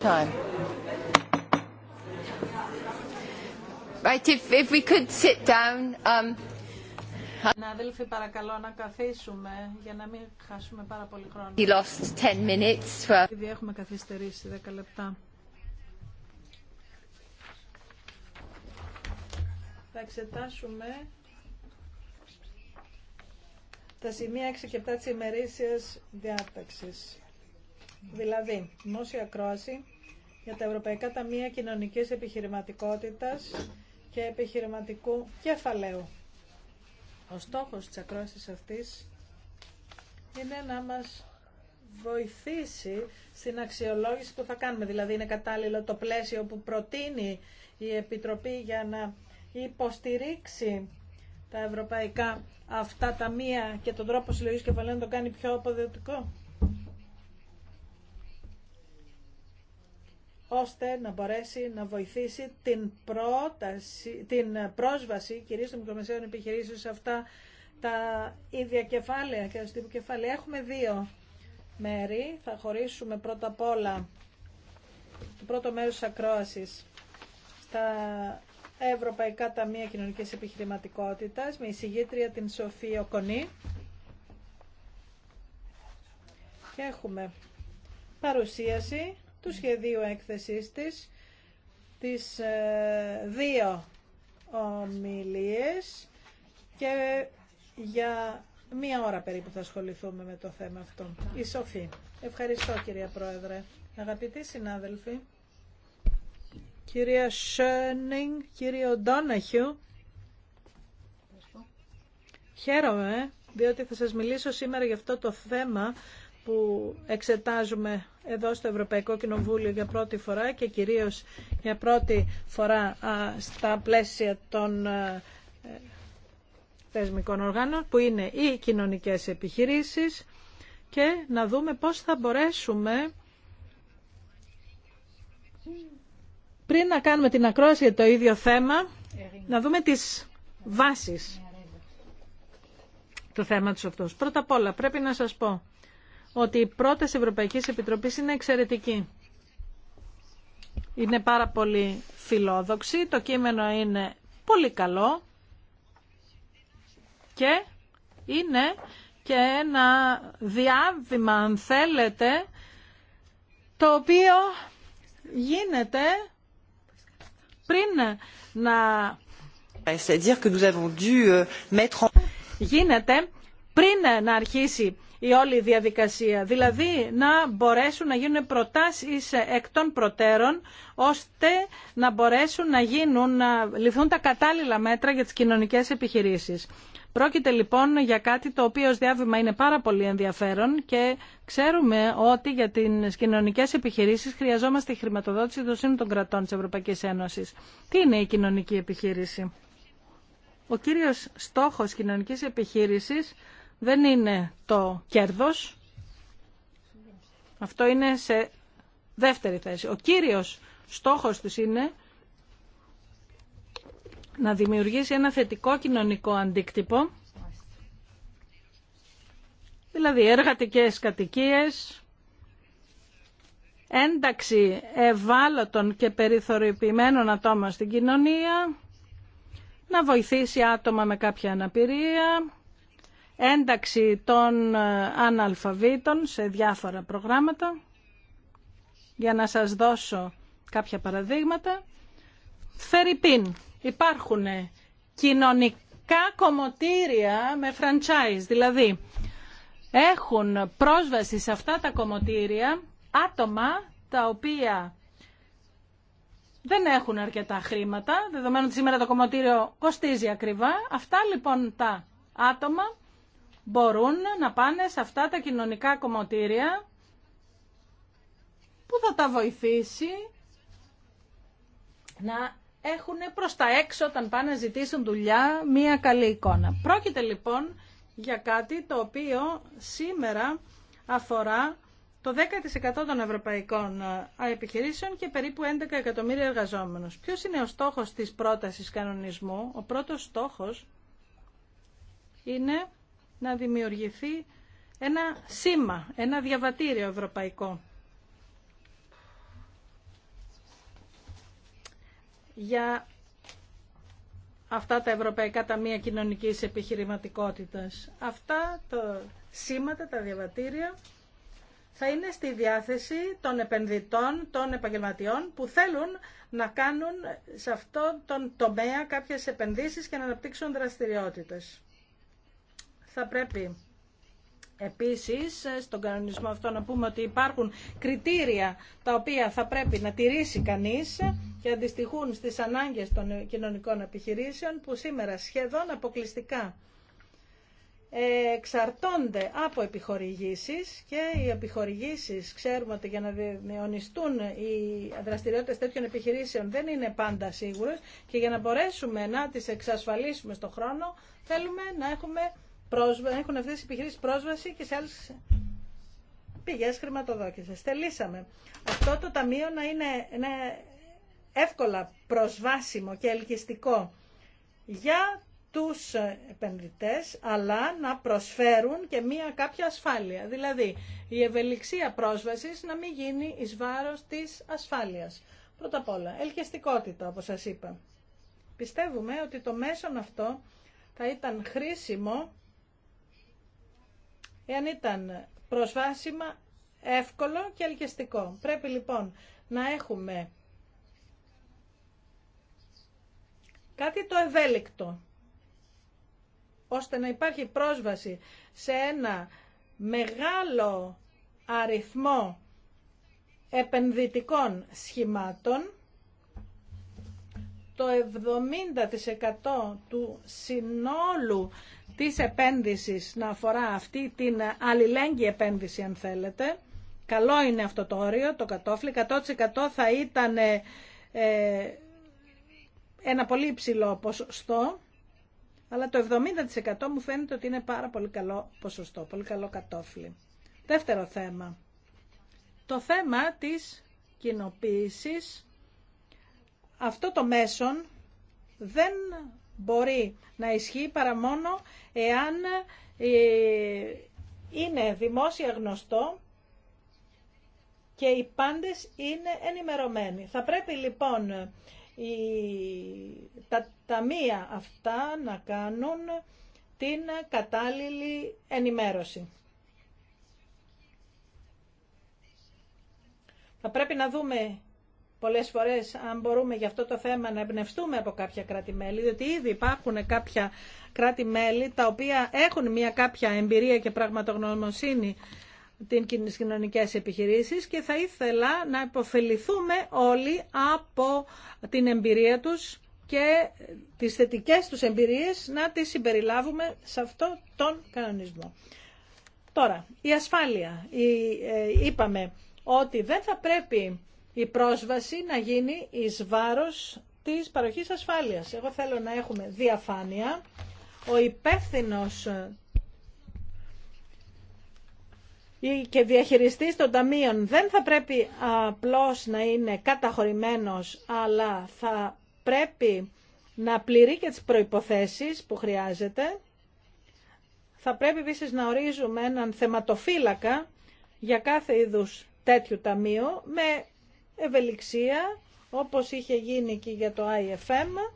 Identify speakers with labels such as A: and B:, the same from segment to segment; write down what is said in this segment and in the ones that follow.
A: time. Right, if, if we could sit down, um...
B: Συνάδελφοι, παρακαλώ να καθίσουμε για να μην χάσουμε πάρα πολύ χρόνο. He lost 10 minutes Ήδη έχουμε καθυστερήσει 10 λεπτά. Θα εξετάσουμε τα σημεία 6 και 7 της ημερήσιας διάταξης. Δηλαδή, δημόσια ακρόαση για τα Ευρωπαϊκά Ταμεία Κοινωνικής Επιχειρηματικότητας και επιχειρηματικού κεφαλαίου. Ο στόχος της ακρόασης αυτής είναι να μας βοηθήσει στην αξιολόγηση που θα κάνουμε. Δηλαδή είναι κατάλληλο το πλαίσιο που προτείνει η Επιτροπή για να υποστηρίξει τα ευρωπαϊκά αυτά ταμεία και τον τρόπο συλλογής κεφαλαίων το κάνει πιο αποδοτικό. ώστε να μπορέσει να βοηθήσει την, πρόταση, την πρόσβαση κυρίως των μικρομεσαίων επιχειρήσεων σε αυτά τα ίδια κεφάλαια και ως τύπου Έχουμε δύο μέρη. Θα χωρίσουμε πρώτα απ' όλα το πρώτο μέρος της ακρόασης στα Ευρωπαϊκά Ταμεία Κοινωνικής Επιχειρηματικότητας με εισηγήτρια την Σοφία Οκονή. Και έχουμε παρουσίαση του σχεδίου έκθεσής της, τις ε, δύο ομιλίες και για μία ώρα περίπου θα ασχοληθούμε με το θέμα αυτό. Η Σοφή. Ευχαριστώ κυρία Πρόεδρε. Αγαπητοί συνάδελφοι, κυρία Σένινγκ, κύριο Ντόναχιου, χαίρομαι διότι θα σας μιλήσω σήμερα για αυτό το θέμα που εξετάζουμε εδώ στο Ευρωπαϊκό Κοινοβούλιο για πρώτη φορά και κυρίως για πρώτη φορά στα πλαίσια των ε, θεσμικών οργάνων που είναι οι κοινωνικές επιχειρήσεις και να δούμε πώς θα μπορέσουμε πριν να κάνουμε την ακρόαση για το ίδιο θέμα να δούμε τις βάσεις του θέματος αυτούς. Πρώτα απ' όλα πρέπει να σας πω ότι η πρόταση Ευρωπαϊκής Επιτροπής είναι εξαιρετική. Είναι πάρα πολύ φιλόδοξη, το κείμενο είναι πολύ καλό και είναι και ένα διάβημα, αν θέλετε, το οποίο γίνεται πριν να... Euh, γίνεται πριν να αρχίσει η όλη διαδικασία. Δηλαδή να μπορέσουν να γίνουν προτάσεις εκ των προτέρων ώστε να μπορέσουν να, γίνουν, να ληφθούν τα κατάλληλα μέτρα για τις κοινωνικές επιχειρήσεις. Πρόκειται λοιπόν για κάτι το οποίο ως διάβημα είναι πάρα πολύ ενδιαφέρον και ξέρουμε ότι για τις κοινωνικές επιχειρήσεις χρειαζόμαστε χρηματοδότηση των σύνων των κρατών της Ευρωπαϊκής Ένωσης. Τι είναι η κοινωνική επιχείρηση? Ο κύριος στόχος κοινωνικής επιχείρησης δεν είναι το κέρδος. Αυτό είναι σε δεύτερη θέση. Ο κύριος στόχος τους είναι να δημιουργήσει ένα θετικό κοινωνικό αντίκτυπο, δηλαδή εργατικές κατοικίες, ένταξη ευάλωτων και περιθωριοποιημένων ατόμων στην κοινωνία, να βοηθήσει άτομα με κάποια αναπηρία, ένταξη των ε, αναλφαβήτων σε διάφορα προγράμματα. Για να σας δώσω κάποια παραδείγματα. Φερρυπίν. Υπάρχουν κοινωνικά κομμωτήρια με franchise, δηλαδή έχουν πρόσβαση σε αυτά τα κομμωτήρια άτομα τα οποία δεν έχουν αρκετά χρήματα, δεδομένου ότι σήμερα το κομμωτήριο κοστίζει ακριβά. Αυτά λοιπόν τα άτομα μπορούν να πάνε σε αυτά τα κοινωνικά κομμωτήρια που θα τα βοηθήσει να έχουν προς τα έξω όταν πάνε να ζητήσουν δουλειά μία καλή εικόνα. Πρόκειται λοιπόν για κάτι το οποίο σήμερα αφορά το 10% των ευρωπαϊκών ε, επιχειρήσεων και περίπου 11 εκατομμύρια εργαζόμενους. Ποιος είναι ο στόχος της πρότασης κανονισμού? Ο πρώτος στόχος είναι να δημιουργηθεί ένα σήμα, ένα διαβατήριο ευρωπαϊκό. για αυτά τα Ευρωπαϊκά Ταμεία Κοινωνικής Επιχειρηματικότητας. Αυτά τα σήματα, τα διαβατήρια, θα είναι στη διάθεση των επενδυτών, των επαγγελματιών που θέλουν να κάνουν σε αυτό τον τομέα κάποιες επενδύσεις και να αναπτύξουν δραστηριότητες. Θα πρέπει επίσης ε, στον κανονισμό αυτό να πούμε ότι υπάρχουν κριτήρια τα οποία θα πρέπει να τηρήσει κανείς και αντιστοιχούν στις ανάγκες των κοινωνικών επιχειρήσεων που σήμερα σχεδόν αποκλειστικά εξαρτώνται από επιχορηγήσεις και οι επιχορηγήσεις ξέρουμε ότι για να διονυστούν οι δραστηριότητες τέτοιων επιχειρήσεων δεν είναι πάντα σίγουρες και για να μπορέσουμε να τις εξασφαλίσουμε στον χρόνο θέλουμε να έχουμε έχουν αυτές τις επιχειρήσεις πρόσβαση και σε άλλες πηγές χρηματοδότησης. Τελείσαμε αυτό το ταμείο να είναι, εύκολα προσβάσιμο και ελκυστικό για τους επενδυτές, αλλά να προσφέρουν και μία κάποια ασφάλεια. Δηλαδή, η ευελιξία πρόσβασης να μην γίνει εις βάρος της ασφάλειας. Πρώτα απ' όλα, ελκυστικότητα, όπως σας είπα. Πιστεύουμε ότι το μέσον αυτό θα ήταν χρήσιμο εάν ήταν προσβάσιμα, εύκολο και ελκυστικό. Πρέπει λοιπόν να έχουμε κάτι το ευέλικτο, ώστε να υπάρχει πρόσβαση σε ένα μεγάλο αριθμό επενδυτικών σχημάτων, το 70% του συνόλου της επένδυσης να αφορά αυτή την αλληλέγγυη επένδυση αν θέλετε. Καλό είναι αυτό το όριο, το κατόφλι. 100% θα ήταν ε, ε, ένα πολύ υψηλό ποσοστό, αλλά το 70% μου φαίνεται ότι είναι πάρα πολύ καλό ποσοστό, πολύ καλό κατόφλι. Δεύτερο θέμα. Το θέμα της κοινοποίησης. Αυτό το μέσον δεν μπορεί να ισχύει παρά μόνο εάν ε, είναι δημόσια γνωστό και οι πάντες είναι ενημερωμένοι. Θα πρέπει λοιπόν οι, τα ταμεία αυτά να κάνουν την κατάλληλη ενημέρωση. Θα πρέπει να δούμε πολλές φορές αν μπορούμε για αυτό το θέμα να εμπνευστούμε από κάποια κράτη-μέλη, διότι ήδη υπάρχουν κάποια κράτη-μέλη τα οποία έχουν μια κάποια εμπειρία και πραγματογνωμοσύνη την κοινωνικέ επιχειρήσεις και θα ήθελα να υποφεληθούμε όλοι από την εμπειρία τους και τις θετικές τους εμπειρίες να τις συμπεριλάβουμε σε αυτό τον κανονισμό. Τώρα, η ασφάλεια. Ε, είπαμε ότι δεν θα πρέπει η πρόσβαση να γίνει εις βάρος της παροχής ασφάλειας. Εγώ θέλω να έχουμε διαφάνεια. Ο υπεύθυνο και διαχειριστής των ταμείων δεν θα πρέπει απλώς να είναι καταχωρημένος, αλλά θα πρέπει να πληρεί και τις προϋποθέσεις που χρειάζεται. Θα πρέπει επίση να ορίζουμε έναν θεματοφύλακα για κάθε είδους τέτοιου ταμείου με ευελιξία όπως είχε γίνει και για το IFM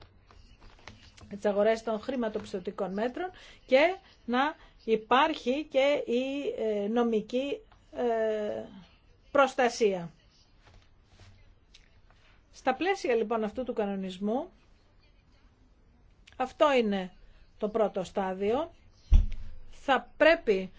B: τις αγορές των χρηματοπιστωτικών μέτρων και να υπάρχει και η ε, νομική ε, προστασία. Στα πλαίσια λοιπόν αυτού του κανονισμού, αυτό είναι το πρώτο στάδιο, θα πρέπει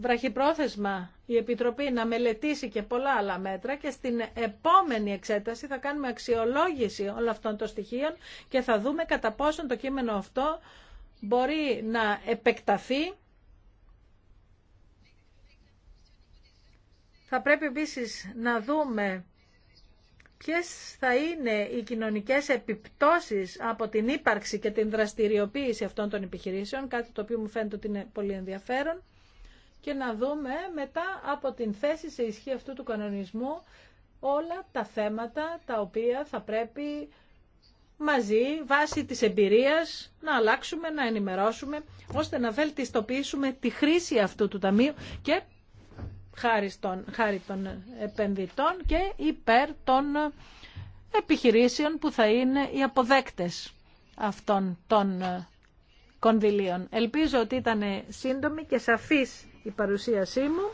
B: βραχυπρόθεσμα η Επιτροπή να μελετήσει και πολλά άλλα μέτρα και στην επόμενη εξέταση θα κάνουμε αξιολόγηση όλων αυτών των στοιχείων και θα δούμε κατά πόσον το κείμενο αυτό μπορεί να επεκταθεί. Θα πρέπει επίσης να δούμε ποιες θα είναι οι κοινωνικές επιπτώσεις από την ύπαρξη και την δραστηριοποίηση αυτών των επιχειρήσεων, κάτι το οποίο μου φαίνεται ότι είναι πολύ ενδιαφέρον και να δούμε μετά από την θέση σε ισχύ αυτού του κανονισμού όλα τα θέματα τα οποία θα πρέπει μαζί, βάσει της εμπειρίας, να αλλάξουμε, να ενημερώσουμε, ώστε να βελτιστοποιήσουμε τη χρήση αυτού του ταμείου και χάρη, στον, των επενδυτών και υπέρ των επιχειρήσεων που θα είναι οι αποδέκτες αυτών των κονδυλίων. Ελπίζω ότι ήταν σύντομη και σαφής η παρουσίασή μου.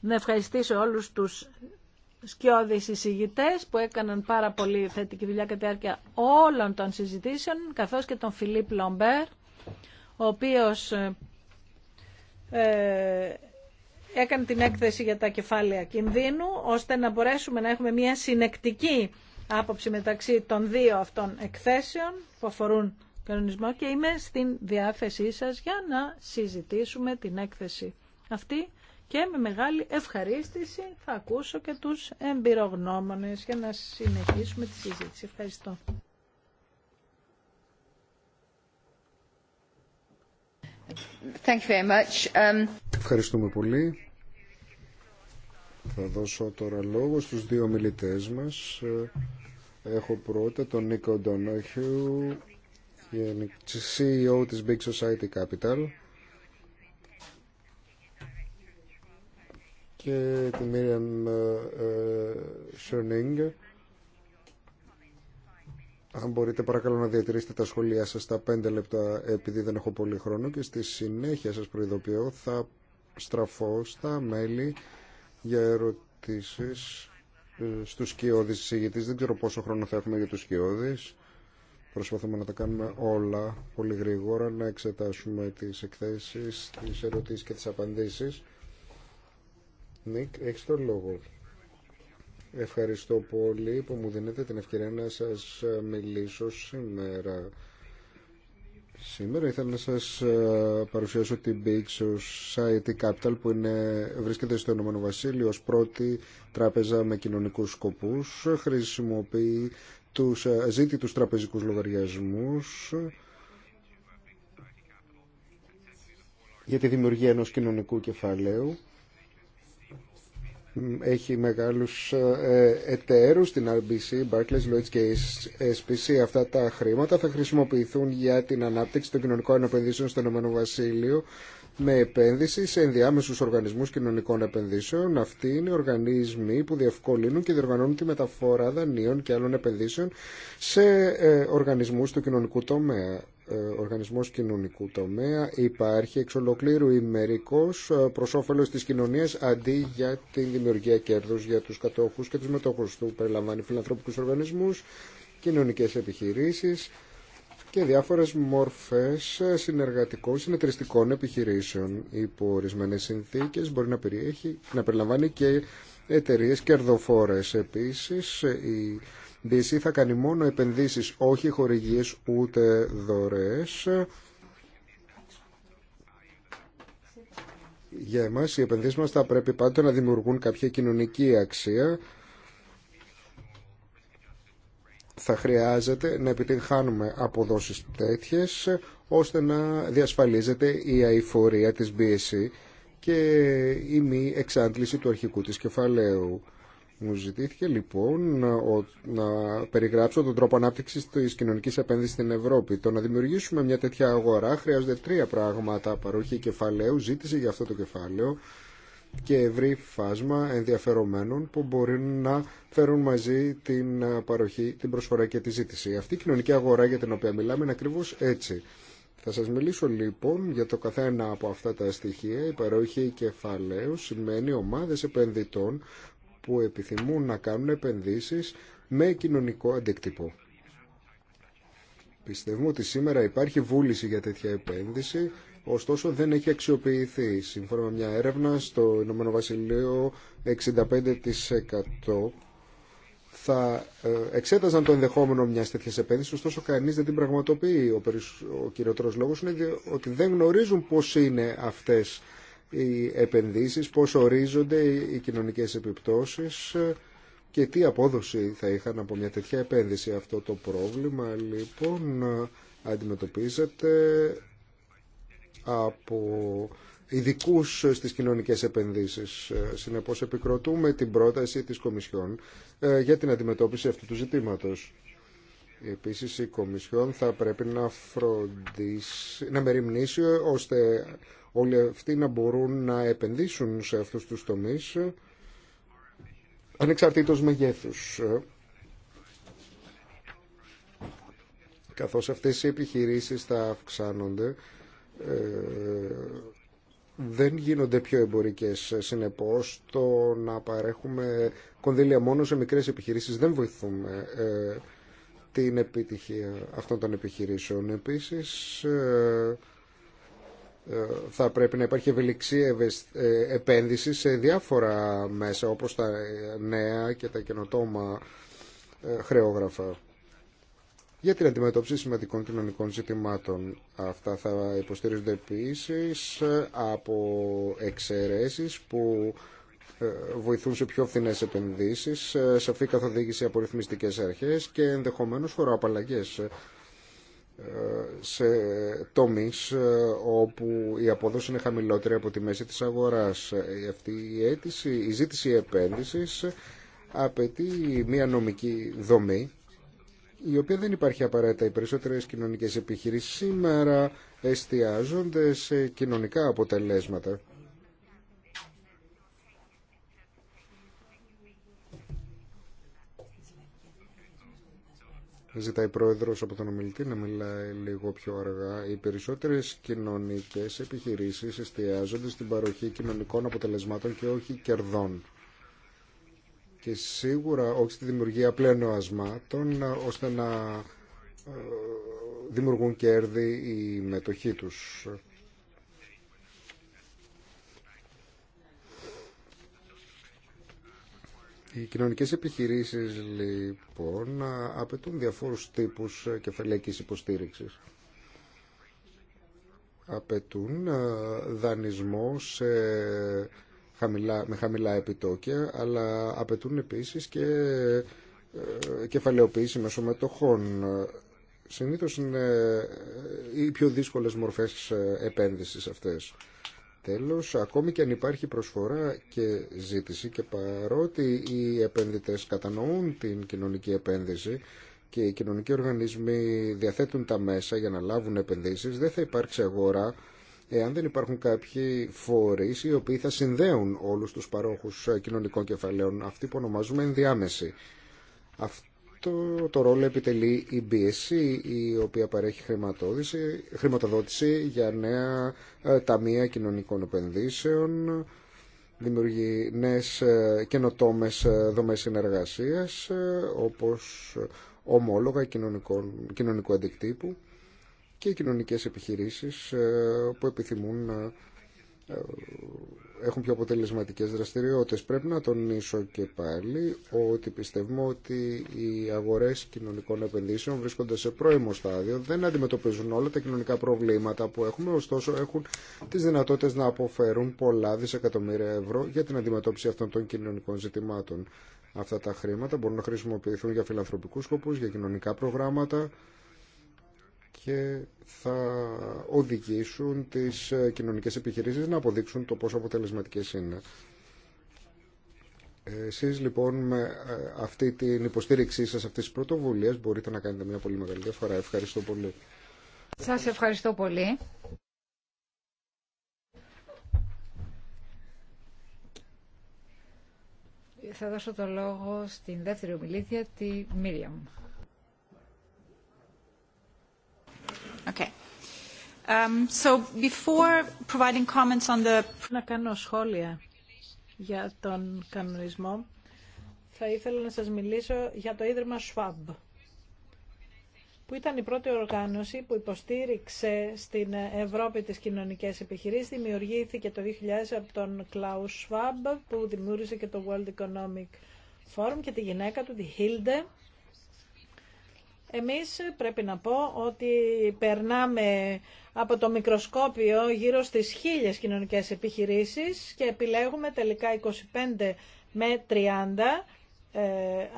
B: Να ευχαριστήσω όλους τους σκιώδεις εισηγητές που έκαναν πάρα πολύ θετική δουλειά κατά τη διάρκεια όλων των συζητήσεων, καθώς και τον Φιλίπ Λομπέρ, ο οποίος ε, έκανε την έκθεση για τα κεφάλαια κινδύνου, ώστε να μπορέσουμε να έχουμε μια συνεκτική άποψη μεταξύ των δύο αυτών εκθέσεων που αφορούν κανονισμό και είμαι στην διάθεσή σας για να συζητήσουμε την έκθεση αυτή και με μεγάλη ευχαρίστηση θα ακούσω και τους εμπειρογνώμονες για να συνεχίσουμε
A: τη συζήτηση. Ευχαριστώ. Thank you very much. Um,
C: Ευχαριστούμε πολύ. Θα δώσω τώρα λόγο στους δύο μιλητές μας. Έχω πρώτα τον Νίκο Ντονόχιου CEO της Big Society Capital και τη Miriam Schoening. Ε, ε, Αν μπορείτε παρακαλώ να διατηρήσετε τα σχόλιά σας στα 5 λεπτά επειδή δεν έχω πολύ χρόνο και στη συνέχεια σας προειδοποιώ θα στραφώ στα μέλη για ερωτήσεις ε, στους σκιώδεις εισηγητής. Δεν ξέρω πόσο χρόνο θα έχουμε για τους σκιώδεις. Προσπαθούμε να τα κάνουμε όλα πολύ γρήγορα, να εξετάσουμε τις εκθέσεις, τις ερωτήσεις και τις απαντήσεις. Νίκ, έχεις τον λόγο. Ευχαριστώ πολύ που μου δίνετε την ευκαιρία να σας μιλήσω σήμερα. Σήμερα ήθελα να σας ε, παρουσιάσω την Big Society Capital που είναι, βρίσκεται στο Ηνωμένο Βασίλειο ως πρώτη τράπεζα με κοινωνικούς σκοπούς. Χρησιμοποιεί τους ε, ζήτητους τραπεζικούς λογαριασμούς για τη δημιουργία ενός κοινωνικού κεφαλαίου. Έχει μεγάλους ε, ε, εταίρους στην RBC, Barclays, Lloyds και SPC. Αυτά τα χρήματα θα χρησιμοποιηθούν για την ανάπτυξη των κοινωνικών επενδύσεων στο Ηνωμένο Βασίλειο, με επένδυση σε ενδιάμεσους οργανισμούς κοινωνικών επενδύσεων. Αυτοί είναι οργανισμοί που διευκολύνουν και διοργανώνουν τη μεταφορά δανείων και άλλων επενδύσεων σε ε, οργανισμούς του κοινωνικού τομέα. Ε, οργανισμός κοινωνικού τομέα υπάρχει εξ ολοκλήρου ημερικός ε, προς όφελος της κοινωνίας αντί για την δημιουργία κέρδους για τους κατόχους και τους μετόχους του. Περιλαμβάνει φιλανθρώπικους οργανισμούς, κοινωνικές επιχειρήσεις, και διάφορες μορφές συνεργατικών, συνεταιριστικών επιχειρήσεων υπό ορισμένε συνθήκες. Μπορεί να, περιέχει, να περιλαμβάνει και εταιρείες κερδοφόρες. Επίσης, η DC θα κάνει μόνο επενδύσεις, όχι χορηγίες ούτε δωρεές. Για εμάς οι επενδύσεις μας θα πρέπει πάντοτε να δημιουργούν κάποια κοινωνική αξία θα χρειάζεται να επιτυγχάνουμε αποδόσεις τέτοιες ώστε να διασφαλίζεται η αηφορία της BSE και η μη εξάντληση του αρχικού της κεφαλαίου. Μου ζητήθηκε λοιπόν να περιγράψω τον τρόπο ανάπτυξη τη κοινωνική επένδυση στην Ευρώπη. Το να δημιουργήσουμε μια τέτοια αγορά χρειάζονται τρία πράγματα. Παροχή κεφαλαίου, ζήτηση για αυτό το κεφάλαιο και ευρύ φάσμα ενδιαφερομένων που μπορεί να φέρουν μαζί την ε, παροχή, την προσφορά και τη ζήτηση. Αυτή η κοινωνική αγορά για την οποία μιλάμε είναι ακριβώ έτσι. Θα σας μιλήσω λοιπόν για το καθένα από αυτά τα στοιχεία. Η παροχή κεφαλαίου σημαίνει ομάδες επενδυτών που επιθυμούν να κάνουν επενδύσεις με κοινωνικό αντίκτυπο. Πιστεύουμε ότι σήμερα υπάρχει βούληση για τέτοια επένδυση ωστόσο δεν έχει αξιοποιηθεί. Σύμφωνα με μια έρευνα στο Ηνωμένο Βασιλείο 65% θα ε, εξέταζαν το ενδεχόμενο μια τέτοια επένδυση, ωστόσο κανεί δεν την πραγματοποιεί. Ο, περισ... ο κυριότερο λόγο είναι ότι δεν γνωρίζουν πώ είναι αυτέ οι επενδύσει, πώ ορίζονται οι κοινωνικέ επιπτώσει ε, και τι απόδοση θα είχαν από μια τέτοια επένδυση. Αυτό το πρόβλημα λοιπόν ε, αντιμετωπίζεται από ειδικού στις κοινωνικές επενδύσεις. Ε, συνεπώς επικροτούμε την πρόταση της Κομισιόν ε, για την αντιμετώπιση αυτού του ζητήματος. Επίσης η Κομισιόν θα πρέπει να φροντίσει, να μεριμνήσει ώστε όλοι αυτοί να μπορούν να επενδύσουν σε αυτούς τους τομείς ανεξαρτήτως μεγέθους. Ε, καθώς αυτές οι επιχειρήσεις θα αυξάνονται ε, δεν γίνονται πιο εμπορικές. Συνεπώς, το να παρέχουμε κονδύλια μόνο σε μικρές επιχειρήσεις δεν βοηθούμε ε, την επιτυχία αυτών των επιχειρήσεων. Επίσης, ε, θα πρέπει να υπάρχει ευελιξία επένδυση σε διάφορα μέσα, όπως τα νέα και τα καινοτόμα χρεόγραφα για την αντιμετώπιση σημαντικών κοινωνικών ζητημάτων. Αυτά θα υποστηρίζονται επίσης ε, από εξαιρεσει που ε, βοηθούν σε πιο φθηνέ επενδύσει ε, σε καθοδήγηση από ρυθμιστικέ αρχές και ενδεχομένως φοροαπαλλαγέ σε τομείς όπου η απόδοση είναι χαμηλότερη από τη μέση της αγοράς. Αυτή η, αίτηση, η ζήτηση επένδυσης απαιτεί μια νομική δομή η οποία δεν υπάρχει απαραίτητα. Οι περισσότερε κοινωνικές επιχειρήσεις σήμερα εστιάζονται σε κοινωνικά αποτελέσματα. Ζητάει πρόεδρο από τον ομιλητή να μιλάει λίγο πιο αργά. Οι περισσότερε κοινωνικές επιχειρήσεις εστιάζονται στην παροχή κοινωνικών αποτελεσμάτων και όχι κερδών και σίγουρα όχι στη δημιουργία ασμάτων, ώστε να ε, δημιουργούν κέρδη οι μετοχοί τους. Οι κοινωνικές επιχειρήσεις λοιπόν απαιτούν διαφόρους τύπους κεφαλαϊκής υποστήριξης. Απαιτούν ε, δανεισμό σε χαμηλά, με χαμηλά επιτόκια, αλλά απαιτούν επίσης και ε, κεφαλαιοποίηση μεσομετοχών. Συνήθως είναι ε, οι πιο δύσκολες μορφές ε, επένδυσης αυτές. Τέλος, ακόμη και αν υπάρχει προσφορά και ζήτηση και παρότι οι επενδυτές κατανοούν την κοινωνική επένδυση και οι κοινωνικοί οργανισμοί διαθέτουν τα μέσα για να λάβουν επενδύσεις, δεν θα υπάρξει αγορά εάν δεν υπάρχουν κάποιοι φορεί οι οποίοι θα συνδέουν όλους τους παρόχους ε, κοινωνικών κεφαλαίων, αυτοί που ονομάζουμε ενδιάμεση. Αυτό το ρόλο επιτελεί η BSC, η οποία παρέχει χρηματοδότηση, χρηματοδότηση για νέα ε, ταμεία κοινωνικών επενδύσεων, δημιουργεί νέες ε, καινοτόμες δομές συνεργασίας, όπως ομόλογα κοινωνικού αντικτύπου και οι κοινωνικές επιχειρήσεις ε, που επιθυμούν να ε, έχουν πιο αποτελεσματικές δραστηριότητες. Πρέπει να τονίσω και πάλι ότι πιστεύουμε ότι οι αγορές κοινωνικών επενδύσεων βρίσκονται σε πρώιμο στάδιο, δεν αντιμετωπίζουν όλα τα κοινωνικά προβλήματα που έχουμε, ωστόσο έχουν τις δυνατότητες να αποφέρουν πολλά δισεκατομμύρια ευρώ για την αντιμετώπιση αυτών των κοινωνικών ζητημάτων. Αυτά τα χρήματα μπορούν να χρησιμοποιηθούν για φιλανθρωπικούς σκοπούς, για κοινωνικά προγράμματα, και θα οδηγήσουν τις ε, κοινωνικές επιχειρήσεις να αποδείξουν το πόσο αποτελεσματικές είναι. Εσείς λοιπόν με ε, αυτή την υποστήριξή σας αυτής της πρωτοβουλίας μπορείτε να κάνετε μια πολύ μεγάλη διαφορά. Ευχαριστώ πολύ.
D: Σας ευχαριστώ πολύ. Θα δώσω το λόγο στην δεύτερη ομιλήτρια, τη Μίριαμ. Πριν
B: um, Να κάνω σχόλια για τον κανονισμό. Θα ήθελα να σας μιλήσω για το Ίδρυμα Schwab, που ήταν η πρώτη οργάνωση που υποστήριξε στην Ευρώπη τις κοινωνικές επιχειρήσεις. Δημιουργήθηκε το 2000 από τον Κλάου Schwab, που δημιούργησε και το World Economic Forum και τη γυναίκα του, τη Hilde, εμείς πρέπει να πω ότι περνάμε από το μικροσκόπιο γύρω στις χίλιες κοινωνικές επιχειρήσεις και επιλέγουμε τελικά 25 με 30 ε,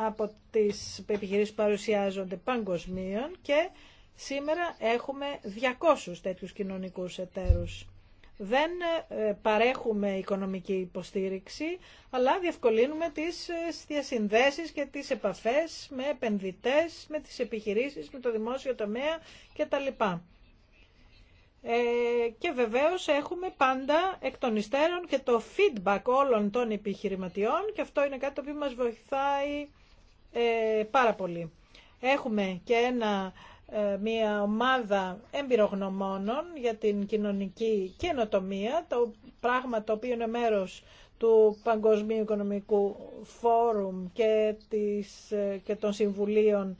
B: από τις επιχειρήσεις που παρουσιάζονται παγκοσμίων και σήμερα έχουμε 200 τέτοιους κοινωνικούς εταίρους δεν ε, παρέχουμε οικονομική υποστήριξη, αλλά διευκολύνουμε τις ε, διασυνδέσεις και τις επαφές με επενδυτές, με τις επιχειρήσεις, με το δημόσιο τομέα κτλ. Ε, και βεβαίως έχουμε πάντα εκ των υστέρων και το feedback όλων των επιχειρηματιών και αυτό είναι κάτι το οποίο μας βοηθάει πάρα πολύ. Έχουμε και ένα ε, μια ομάδα εμπειρογνωμόνων για την κοινωνική καινοτομία, το πράγμα το οποίο είναι μέρος του Παγκοσμίου Οικονομικού Φόρουμ και, της, ε, και των Συμβουλίων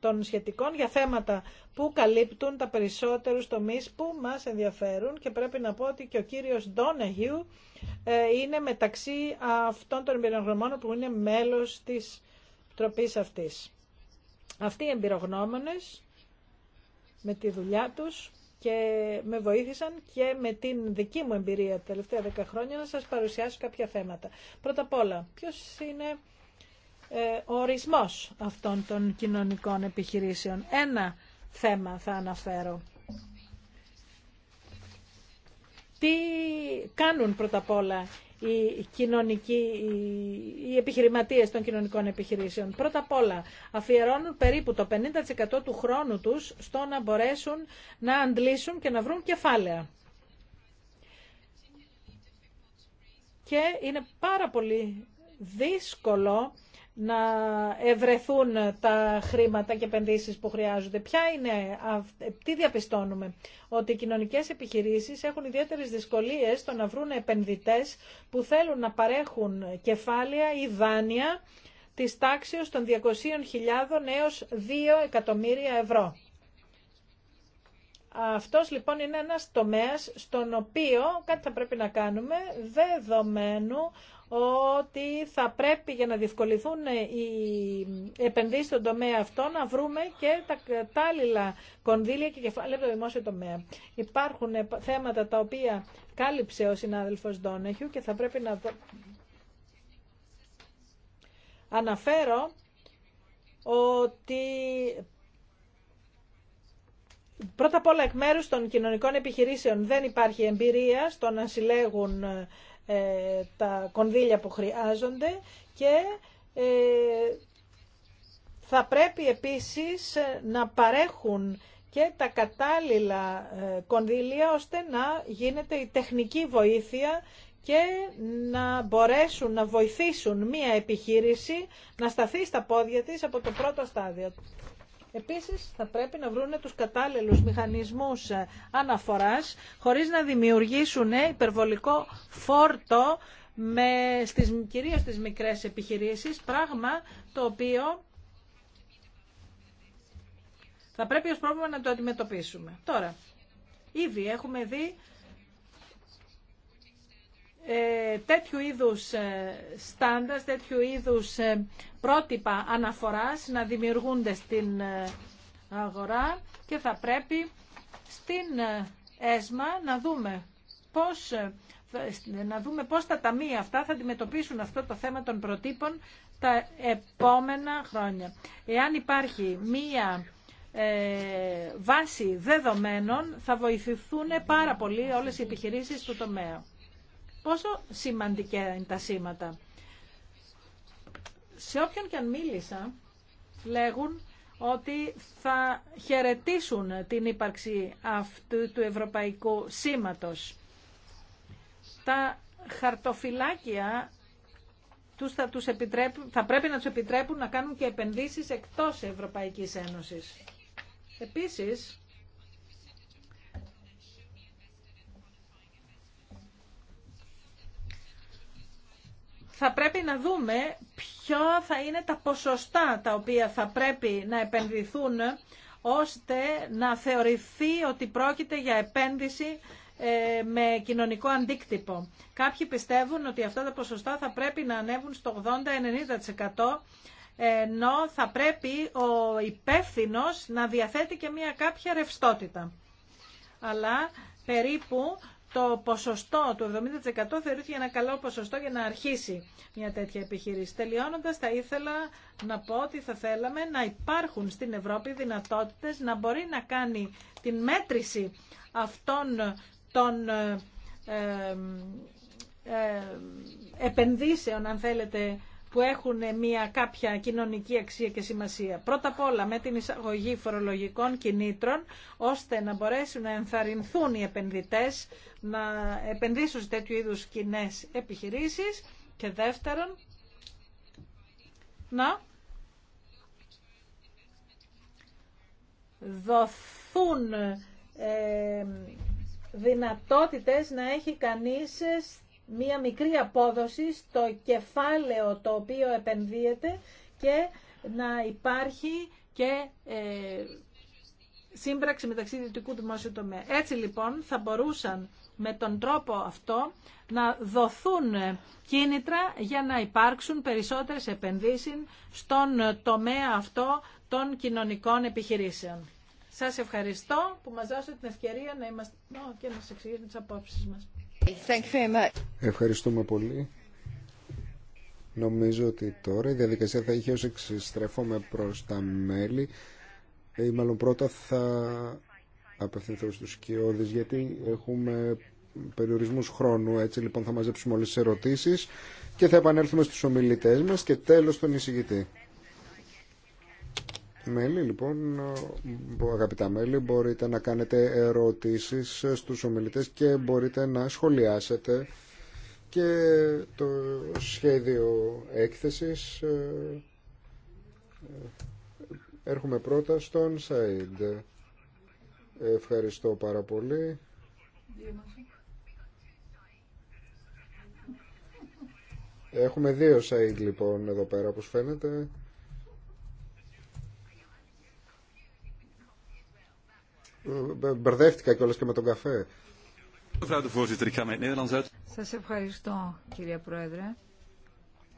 B: των σχετικών για θέματα που καλύπτουν τα περισσότερους τομείς που μας ενδιαφέρουν και πρέπει να πω ότι και ο κύριος Ντόναγιου ε, είναι μεταξύ αυτών των εμπειρογνωμόνων που είναι μέλος της τροπής αυτής. Αυτοί οι εμπειρογνώμονες με τη δουλειά τους και με βοήθησαν και με την δική μου εμπειρία τα τελευταία δέκα χρόνια να σας παρουσιάσω κάποια θέματα. Πρώτα απ' όλα, ποιος είναι ε, ο ορισμός αυτών των κοινωνικών επιχειρήσεων. Ένα θέμα θα αναφέρω. Τι κάνουν πρώτα απ' όλα οι, κοινωνικοί, οι επιχειρηματίες των κοινωνικών επιχειρήσεων. Πρώτα απ' όλα αφιερώνουν περίπου το 50% του χρόνου τους στο να μπορέσουν να αντλήσουν και να βρουν κεφάλαια. Και είναι πάρα πολύ δύσκολο να ευρεθούν τα χρήματα και επενδύσει που χρειάζονται. Ποια είναι, τι διαπιστώνουμε, ότι οι κοινωνικές επιχειρήσεις έχουν ιδιαίτερες δυσκολίες στο να βρουν επενδυτές που θέλουν να παρέχουν κεφάλαια ή δάνεια της τάξης των 200.000 έω 2 εκατομμύρια ευρώ. Αυτός λοιπόν είναι ένας τομέα στον οποίο κάτι θα πρέπει να κάνουμε δεδομένου ότι θα πρέπει για να διευκολυθούν οι επενδύσεις στον τομέα αυτό να βρούμε και τα κατάλληλα κονδύλια και κεφάλαια από το δημόσιο τομέα. Υπάρχουν θέματα τα οποία κάλυψε ο συνάδελφος Ντόνεχιου και θα πρέπει να αναφέρω ότι πρώτα απ' όλα εκ μέρους των κοινωνικών επιχειρήσεων δεν υπάρχει εμπειρία στο να συλλέγουν ε, τα κονδύλια που χρειάζονται και ε, θα πρέπει επίσης να παρέχουν και τα κατάλληλα ε, κονδύλια ώστε να γίνεται η τεχνική βοήθεια και να μπορέσουν να βοηθήσουν μία επιχείρηση να σταθεί στα πόδια της από το πρώτο στάδιο. Επίσης θα πρέπει να βρούνε τους κατάλληλους μηχανισμούς ε, αναφοράς χωρίς να δημιουργήσουν υπερβολικό φόρτο με, στις, κυρίως στις μικρές επιχειρήσεις, πράγμα το οποίο θα πρέπει ως πρόβλημα να το αντιμετωπίσουμε. Τώρα, ήδη έχουμε δει ε, τέτοιου είδους ε, στάντας, τέτοιου είδους ε, πρότυπα αναφοράς να δημιουργούνται στην αγορά και θα πρέπει στην ΕΣΜΑ να δούμε πώς, να δούμε πώς τα ταμεία αυτά θα αντιμετωπίσουν αυτό το θέμα των προτύπων τα επόμενα χρόνια. Εάν υπάρχει μία βάση δεδομένων θα βοηθηθούν πάρα πολύ όλες οι επιχειρήσεις του τομέα πόσο σημαντικά είναι τα σήματα. Σε όποιον και αν μίλησα, λέγουν ότι θα χαιρετήσουν την ύπαρξη αυτού του ευρωπαϊκού σήματος. Τα χαρτοφυλάκια τους θα, τους επιτρέπουν, θα πρέπει να τους επιτρέπουν να κάνουν και επενδύσεις εκτός Ευρωπαϊκής Ένωσης. Επίσης, θα πρέπει να δούμε ποιο θα είναι τα ποσοστά τα οποία θα πρέπει να επενδυθούν ώστε να θεωρηθεί ότι πρόκειται για επένδυση ε, με κοινωνικό αντίκτυπο. Κάποιοι πιστεύουν ότι αυτά τα ποσοστά θα πρέπει να ανέβουν στο 80-90% ενώ θα πρέπει ο υπεύθυνο να διαθέτει και μια κάποια ρευστότητα. Αλλά περίπου το ποσοστό του 70% θεωρείται ένα καλό ποσοστό για να αρχίσει μια τέτοια επιχείρηση. Τελειώνοντα, θα ήθελα να πω ότι θα θέλαμε να υπάρχουν στην Ευρώπη δυνατότητες να μπορεί να κάνει την μέτρηση αυτών των ε, ε, ε, επενδύσεων, αν θέλετε, που έχουν μια κάποια κοινωνική αξία και σημασία. Πρώτα απ' όλα με την εισαγωγή φορολογικών κινήτρων, ώστε να μπορέσουν να ενθαρρυνθούν οι επενδυτές να επενδύσουν σε τέτοιου είδους κοινέ επιχειρήσεις και δεύτερον, να δοθούν ε, δυνατότητες να έχει κανείς μία μικρή απόδοση στο κεφάλαιο το οποίο επενδύεται και να υπάρχει και ε, σύμπραξη μεταξύ ιδιωτικού δημόσιου τομέα. Έτσι λοιπόν θα μπορούσαν με τον τρόπο αυτό να δοθούν κίνητρα για να υπάρξουν περισσότερες επενδύσεις στον τομέα αυτό των κοινωνικών επιχειρήσεων. Σας ευχαριστώ που μας δώσετε την ευκαιρία να είμαστε και να σας εξηγήσουμε τις απόψεις μας.
C: Ευχαριστούμε πολύ. Νομίζω ότι τώρα η διαδικασία θα είχε ως εξής. Στρέφομαι προς τα μέλη ή ε, μάλλον πρώτα θα απευθυνθώ στους κοιόδης γιατί έχουμε περιορισμούς χρόνου. Έτσι λοιπόν θα μαζέψουμε όλες τις ερωτήσεις και θα επανέλθουμε στους ομιλητές μας και τέλος τον εισηγητή. Μέλη, λοιπόν, αγαπητά μέλη, μπορείτε να κάνετε ερωτήσεις στους ομιλητές και μπορείτε να σχολιάσετε και το σχέδιο έκθεσης. Ε, ε, έρχομαι πρώτα στον Σαΐντ. Ευχαριστώ πάρα πολύ. Έχουμε δύο Σαΐντ λοιπόν εδώ πέρα όπως φαίνεται. Ε, μπερδεύτηκα κιόλας και με τον καφέ.
D: Σας ευχαριστώ κύριε Πρόεδρε.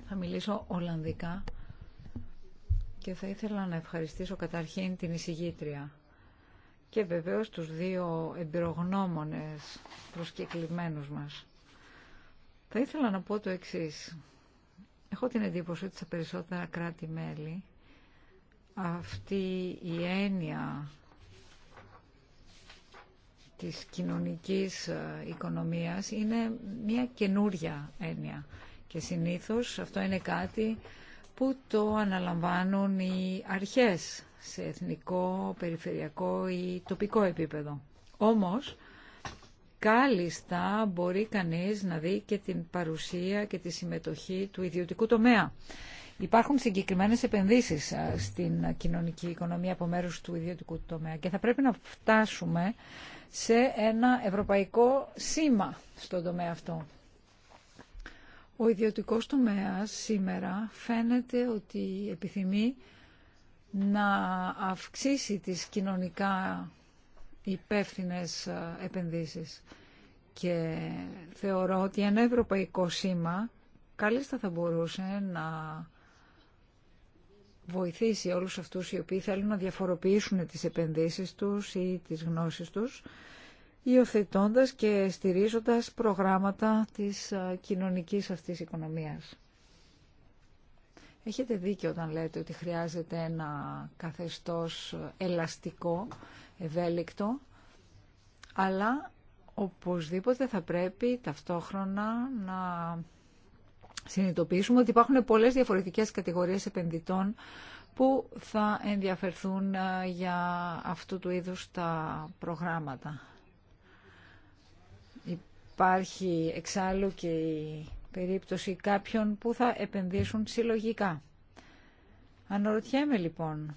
D: Θα μιλήσω Ολλανδικά και θα ήθελα να ευχαριστήσω καταρχήν την εισηγήτρια και βεβαίως τους δύο εμπειρογνώμονες προσκεκλημένους μας. Θα ήθελα να πω το εξής. Έχω την εντύπωση ότι στα περισσότερα κράτη-μέλη αυτή η έννοια της κοινωνικής ε, οικονομίας είναι μια καινούρια έννοια και συνήθως αυτό είναι κάτι που το αναλαμβάνουν οι αρχές σε εθνικό, περιφερειακό ή τοπικό επίπεδο. Όμως, κάλλιστα μπορεί κανείς να δει και την παρουσία και τη συμμετοχή του ιδιωτικού τομέα. Υπάρχουν συγκεκριμένες επενδύσεις ε, στην κοινωνική οικονομία από μέρους του ιδιωτικού τομέα και θα πρέπει να φτάσουμε σε ένα ευρωπαϊκό σήμα στον τομέα αυτό. Ο ιδιωτικός τομέας σήμερα φαίνεται ότι επιθυμεί να αυξήσει τις κοινωνικά υπεύθυνες ε, επενδύσεις. Και θεωρώ ότι ένα ευρωπαϊκό σήμα καλύτερα θα μπορούσε να βοηθήσει όλους αυτούς οι οποίοι θέλουν να διαφοροποιήσουν τις επενδύσεις τους ή τις γνώσεις τους, υιοθετώντα και στηρίζοντας προγράμματα της κοινωνικής αυτής οικονομίας. Έχετε δίκιο όταν λέτε ότι χρειάζεται ένα καθεστώς ελαστικό, ευέλικτο, αλλά οπωσδήποτε θα πρέπει ταυτόχρονα να συνειδητοποιήσουμε ότι υπάρχουν πολλές διαφορετικές κατηγορίες επενδυτών που θα ενδιαφερθούν ε, για αυτού του είδους τα προγράμματα. Υπάρχει εξάλλου και η περίπτωση κάποιων που θα επενδύσουν συλλογικά. Αναρωτιέμαι λοιπόν,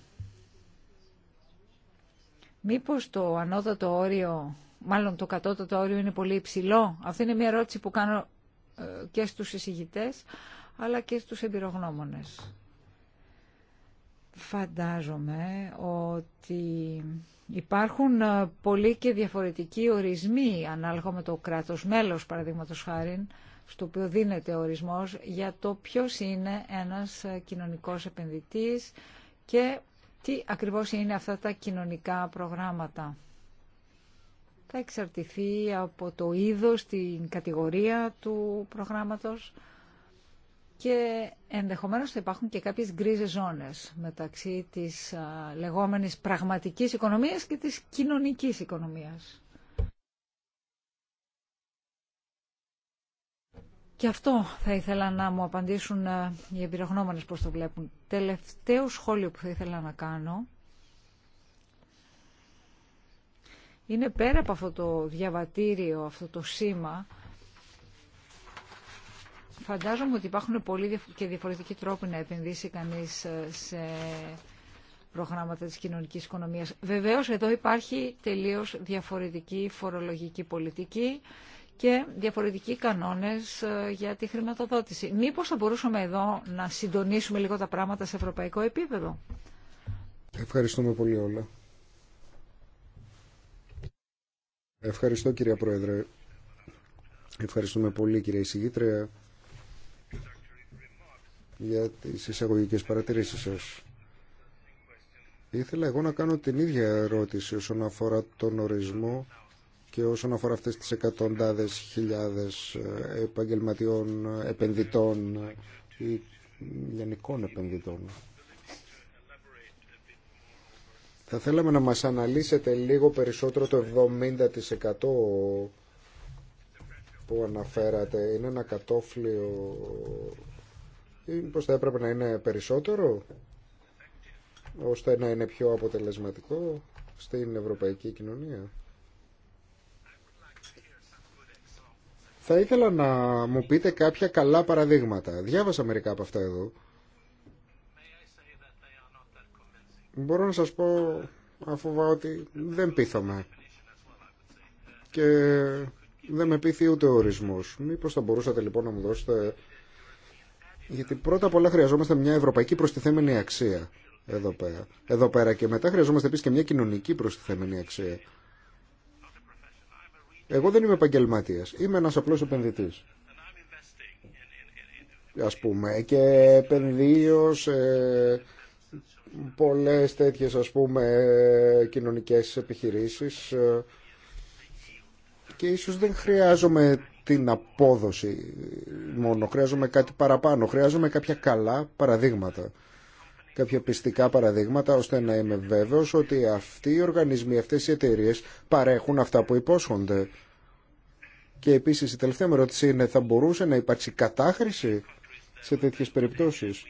D: μήπως το ανώτατο όριο, μάλλον το κατώτατο όριο είναι πολύ υψηλό. Αυτή είναι μια ερώτηση που κάνω ε, και στους εισηγητές αλλά και στους εμπειρογνώμονες. Φαντάζομαι ότι υπάρχουν ε, πολλοί και διαφορετικοί ορισμοί ανάλογα με το κράτος μέλος, παραδείγματος χάρη, στο οποίο δίνεται ορισμός για το ποιος είναι ένας ε, κοινωνικός επενδυτής και τι ακριβώς είναι αυτά τα κοινωνικά προγράμματα θα εξαρτηθεί από το είδος, την κατηγορία του προγράμματος και ενδεχομένως θα υπάρχουν και κάποιες γκρίζες ζώνες μεταξύ της λεγόμενης πραγματικής οικονομίας και της κοινωνικής οικονομίας. Και αυτό θα ήθελα να μου απαντήσουν ε, οι εμπειρογνώμονες πώς το βλέπουν. Τελευταίο σχόλιο που θα ήθελα να κάνω είναι πέρα από αυτό το διαβατήριο, αυτό το σήμα. Φαντάζομαι ότι υπάρχουν πολλοί και διαφορετικοί τρόποι να επενδύσει κανείς ε, σε προγράμματα της κοινωνικής οικονομίας. Βεβαίως εδώ υπάρχει τελείως διαφορετική φορολογική πολιτική και διαφορετικοί κανόνες ε, για τη χρηματοδότηση. Μήπως θα μπορούσαμε εδώ να συντονίσουμε λίγο τα πράγματα σε ευρωπαϊκό επίπεδο.
C: Ευχαριστούμε πολύ όλα. Ευχαριστώ κυρία Πρόεδρε. Ευχαριστούμε πολύ κυρία Εισηγήτρια για τις εισαγωγικές παρατηρήσεις σας. Ήθελα εγώ να κάνω την ίδια ερώτηση όσον αφορά τον ορισμό και όσον αφορά αυτές τις εκατοντάδες χιλιάδες ε, επαγγελματιών επενδυτών ή γενικών επενδυτών. Θα θέλαμε να μας αναλύσετε λίγο περισσότερο το 70% που αναφέρατε. Είναι ένα κατόφλιο ή πως θα έπρεπε να είναι περισσότερο ώστε να είναι πιο αποτελεσματικό στην ευρωπαϊκή κοινωνία. Θα ήθελα να μου πείτε κάποια καλά παραδείγματα. Διάβασα μερικά από αυτά εδώ. Μπορώ να σας πω αφού ότι δεν πείθομαι και δεν με πείθει ούτε ο ορισμός. Μήπως θα μπορούσατε λοιπόν να μου δώσετε... Γιατί πρώτα απ' όλα χρειαζόμαστε μια ευρωπαϊκή προστιθέμενη αξία εδώ πέρα. Εδώ πέρα και μετά χρειαζόμαστε επίσης και μια κοινωνική προστιθέμενη αξία. Εγώ δεν είμαι επαγγελματία. Είμαι ένας απλός επενδυτής. Ας πούμε. Και επενδύω σε πολλές τέτοιες ας πούμε κοινωνικές επιχειρήσεις ε, και ίσως δεν χρειάζομαι την απόδοση μόνο, χρειάζομαι κάτι παραπάνω, χρειάζομαι κάποια καλά παραδείγματα κάποια πιστικά παραδείγματα ώστε να είμαι βέβαιος ότι αυτοί οι οργανισμοί, αυτές οι εταιρείες παρέχουν αυτά που υπόσχονται. Και επίσης η τελευταία ερώτηση είναι θα μπορούσε να υπάρξει κατάχρηση σε τέτοιες περιπτώσεις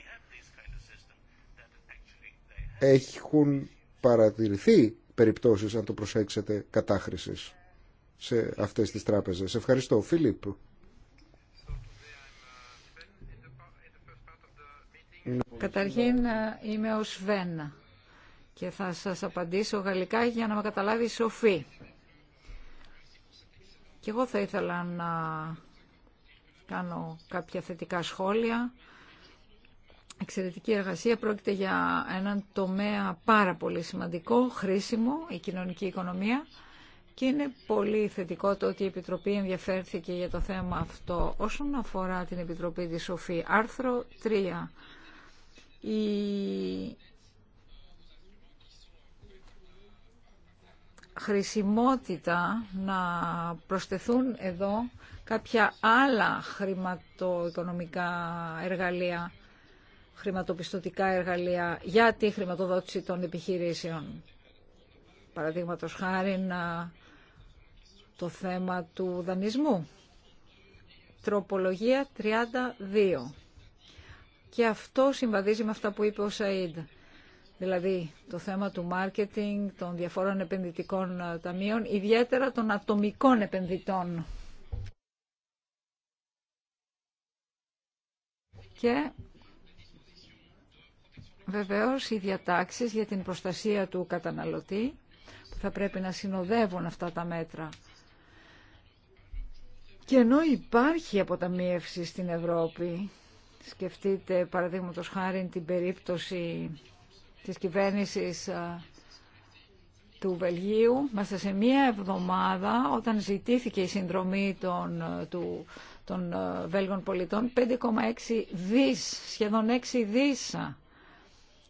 C: έχουν παρατηρηθεί περιπτώσεις, αν το προσέξετε, κατάχρησης σε αυτές τις τράπεζες. Ευχαριστώ. Φίλιπ.
A: Καταρχήν
D: ε, είμαι ο Σβέν και θα σας απαντήσω γαλλικά για να με καταλάβει η Σοφή. Και εγώ θα ήθελα να κάνω κάποια θετικά σχόλια εξαιρετική εργασία. Πρόκειται για έναν τομέα πάρα πολύ σημαντικό, χρήσιμο, η κοινωνική οικονομία. Και είναι πολύ θετικό το ότι η Επιτροπή ενδιαφέρθηκε για το θέμα αυτό. Όσον αφορά την Επιτροπή της Σοφή, άρθρο 3. Η... χρησιμότητα να προσθεθούν εδώ κάποια άλλα χρηματοοικονομικά εργαλεία χρηματοπιστωτικά εργαλεία για τη χρηματοδότηση των επιχειρήσεων. Παραδείγματο χάρη να το θέμα του δανεισμού. Τροπολογία 32. Και αυτό συμβαδίζει με αυτά που είπε ο Σαΐντ. Δηλαδή το θέμα του μάρκετινγκ, των διαφόρων επενδυτικών ε, ταμείων, ιδιαίτερα των ατομικών επενδυτών. Και Βεβαίως οι διατάξεις για την προστασία του καταναλωτή που θα πρέπει να συνοδεύουν αυτά τα μέτρα. Και ενώ υπάρχει αποταμίευση στην Ευρώπη, σκεφτείτε παραδείγματος χάρη την περίπτωση της κυβέρνησης του Βελγίου, μέσα σε μία εβδομάδα όταν ζητήθηκε η συνδρομή των, των Βέλγων πολιτών 5,6 δις, σχεδόν 6 δις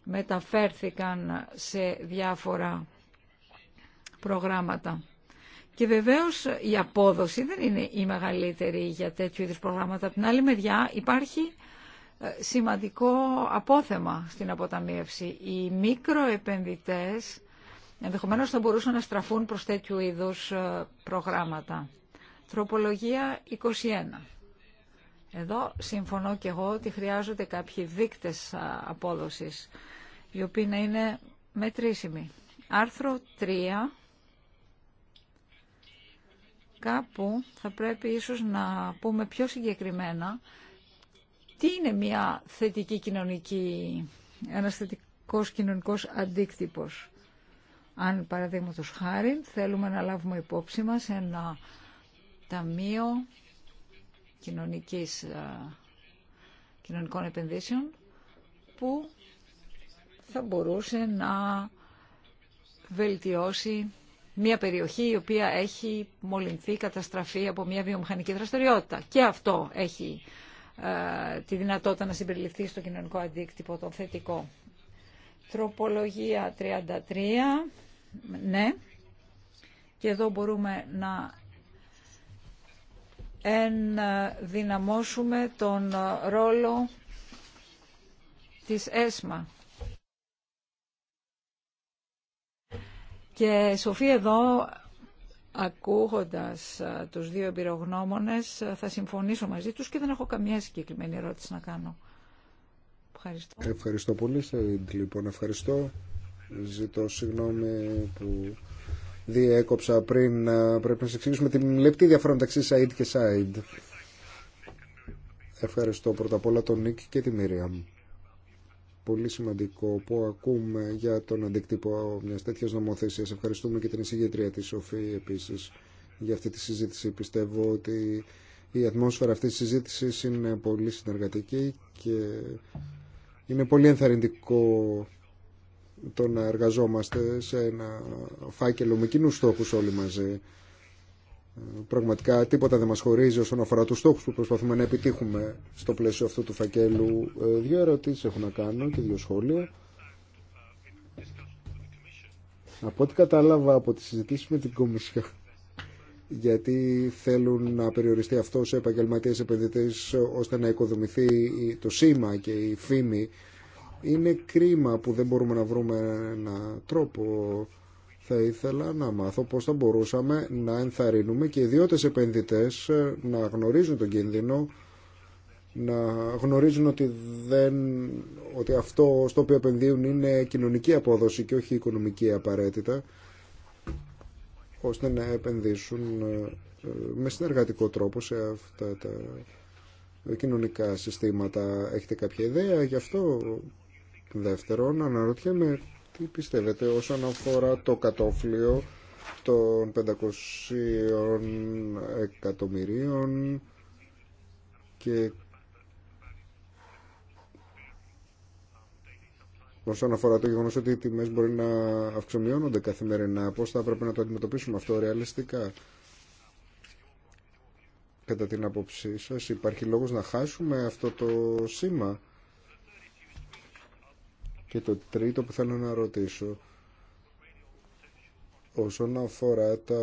D: μεταφέρθηκαν σε διάφορα προγράμματα. Και βεβαίως η απόδοση δεν είναι η μεγαλύτερη για τέτοιου είδους προγράμματα. Από την άλλη μεριά υπάρχει ε, σημαντικό απόθεμα στην αποταμίευση. Οι μικροεπενδυτές ενδεχομένως θα μπορούσαν να στραφούν προς τέτοιου είδους ε, προγράμματα. Τροπολογία 21. Εδώ συμφωνώ και εγώ ότι χρειάζονται κάποιοι δείκτες απόδοσης, οι οποίοι να είναι μετρήσιμοι. Άρθρο 3, κάπου θα πρέπει ίσως να πούμε πιο συγκεκριμένα τι είναι μια θετική κοινωνική, ένας θετικός κοινωνικός αντίκτυπος. Αν παραδείγματος χάρη θέλουμε να λάβουμε υπόψη μας ένα ταμείο κοινωνικής, ε, κοινωνικών επενδύσεων που θα μπορούσε να βελτιώσει μια περιοχή η οποία έχει μολυνθεί, καταστραφεί από μια βιομηχανική δραστηριότητα. Και αυτό έχει ε, τη δυνατότητα να συμπεριληφθεί στο κοινωνικό αντίκτυπο, το θετικό. Τροπολογία 33, ναι. Και εδώ μπορούμε να εν ενδυναμώσουμε τον ε, ρόλο της ΕΣΜΑ. Και Σοφή εδώ, ακούγοντας ε, τους δύο εμπειρογνώμονες, ε, θα συμφωνήσω μαζί τους και δεν έχω καμία συγκεκριμένη ερώτηση να κάνω. Ευχαριστώ.
C: Ευχαριστώ πολύ, λοιπόν. Ευχαριστώ. Ζητώ συγγνώμη που διέκοψα πριν. Ε, πρέπει να σα εξηγήσουμε την λεπτή διαφορά μεταξύ Σαΐντ και Σάιντ. Ευχαριστώ πρώτα απ' όλα τον Νίκ και τη μου. Πολύ σημαντικό που ακούμε για τον αντίκτυπο μια τέτοια νομοθεσία. Ευχαριστούμε και την εισηγήτρια τη Σοφή επίση για αυτή τη συζήτηση. Πιστεύω ότι η ατμόσφαιρα αυτή τη συζήτηση είναι πολύ συνεργατική και είναι πολύ ενθαρρυντικό το να εργαζόμαστε σε ένα φάκελο με κοινού στόχους όλοι μαζί. Πραγματικά τίποτα δεν μας χωρίζει όσον αφορά τους στόχους που προσπαθούμε να επιτύχουμε στο πλαίσιο αυτού του φακέλου. Ε, δύο ερωτήσεις έχω να κάνω και δύο σχόλια. Από ό,τι κατάλαβα από τις συζητήσεις με την Κομισιόν γιατί θέλουν να περιοριστεί αυτό σε επαγγελματίες επενδυτές ώστε να οικοδομηθεί το σήμα και η φήμη είναι κρίμα που δεν μπορούμε να βρούμε ένα τρόπο. Θα ήθελα να μάθω πώς θα μπορούσαμε να ενθαρρύνουμε και ιδιώτες επενδυτές ε, να γνωρίζουν τον κίνδυνο, να γνωρίζουν ότι, δεν, ότι αυτό στο οποίο επενδύουν είναι κοινωνική απόδοση και όχι οικονομική απαραίτητα, ώστε να επενδύσουν ε, με συνεργατικό τρόπο σε αυτά τα κοινωνικά συστήματα. Έχετε κάποια ιδέα γι' αυτό Δεύτερον, αναρωτιέμαι τι πιστεύετε όσον αφορά το κατόφλιο των 500 εκατομμυρίων και όσον αφορά το γεγονός ότι οι τιμές μπορεί να αυξομειώνονται καθημερινά, πώς θα πρέπει να το αντιμετωπίσουμε αυτό ρεαλιστικά. Κατά την άποψή σας υπάρχει λόγος να χάσουμε αυτό το σήμα και το τρίτο που θέλω να ρωτήσω, όσον αφορά τα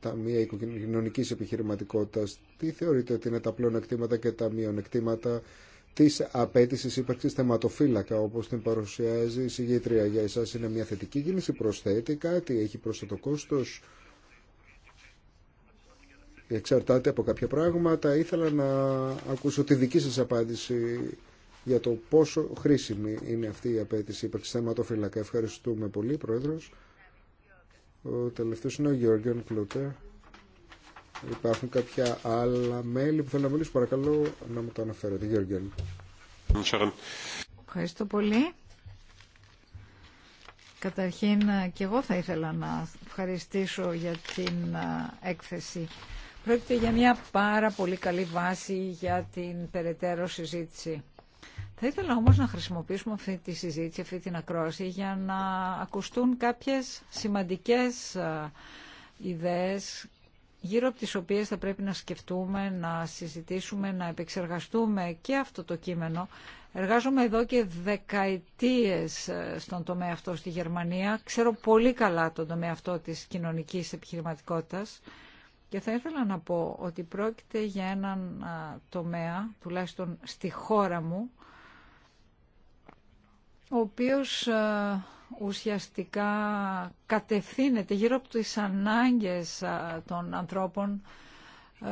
C: ταμεία κοινωνική επιχειρηματικότητα, τι θεωρείτε ότι είναι τα πλεονεκτήματα και τα μειονεκτήματα τη απέτηση ύπαρξη θεματοφύλακα, όπως την παρουσιάζει η συγγήτρια. Για εσά είναι μια θετική κίνηση, προσθέτει κάτι, έχει προσθέτω κόστο. εξαρτάται από κάποια πράγματα. Ήθελα να ακούσω τη δική σας απάντηση για το πόσο χρήσιμη είναι αυτή η απέτηση ύπαρξη θεματοφύλακα. Ευχαριστούμε πολύ, Πρόεδρος. Ο τελευταίος είναι ο Γιώργιον Κλούτερ. Υπάρχουν κάποια άλλα μέλη που θέλω να μιλήσω. Παρακαλώ να μου το αναφέρετε. Γιώργιον.
D: Ευχαριστώ πολύ. Καταρχήν και εγώ θα ήθελα να ευχαριστήσω για την έκθεση. Πρόκειται για μια πάρα πολύ καλή βάση για την περαιτέρω συζήτηση. Θα ήθελα όμως να χρησιμοποιήσουμε αυτή τη συζήτηση, αυτή την ακρόαση για να ακουστούν κάποιες σημαντικές ε, ιδέες γύρω από τις οποίες θα πρέπει να σκεφτούμε, να συζητήσουμε, να επεξεργαστούμε και αυτό το κείμενο. Εργάζομαι εδώ και δεκαετίες ε, στον τομέα αυτό στη Γερμανία. Ξέρω πολύ καλά τον τομέα αυτό της κοινωνικής επιχειρηματικότητας. Και θα ήθελα να πω ότι πρόκειται για έναν ε, τομέα, τουλάχιστον στη χώρα μου, ο οποίος ε, ουσιαστικά κατευθύνεται γύρω από τις ανάγκες ε, των ανθρώπων ε,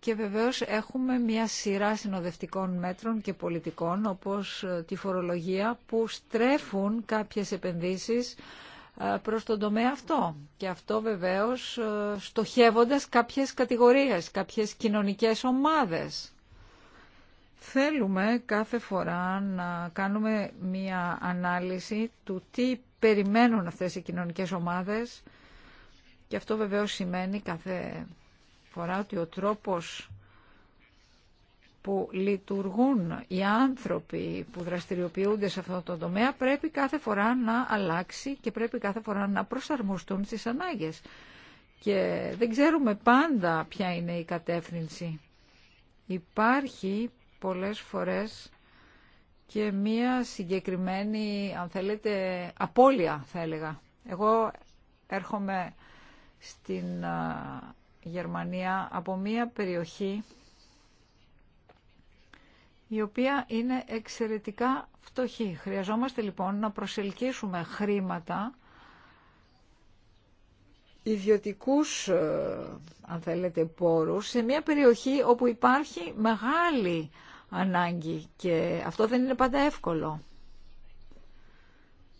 D: και βεβαίως έχουμε μια σειρά συνοδευτικών μέτρων και πολιτικών όπως τη φορολογία που στρέφουν κάποιες επενδύσεις προς τον τομέα αυτό. Και αυτό βεβαίως στοχεύοντας κάποιες κατηγορίες, κάποιες κοινωνικές ομάδες. Θέλουμε κάθε φορά να κάνουμε μία ανάλυση του τι περιμένουν αυτές οι κοινωνικές ομάδες και αυτό βεβαίως σημαίνει κάθε φορά ότι ο τρόπος που λειτουργούν οι άνθρωποι που δραστηριοποιούνται σε αυτό το τομέα πρέπει κάθε φορά να αλλάξει και πρέπει κάθε φορά να προσαρμοστούν στις ανάγκες. Και δεν ξέρουμε πάντα ποια είναι η κατεύθυνση. Υπάρχει πολλές φορές και μία συγκεκριμένη, αν θέλετε, απώλεια θα έλεγα. Εγώ έρχομαι στην Γερμανία από μία περιοχή η οποία είναι εξαιρετικά φτωχή. Χρειαζόμαστε λοιπόν να προσελκύσουμε χρήματα ιδιωτικούς, ε, αν θέλετε, πόρους σε μια περιοχή όπου υπάρχει μεγάλη ανάγκη και αυτό δεν είναι πάντα εύκολο.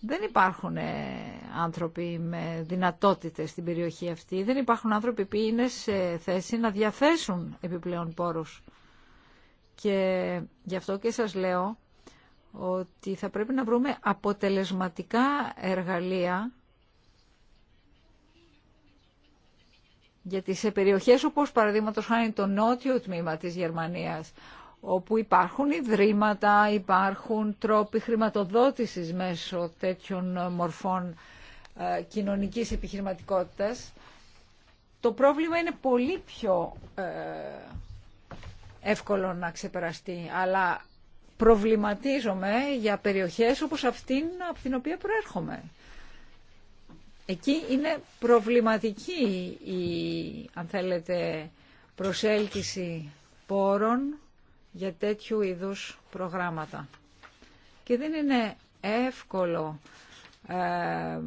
D: Δεν υπάρχουν ε, άνθρωποι με δυνατότητες στην περιοχή αυτή. Δεν υπάρχουν άνθρωποι που είναι σε θέση να διαθέσουν επιπλέον πόρους. Και γι' αυτό και σας λέω ότι θα πρέπει να βρούμε αποτελεσματικά εργαλεία γιατί σε περιοχές όπως παραδείγματος χάνει το νότιο τμήμα της Γερμανίας όπου υπάρχουν ιδρύματα, υπάρχουν τρόποι χρηματοδότησης μέσω τέτοιων μορφών ε, κοινωνικής επιχειρηματικότητας. Το πρόβλημα είναι πολύ πιο ε, εύκολο να ξεπεραστεί, αλλά προβληματίζομαι για περιοχές όπως αυτήν από την οποία προέρχομαι. Εκεί είναι προβληματική η, αν θέλετε, προσέλκυση πόρων για τέτοιου είδους προγράμματα. Και δεν είναι εύκολο. Ε,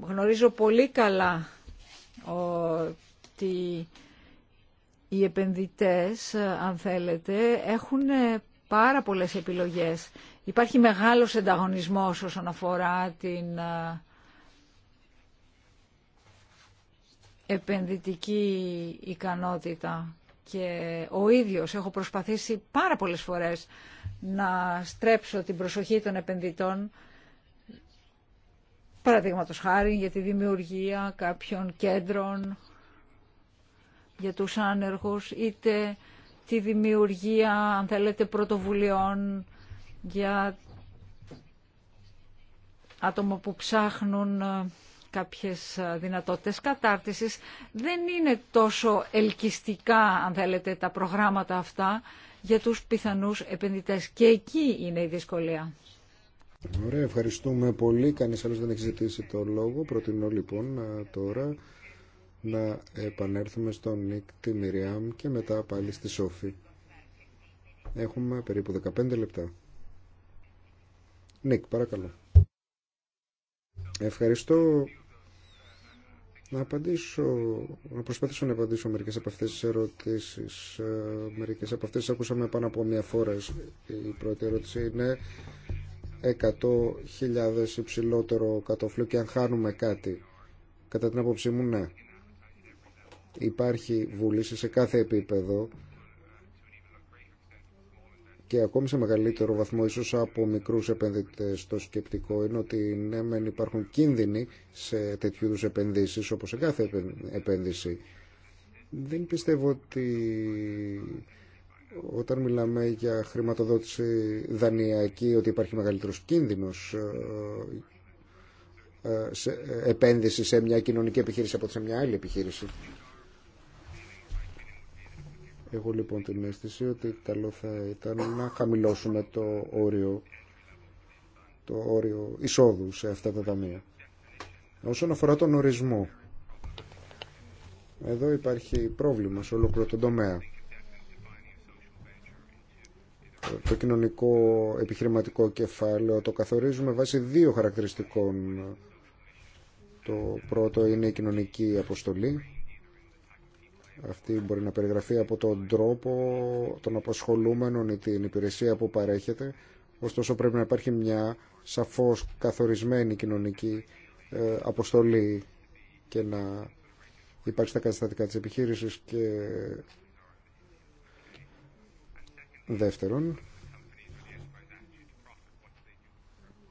D: γνωρίζω πολύ καλά ότι οι επενδυτές, αν θέλετε, έχουν πάρα πολλές επιλογές. Υπάρχει μεγάλος ενταγωνισμός όσον αφορά την ε, επενδυτική ικανότητα και ο ίδιος έχω προσπαθήσει πάρα πολλές φορές να στρέψω την προσοχή των επενδυτών παραδείγματο χάρη για τη δημιουργία κάποιων κέντρων για τους άνεργους είτε τη δημιουργία αν θέλετε πρωτοβουλειών για άτομα που ψάχνουν κάποιες δυνατότητες κατάρτισης. Δεν είναι τόσο ελκυστικά, αν θέλετε, τα προγράμματα αυτά για τους πιθανούς επενδυτές. Και εκεί είναι η δυσκολία.
C: Ωραία, ευχαριστούμε πολύ. Κανείς άλλος δεν έχει ζητήσει το λόγο. Προτείνω λοιπόν τώρα να επανέλθουμε στον Νίκ, τη Μυριάμ και μετά πάλι στη Σόφη. Έχουμε περίπου 15 λεπτά. Νίκ, παρακαλώ. Ευχαριστώ να απαντήσω, να προσπαθήσω να απαντήσω μερικέ από αυτές τις ερωτήσει. Ε, μερικές από αυτές τι ακούσαμε πάνω από μία φορά. Η πρώτη ερώτηση είναι 100.000 υψηλότερο κατοφλό και αν χάνουμε κάτι. Κατά την άποψή μου, ναι. Υπάρχει βούληση σε κάθε επίπεδο και ακόμη σε μεγαλύτερο βαθμό ίσως από μικρούς επενδυτές. Το σκεπτικό είναι ότι ναι μεν υπάρχουν κίνδυνοι σε τέτοιου είδους επενδύσεις όπως σε κάθε επένδυση. Δεν πιστεύω ότι όταν μιλάμε για χρηματοδότηση δανειακή ότι υπάρχει μεγαλύτερος κίνδυνος ε, ε, σε ε, επένδυση σε μια κοινωνική επιχείρηση από σε μια άλλη επιχείρηση. Έχω λοιπόν την αίσθηση ότι καλό θα ήταν να χαμηλώσουμε το όριο, το όριο εισόδου σε αυτά τα ταμεία. Όσον αφορά τον ορισμό, εδώ υπάρχει πρόβλημα σε ολόκληρο τον τομέα. Το κοινωνικό επιχειρηματικό κεφάλαιο το καθορίζουμε βάσει δύο χαρακτηριστικών. Το πρώτο είναι η κοινωνική αποστολή αυτή μπορεί να περιγραφεί από τον τρόπο των αποσχολούμενων ή την υπηρεσία που παρέχεται. Ωστόσο πρέπει να υπάρχει μια σαφώς καθορισμένη κοινωνική ε, αποστολή και να υπάρχει τα καταστατικά της επιχείρησης και δεύτερον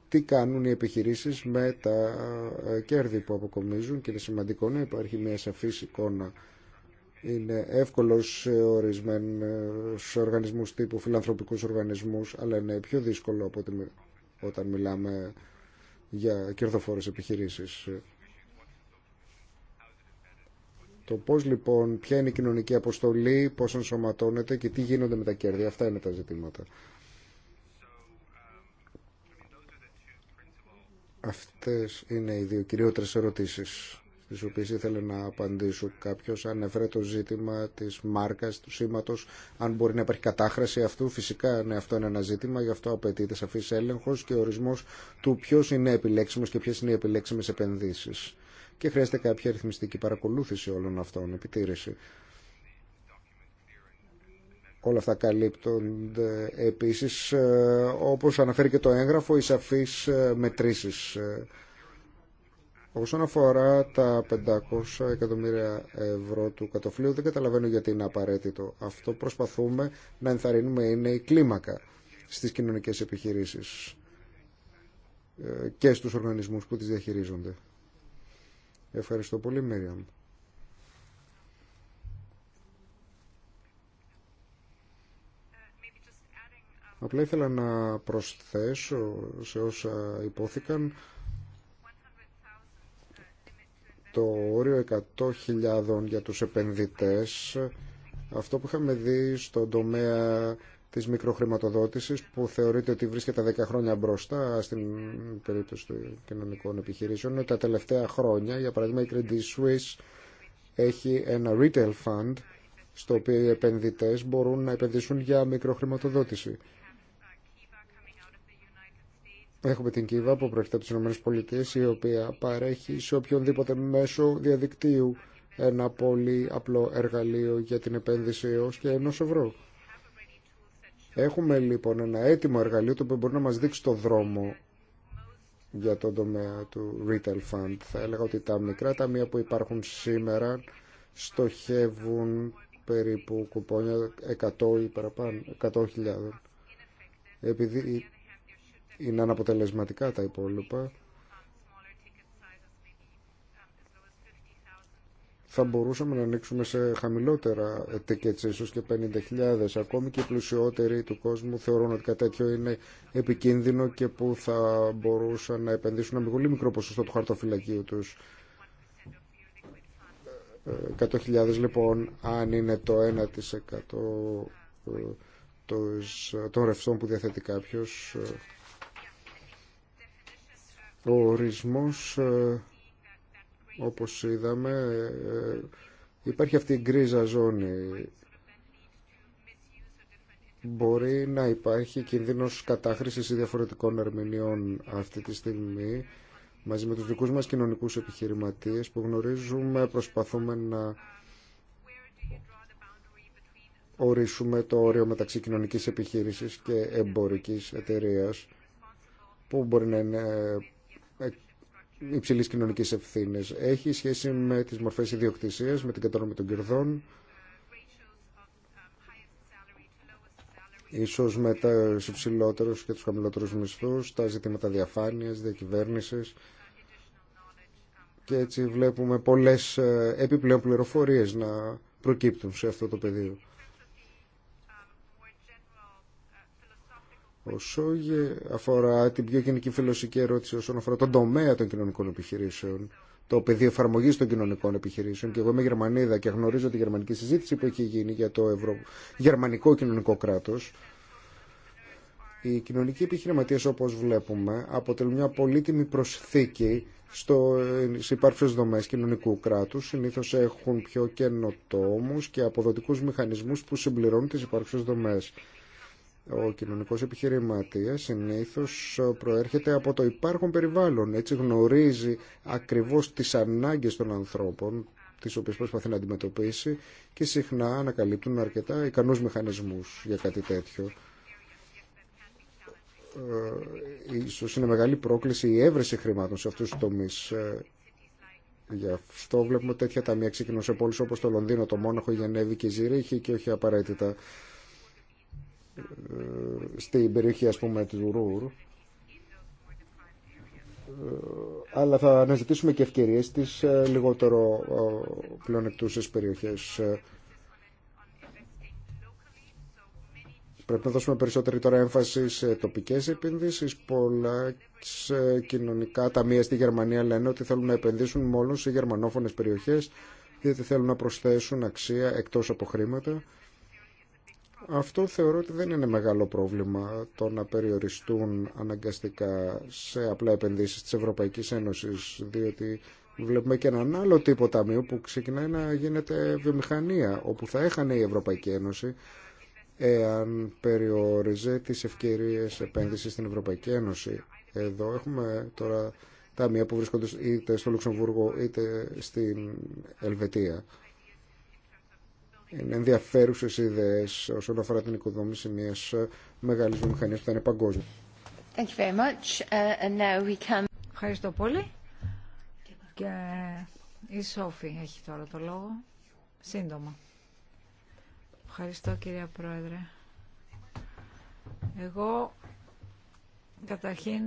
C: τι κάνουν οι επιχειρήσεις με τα ε, κέρδη που αποκομίζουν και είναι σημαντικό να υπάρχει μια σαφής εικόνα είναι εύκολο σε ορισμένου οργανισμούς τύπου φιλανθρωπικούς οργανισμούς αλλά είναι πιο δύσκολο από όταν μιλάμε για κερδοφόρες επιχειρήσεις. Το πώς λοιπόν, ποια είναι η κοινωνική αποστολή, πώς ενσωματώνεται και τι γίνονται με τα κέρδη. Αυτά είναι τα ζητήματα. Αυτές είναι οι δύο κυριότερες ερωτήσεις στις οποίες ήθελα να απαντήσω. Κάποιος ανέφερε το ζήτημα της μάρκας, του σήματος, αν μπορεί να υπάρχει κατάχραση αυτού. Φυσικά, ναι, αυτό είναι ένα ζήτημα, γι' αυτό απαιτείται σαφής έλεγχος και ορισμός του ποιο είναι επιλέξιμος και ποιε είναι οι επιλέξιμες επενδύσεις. Και χρειάζεται κάποια αριθμιστική παρακολούθηση όλων αυτών, επιτήρηση. Όλα αυτά καλύπτονται επίσης, ε, όπως αναφέρει και το έγγραφο, οι σαφείς ε, μετρήσεις ε, Όσον αφορά τα 500 εκατομμύρια ευρώ του κατοφλίου, δεν καταλαβαίνω γιατί είναι απαραίτητο. Αυτό προσπαθούμε να ενθαρρύνουμε είναι η κλίμακα στις κοινωνικές επιχειρήσεις ε, και στους οργανισμούς που τις διαχειρίζονται. Ευχαριστώ πολύ, Μίριαμ. Απλά ήθελα να προσθέσω σε όσα υπόθηκαν το όριο 100.000 για τους επενδυτές αυτό που είχαμε δει στον τομέα της μικροχρηματοδότησης που θεωρείται ότι βρίσκεται 10 χρόνια μπροστά στην περίπτωση των κοινωνικών επιχειρήσεων είναι τα τελευταία χρόνια για παράδειγμα η Credit Suisse έχει ένα retail fund στο οποίο οι επενδυτές μπορούν να επενδύσουν για μικροχρηματοδότηση Έχουμε την Κίβα που προέρχεται από τι ΗΠΑ η οποία παρέχει σε οποιονδήποτε μέσο διαδικτύου ένα πολύ απλό εργαλείο για την επένδυση έω και ενό ευρώ. Έχουμε λοιπόν ένα έτοιμο εργαλείο το οποίο μπορεί να μα δείξει το δρόμο για τον τομέα του retail fund. Θα έλεγα ότι τα μικρά ταμεία που υπάρχουν σήμερα στοχεύουν περίπου κουπόνια 100 ή παραπάνω, 100.000. Επειδή είναι αναποτελεσματικά τα υπόλοιπα. Θα μπορούσαμε να ανοίξουμε σε χαμηλότερα tickets, ίσως και 50.000. Ακόμη και οι πλουσιότεροι του κόσμου θεωρούν ότι κάτι τέτοιο είναι επικίνδυνο και που θα μπορούσαν να επενδύσουν ένα πολύ μικρό ποσοστό του χαρτοφυλακίου τους. 100.000 λοιπόν, αν είναι το 1% ε, των ρευστών που διαθέτει κάποιος, ε, ο ορισμός, ε, όπως είδαμε, ε, υπάρχει αυτή η γκρίζα ζώνη. Μπορεί να υπάρχει κινδύνος κατάχρησης διαφορετικών ερμηνεών αυτή τη στιγμή. Μαζί με τους δικούς μας κοινωνικούς επιχειρηματίες που γνωρίζουμε, προσπαθούμε να ορίσουμε το όριο μεταξύ κοινωνικής επιχείρησης και εμπορικής εταιρείας που μπορεί να είναι ε, υψηλής κοινωνικής ευθύνης. Έχει σχέση με τις μορφές ιδιοκτησίας, με την κατανομή των κερδών, ίσως με τους υψηλότερους και τους χαμηλότερους μισθούς, τα ζητήματα διαφάνειας, διακυβέρνησης και έτσι βλέπουμε πολλές ε, επιπλέον πληροφορίες να προκύπτουν σε αυτό το πεδίο. Όσο αφορά την πιο γενική φιλοσοφική ερώτηση όσον αφορά τον τομέα των κοινωνικών επιχειρήσεων, το πεδίο εφαρμογή των κοινωνικών επιχειρήσεων, και εγώ είμαι Γερμανίδα και γνωρίζω τη γερμανική συζήτηση που έχει γίνει για το Ευρω... γερμανικό κοινωνικό κράτο, οι κοινωνικοί επιχειρηματίε, όπω βλέπουμε, αποτελούν μια πολύτιμη προσθήκη στο υπάρχουσε δομέ κοινωνικού κράτου. Συνήθω έχουν πιο καινοτόμου και αποδοτικού μηχανισμού που συμπληρώνουν τι υπάρχουσε δομέ. Ο κοινωνικός επιχειρηματίας συνήθως προέρχεται από το υπάρχον περιβάλλον. Έτσι γνωρίζει ακριβώς τις ανάγκες των ανθρώπων, τις οποίες προσπαθεί να αντιμετωπίσει και συχνά ανακαλύπτουν αρκετά ικανούς μηχανισμούς για κάτι τέτοιο. Ε, ίσως είναι μεγάλη πρόκληση η έβρεση χρημάτων σε αυτούς τους τομείς. Ε, γι' αυτό βλέπουμε τέτοια ταμεία ξεκινούν σε πόλεις όπως το Λονδίνο, το Μόναχο, η Γενέβη και η Ζηρίχη και όχι απαραίτητα ε, στην περιοχή ας πούμε του Ρουρ ε, αλλά θα αναζητήσουμε και ευκαιρίες στις ε, λιγότερο πλεονεκτούσες περιοχές. Πρέπει να δώσουμε περισσότερη τώρα έμφαση σε τοπικές επενδύσεις. Πολλά σε κοινωνικά ταμεία στη Γερμανία λένε ότι θέλουν να επενδύσουν μόνο σε γερμανόφωνες περιοχές διότι θέλουν να προσθέσουν αξία εκτός από χρήματα αυτό θεωρώ ότι δεν είναι μεγάλο πρόβλημα το να περιοριστούν αναγκαστικά σε απλά επενδύσεις της Ευρωπαϊκής Ένωσης, διότι βλέπουμε και έναν άλλο τύπο ταμείου που ξεκινάει να γίνεται βιομηχανία, όπου θα έχανε η Ευρωπαϊκή Ένωση εάν περιόριζε τις ευκαιρίες επένδυσης στην Ευρωπαϊκή Ένωση. Εδώ έχουμε τώρα ταμεία που βρίσκονται είτε στο Λουξεμβούργο είτε στην Ελβετία. Είναι ενδιαφέρουσε ιδέε όσον αφορά την οικοδόμηση μια μεγάλη βιομηχανία που θα είναι
D: παγκόσμια. Uh, Ευχαριστώ πολύ. Και η Σόφη έχει τώρα το λόγο. Σύντομα. Ευχαριστώ κυρία Πρόεδρε. Εγώ καταρχήν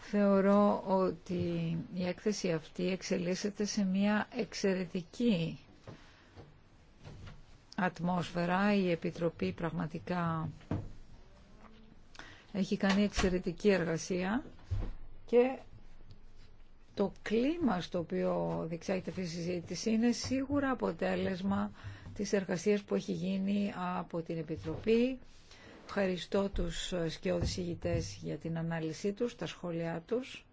D: θεωρώ ότι η έκθεση αυτή εξελίσσεται σε μια εξαιρετική ατμόσφαιρα. Η Επιτροπή πραγματικά έχει κάνει εξαιρετική εργασία και το κλίμα στο οποίο διεξάγεται αυτή η συζήτηση είναι σίγουρα αποτέλεσμα της εργασίας που έχει γίνει από την Επιτροπή. Ευχαριστώ τους σκιώδης ηγητές για την ανάλυση τους, τα σχόλιά τους.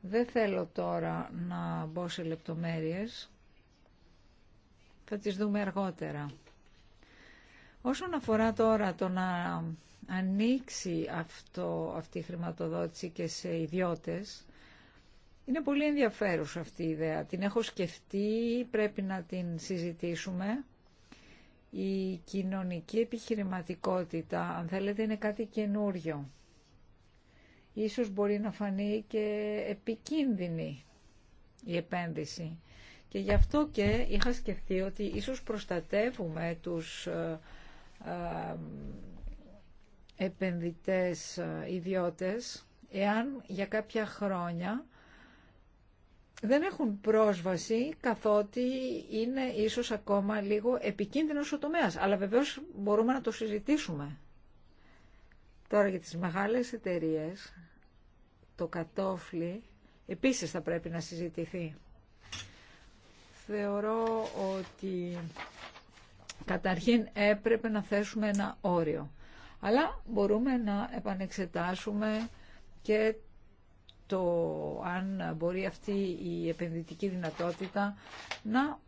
D: Δεν θέλω τώρα να μπω σε λεπτομέρειες. Θα τις δούμε αργότερα. Όσον αφορά τώρα το να ανοίξει αυτό, αυτή η χρηματοδότηση και σε ιδιώτες, είναι πολύ ενδιαφέρουσα αυτή η ιδέα. Την έχω σκεφτεί, πρέπει να την συζητήσουμε. Η κοινωνική επιχειρηματικότητα, αν θέλετε, είναι κάτι καινούριο. Ίσως μπορεί να φανεί και επικίνδυνη η επένδυση. Και γι' αυτό και είχα σκεφτεί ότι ίσως προστατεύουμε τους ε, ε, επενδυτές ε, ιδιώτες, εάν για κάποια χρόνια δεν έχουν πρόσβαση καθότι είναι ίσως ακόμα λίγο επικίνδυνος ο τομέας. Αλλά βεβαίως μπορούμε να το συζητήσουμε. Τώρα για τις μεγάλες εταιρείες, το κατόφλι επίσης θα πρέπει να συζητηθεί. Θεωρώ ότι Καταρχήν έπρεπε να θέσουμε ένα όριο. Αλλά μπορούμε να επανεξετάσουμε και το αν μπορεί αυτή η επενδυτική δυνατότητα να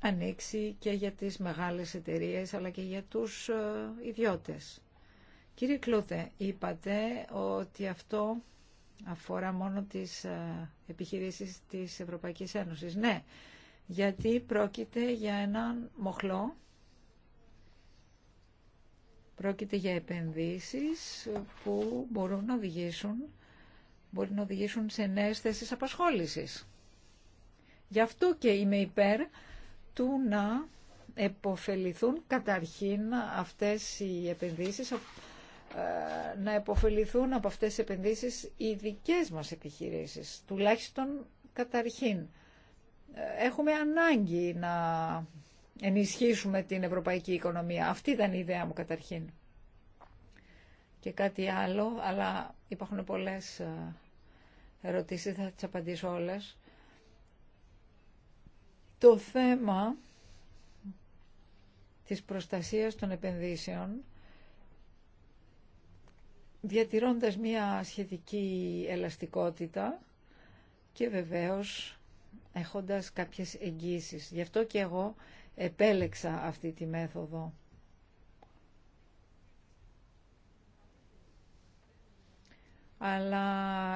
D: ανοίξει και για τις μεγάλες εταιρείες αλλά και για τους ε, ιδιώτες. Κύριε Κλουτέ, είπατε ότι αυτό αφορά μόνο τις ε, επιχειρήσεις της Ευρωπαϊκής Ένωσης. Ναι, γιατί πρόκειται για έναν μοχλό Πρόκειται για επενδύσεις που μπορούν να οδηγήσουν, μπορεί να οδηγήσουν σε νέες θέσεις απασχόλησης. Γι' αυτό και είμαι υπέρ του να επωφεληθούν καταρχήν αυτές οι επενδύσεις, ε, να επωφεληθούν από αυτές τις επενδύσεις οι δικές μας επιχειρήσεις, τουλάχιστον καταρχήν. Ε, έχουμε ανάγκη να ενισχύσουμε την ευρωπαϊκή οικονομία. Αυτή ήταν η ιδέα μου καταρχήν. Και κάτι άλλο, αλλά υπάρχουν πολλές ε, ερωτήσεις, θα τις απαντήσω όλες. Το θέμα της προστασίας των επενδύσεων, διατηρώντας μια σχετική ελαστικότητα και βεβαίως έχοντας κάποιες εγγύσεις. Γι' αυτό και εγώ επέλεξα αυτή τη μέθοδο. Αλλά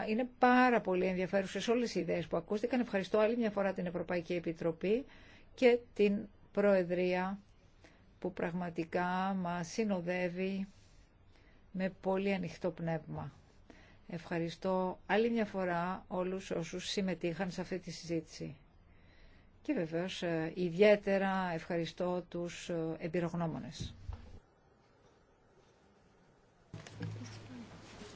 D: είναι πάρα πολύ ενδιαφέρουσες όλες οι ιδέες που ακούστηκαν. Ευχαριστώ άλλη μια φορά την Ευρωπαϊκή Επιτροπή και την Προεδρία που πραγματικά μας συνοδεύει με πολύ ανοιχτό πνεύμα. Ευχαριστώ άλλη μια φορά όλους όσους συμμετείχαν σε αυτή τη συζήτηση και βεβαίως ε, ιδιαίτερα ευχαριστώ τους ε, εμπειρογνώμονες.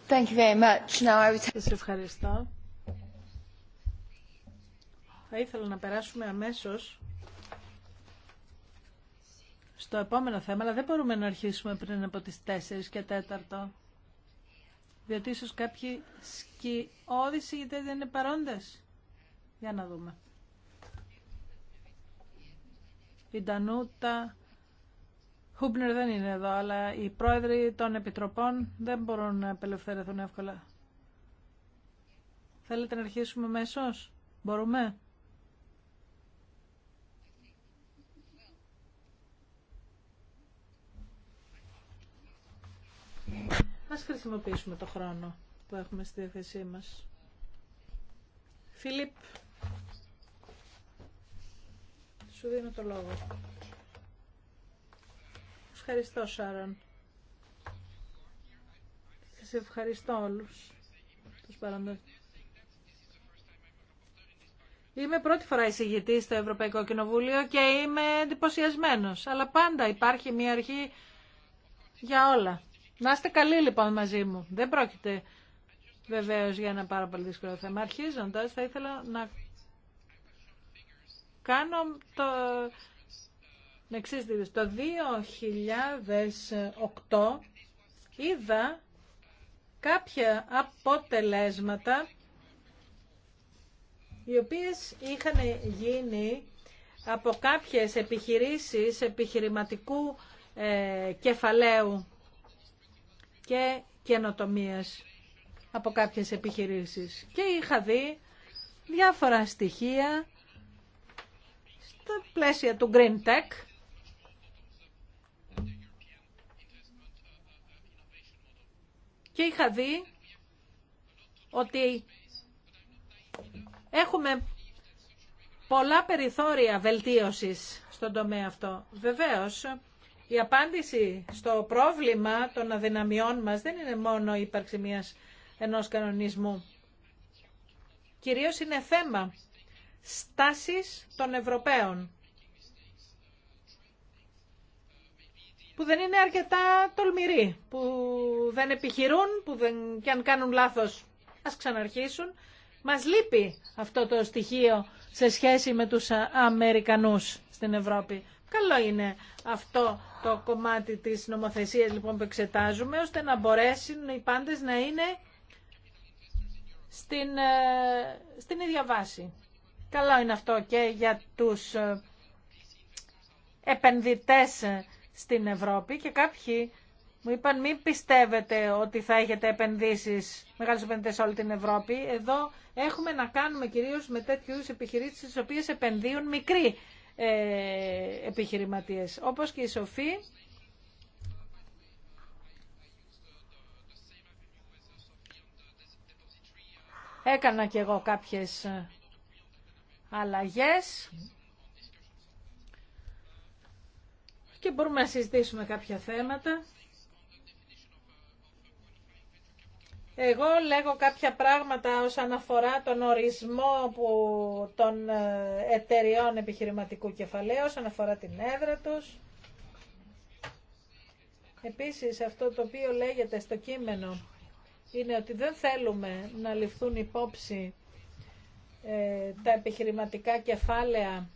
D: Thank ευχαριστώ.
B: Θα ήθελα να περάσουμε αμέσως στο επόμενο θέμα, αλλά δεν μπορούμε να αρχίσουμε πριν από τις 4 και 4. Διότι ίσως κάποιοι σκιώδεις γιατί δεν είναι παρόντες. Για να δούμε. Η Ντανούτα Χούμπνερ δεν είναι εδώ, αλλά οι πρόεδροι των επιτροπών δεν μπορούν να απελευθερωθούν εύκολα. Θέλετε να αρχίσουμε μέσως, μπορούμε. Ας χρησιμοποιήσουμε το χρόνο που έχουμε στη διαθέσή μας. Φιλίπ, σου δίνω το λόγο. Ευχαριστώ, Σάραν. Σας ευχαριστώ όλους τους Είμαι πρώτη φορά εισηγητή στο Ευρωπαϊκό Κοινοβούλιο και είμαι εντυπωσιασμένο. Αλλά πάντα υπάρχει μια αρχή για όλα. Να είστε καλοί λοιπόν μαζί μου. Δεν πρόκειται βεβαίω για ένα πάρα πολύ δύσκολο θέμα. Αρχίζοντα, θα ήθελα να κάνω το... εξή Το 2008 είδα κάποια αποτελέσματα οι οποίες είχαν γίνει από κάποιες επιχειρήσεις επιχειρηματικού ε, κεφαλαίου και καινοτομίας από κάποιες επιχειρήσεις. Και είχα δει διάφορα στοιχεία τα πλαίσια του Green Tech. Και είχα δει ότι έχουμε πολλά περιθώρια βελτίωσης στον τομέα αυτό. Βεβαίως, η απάντηση στο πρόβλημα των αδυναμιών μας δεν είναι μόνο η ύπαρξη μιας ενός κανονισμού. Κυρίως είναι θέμα στάσεις των Ευρωπαίων που δεν είναι αρκετά τολμηροί, που δεν επιχειρούν, που δεν, και αν κάνουν λάθος ας ξαναρχίσουν. Μας λείπει αυτό το στοιχείο σε σχέση με τους Αμερικανούς στην Ευρώπη. Καλό είναι αυτό το κομμάτι της νομοθεσίας λοιπόν που εξετάζουμε, ώστε να μπορέσουν οι πάντες να είναι στην, ε, στην ίδια βάση. Καλό είναι αυτό και για τους ε, επενδυτές ε, στην Ευρώπη και κάποιοι μου είπαν μην πιστεύετε ότι θα έχετε επενδύσεις, μεγάλες επενδυτές σε όλη την Ευρώπη. Εδώ έχουμε να κάνουμε κυρίως με τέτοιους επιχειρήσεις τις οποίες επενδύουν μικροί ε, επιχειρηματίες. Όπως και η Σοφή, έκανα και εγώ κάποιες ε, αλλαγές και μπορούμε να συζητήσουμε κάποια θέματα. Εγώ λέγω κάποια πράγματα όσον αφορά τον ορισμό που των ε, εταιριών επιχειρηματικού κεφαλαίου, όσον αφορά την έδρα τους. Επίσης αυτό το οποίο λέγεται στο κείμενο είναι ότι δεν θέλουμε να ληφθούν υπόψη ε, τα επιχειρηματικά κεφάλαια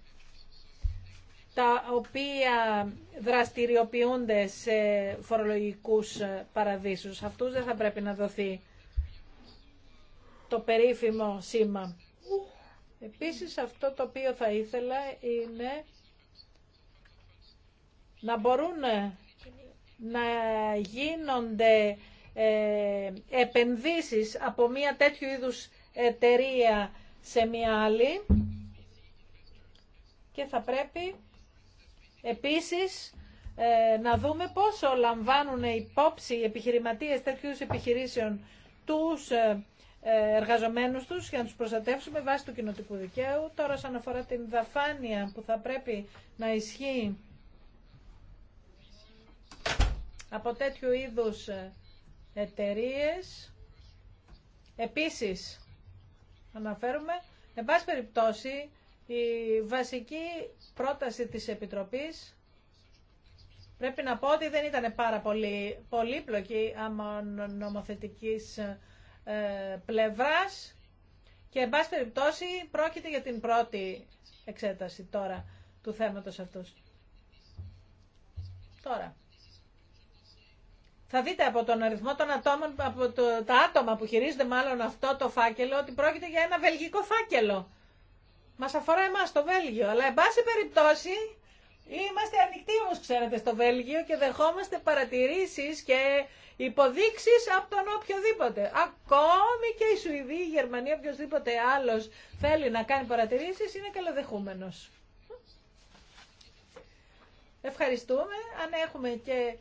B: τα οποία δραστηριοποιούνται σε φορολογικούς ε, παραδείσους. Αυτούς δεν θα πρέπει να δοθεί το περίφημο σήμα. Επίσης αυτό το οποίο θα ήθελα είναι να μπορούν ε, να γίνονται επενδύσεις από μια τέτοιου είδους εταιρεία σε μία άλλη και θα πρέπει επίσης ε, να δούμε πόσο λαμβάνουν υπόψη οι επιχειρηματίες τέτοιου επιχειρήσεων τους ε, ε, εργαζομένους τους για να τους προστατεύσουμε βάσει του κοινοτικού δικαίου. Τώρα, σαν αφορά την δαφάνεια που θα πρέπει να ισχύει από τέτοιου είδους εταιρείες, επίσης αναφέρουμε. Εν πάση περιπτώσει, η βασική πρόταση της Επιτροπής πρέπει να πω ότι δεν ήταν πάρα πολύ πολύπλοκη άμα νομοθετικής ε, πλευράς και εν περιπτώσει πρόκειται για την πρώτη εξέταση τώρα του θέματος αυτούς. Τώρα, θα δείτε από τον αριθμό των ατόμων, από το, τα άτομα που χειρίζονται μάλλον αυτό το φάκελο, ότι πρόκειται για ένα βελγικό φάκελο. Μας αφορά εμάς το Βέλγιο, αλλά εν πάση περιπτώσει είμαστε ανοιχτοί όμως ξέρετε στο Βέλγιο και δεχόμαστε παρατηρήσεις και υποδείξεις από τον οποιοδήποτε. Ακόμη και η Σουηδή, η Γερμανία, οποιοδήποτε άλλο θέλει να κάνει παρατηρήσει είναι καλοδεχούμενος. Ευχαριστούμε. Αν έχουμε και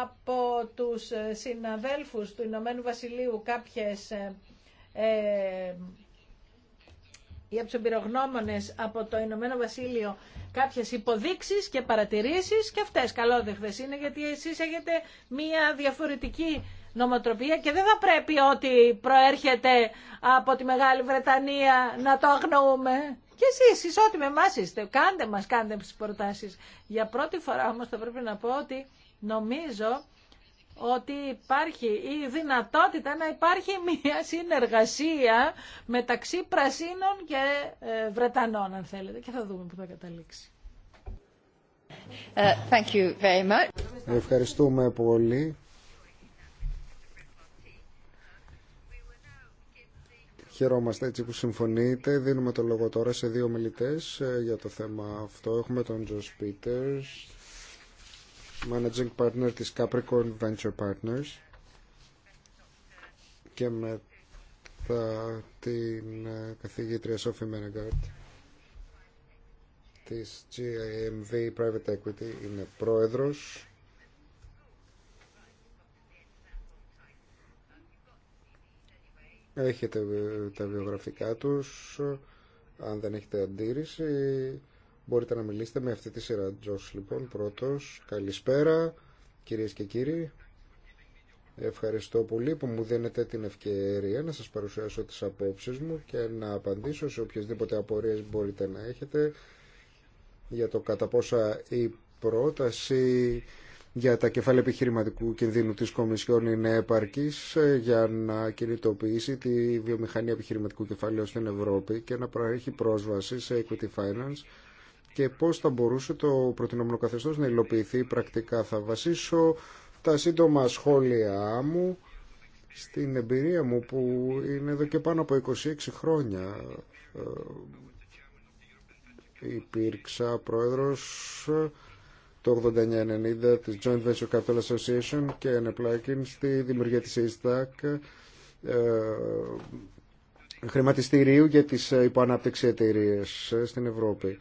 B: από τους συναδέλφους του Ηνωμένου Βασιλείου κάποιες ε, ή ε, από από το Ηνωμένο Βασίλειο κάποιες υποδείξεις και παρατηρήσεις και αυτές καλόδεχτες είναι γιατί εσείς έχετε μία διαφορετική νομοτροπία και δεν θα πρέπει ότι προέρχεται από τη Μεγάλη Βρετανία να το αγνοούμε. Και εσείς ισότιμοι εμά είστε. Κάντε μας, κάντε τι προτάσεις. Για πρώτη φορά όμω θα πρέπει να πω ότι Νομίζω ότι υπάρχει η δυνατότητα να υπάρχει μια συνεργασία μεταξύ Πρασίνων και ε, Βρετανών, αν θέλετε. Και θα δούμε που θα καταλήξει.
D: Ε,
C: Ευχαριστούμε πολύ. Χαιρόμαστε έτσι που συμφωνείτε. Δίνουμε το λόγο τώρα σε δύο μιλητές ε, για το θέμα αυτό. Έχουμε τον Τζος Πίτερς managing partner της Capricorn Venture Partners και με την ε, καθηγήτρια Sophie Menegard της GIMV Private Equity είναι πρόεδρος έχετε ε, τα βιογραφικά τους ε, αν δεν έχετε αντίρρηση Μπορείτε να μιλήσετε με αυτή τη σειρά. Τζο, λοιπόν, πρώτο. Καλησπέρα, κυρίε και κύριοι. Ευχαριστώ πολύ που μου δίνετε την ευκαιρία να σας παρουσιάσω τις απόψει μου και να απαντήσω σε οποιασδήποτε απορίες μπορείτε να έχετε για το κατά πόσα η πρόταση για τα κεφάλαια επιχειρηματικού κινδύνου της Κομισιόν είναι επαρκής για να κινητοποιήσει τη βιομηχανία επιχειρηματικού κεφαλαίου στην Ευρώπη και να προέχει πρόσβαση σε equity finance και πώς θα μπορούσε το προτινόμενο καθεστώς να υλοποιηθεί πρακτικά. Θα βασίσω τα σύντομα σχόλια μου στην εμπειρία μου που είναι εδώ και πάνω από 26 χρόνια. Ε, υπήρξα πρόεδρος το 89-90 της Joint Venture Capital Association και ενεπλάκην στη δημιουργία της ISTAC ε, χρηματιστηρίου για τις ε, υποανάπτυξη εταιρείε στην Ευρώπη.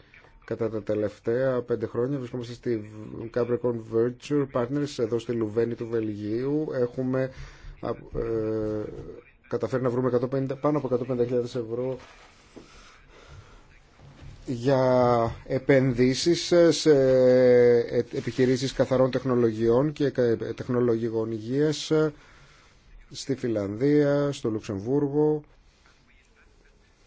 C: Κατά τα τελευταία πέντε χρόνια βρισκόμαστε στη Capricorn Virtue Partners εδώ στη Λουβένη του Βελγίου. Έχουμε ε, καταφέρει να βρούμε 150, πάνω από 150.000 ευρώ για επενδύσεις σε ε, επιχειρήσεις καθαρών τεχνολογιών και ε, τεχνολογικών υγείας στη Φιλανδία, στο Λουξεμβούργο,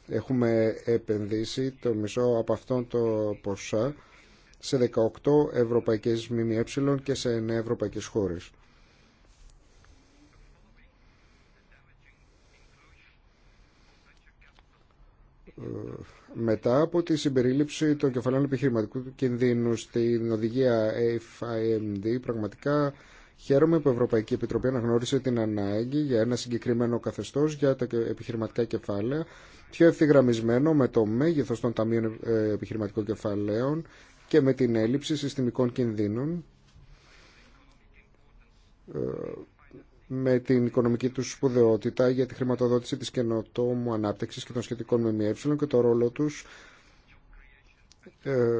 C: Έχουμε επενδύσει το μισό από αυτόν το ποσά σε 18 ευρωπαϊκές ΜΜΕ και σε 9 ευρωπαϊκές χώρες. μετά από τη συμπερίληψη των κεφαλών επιχειρηματικού κινδύνου στην οδηγία FIMD πραγματικά Χαίρομαι που η Ευρωπαϊκή Επιτροπή αναγνώρισε την ανάγκη για ένα συγκεκριμένο καθεστώ για τα επιχειρηματικά κεφάλαια, πιο ευθυγραμμισμένο με το μέγεθο των ταμείων ε, επιχειρηματικών κεφαλαίων και με την έλλειψη συστημικών κινδύνων ε, με την οικονομική του σπουδαιότητα για τη χρηματοδότηση της καινοτόμου ανάπτυξης και των σχετικών ΜΜΕ και το ρόλο τους ε,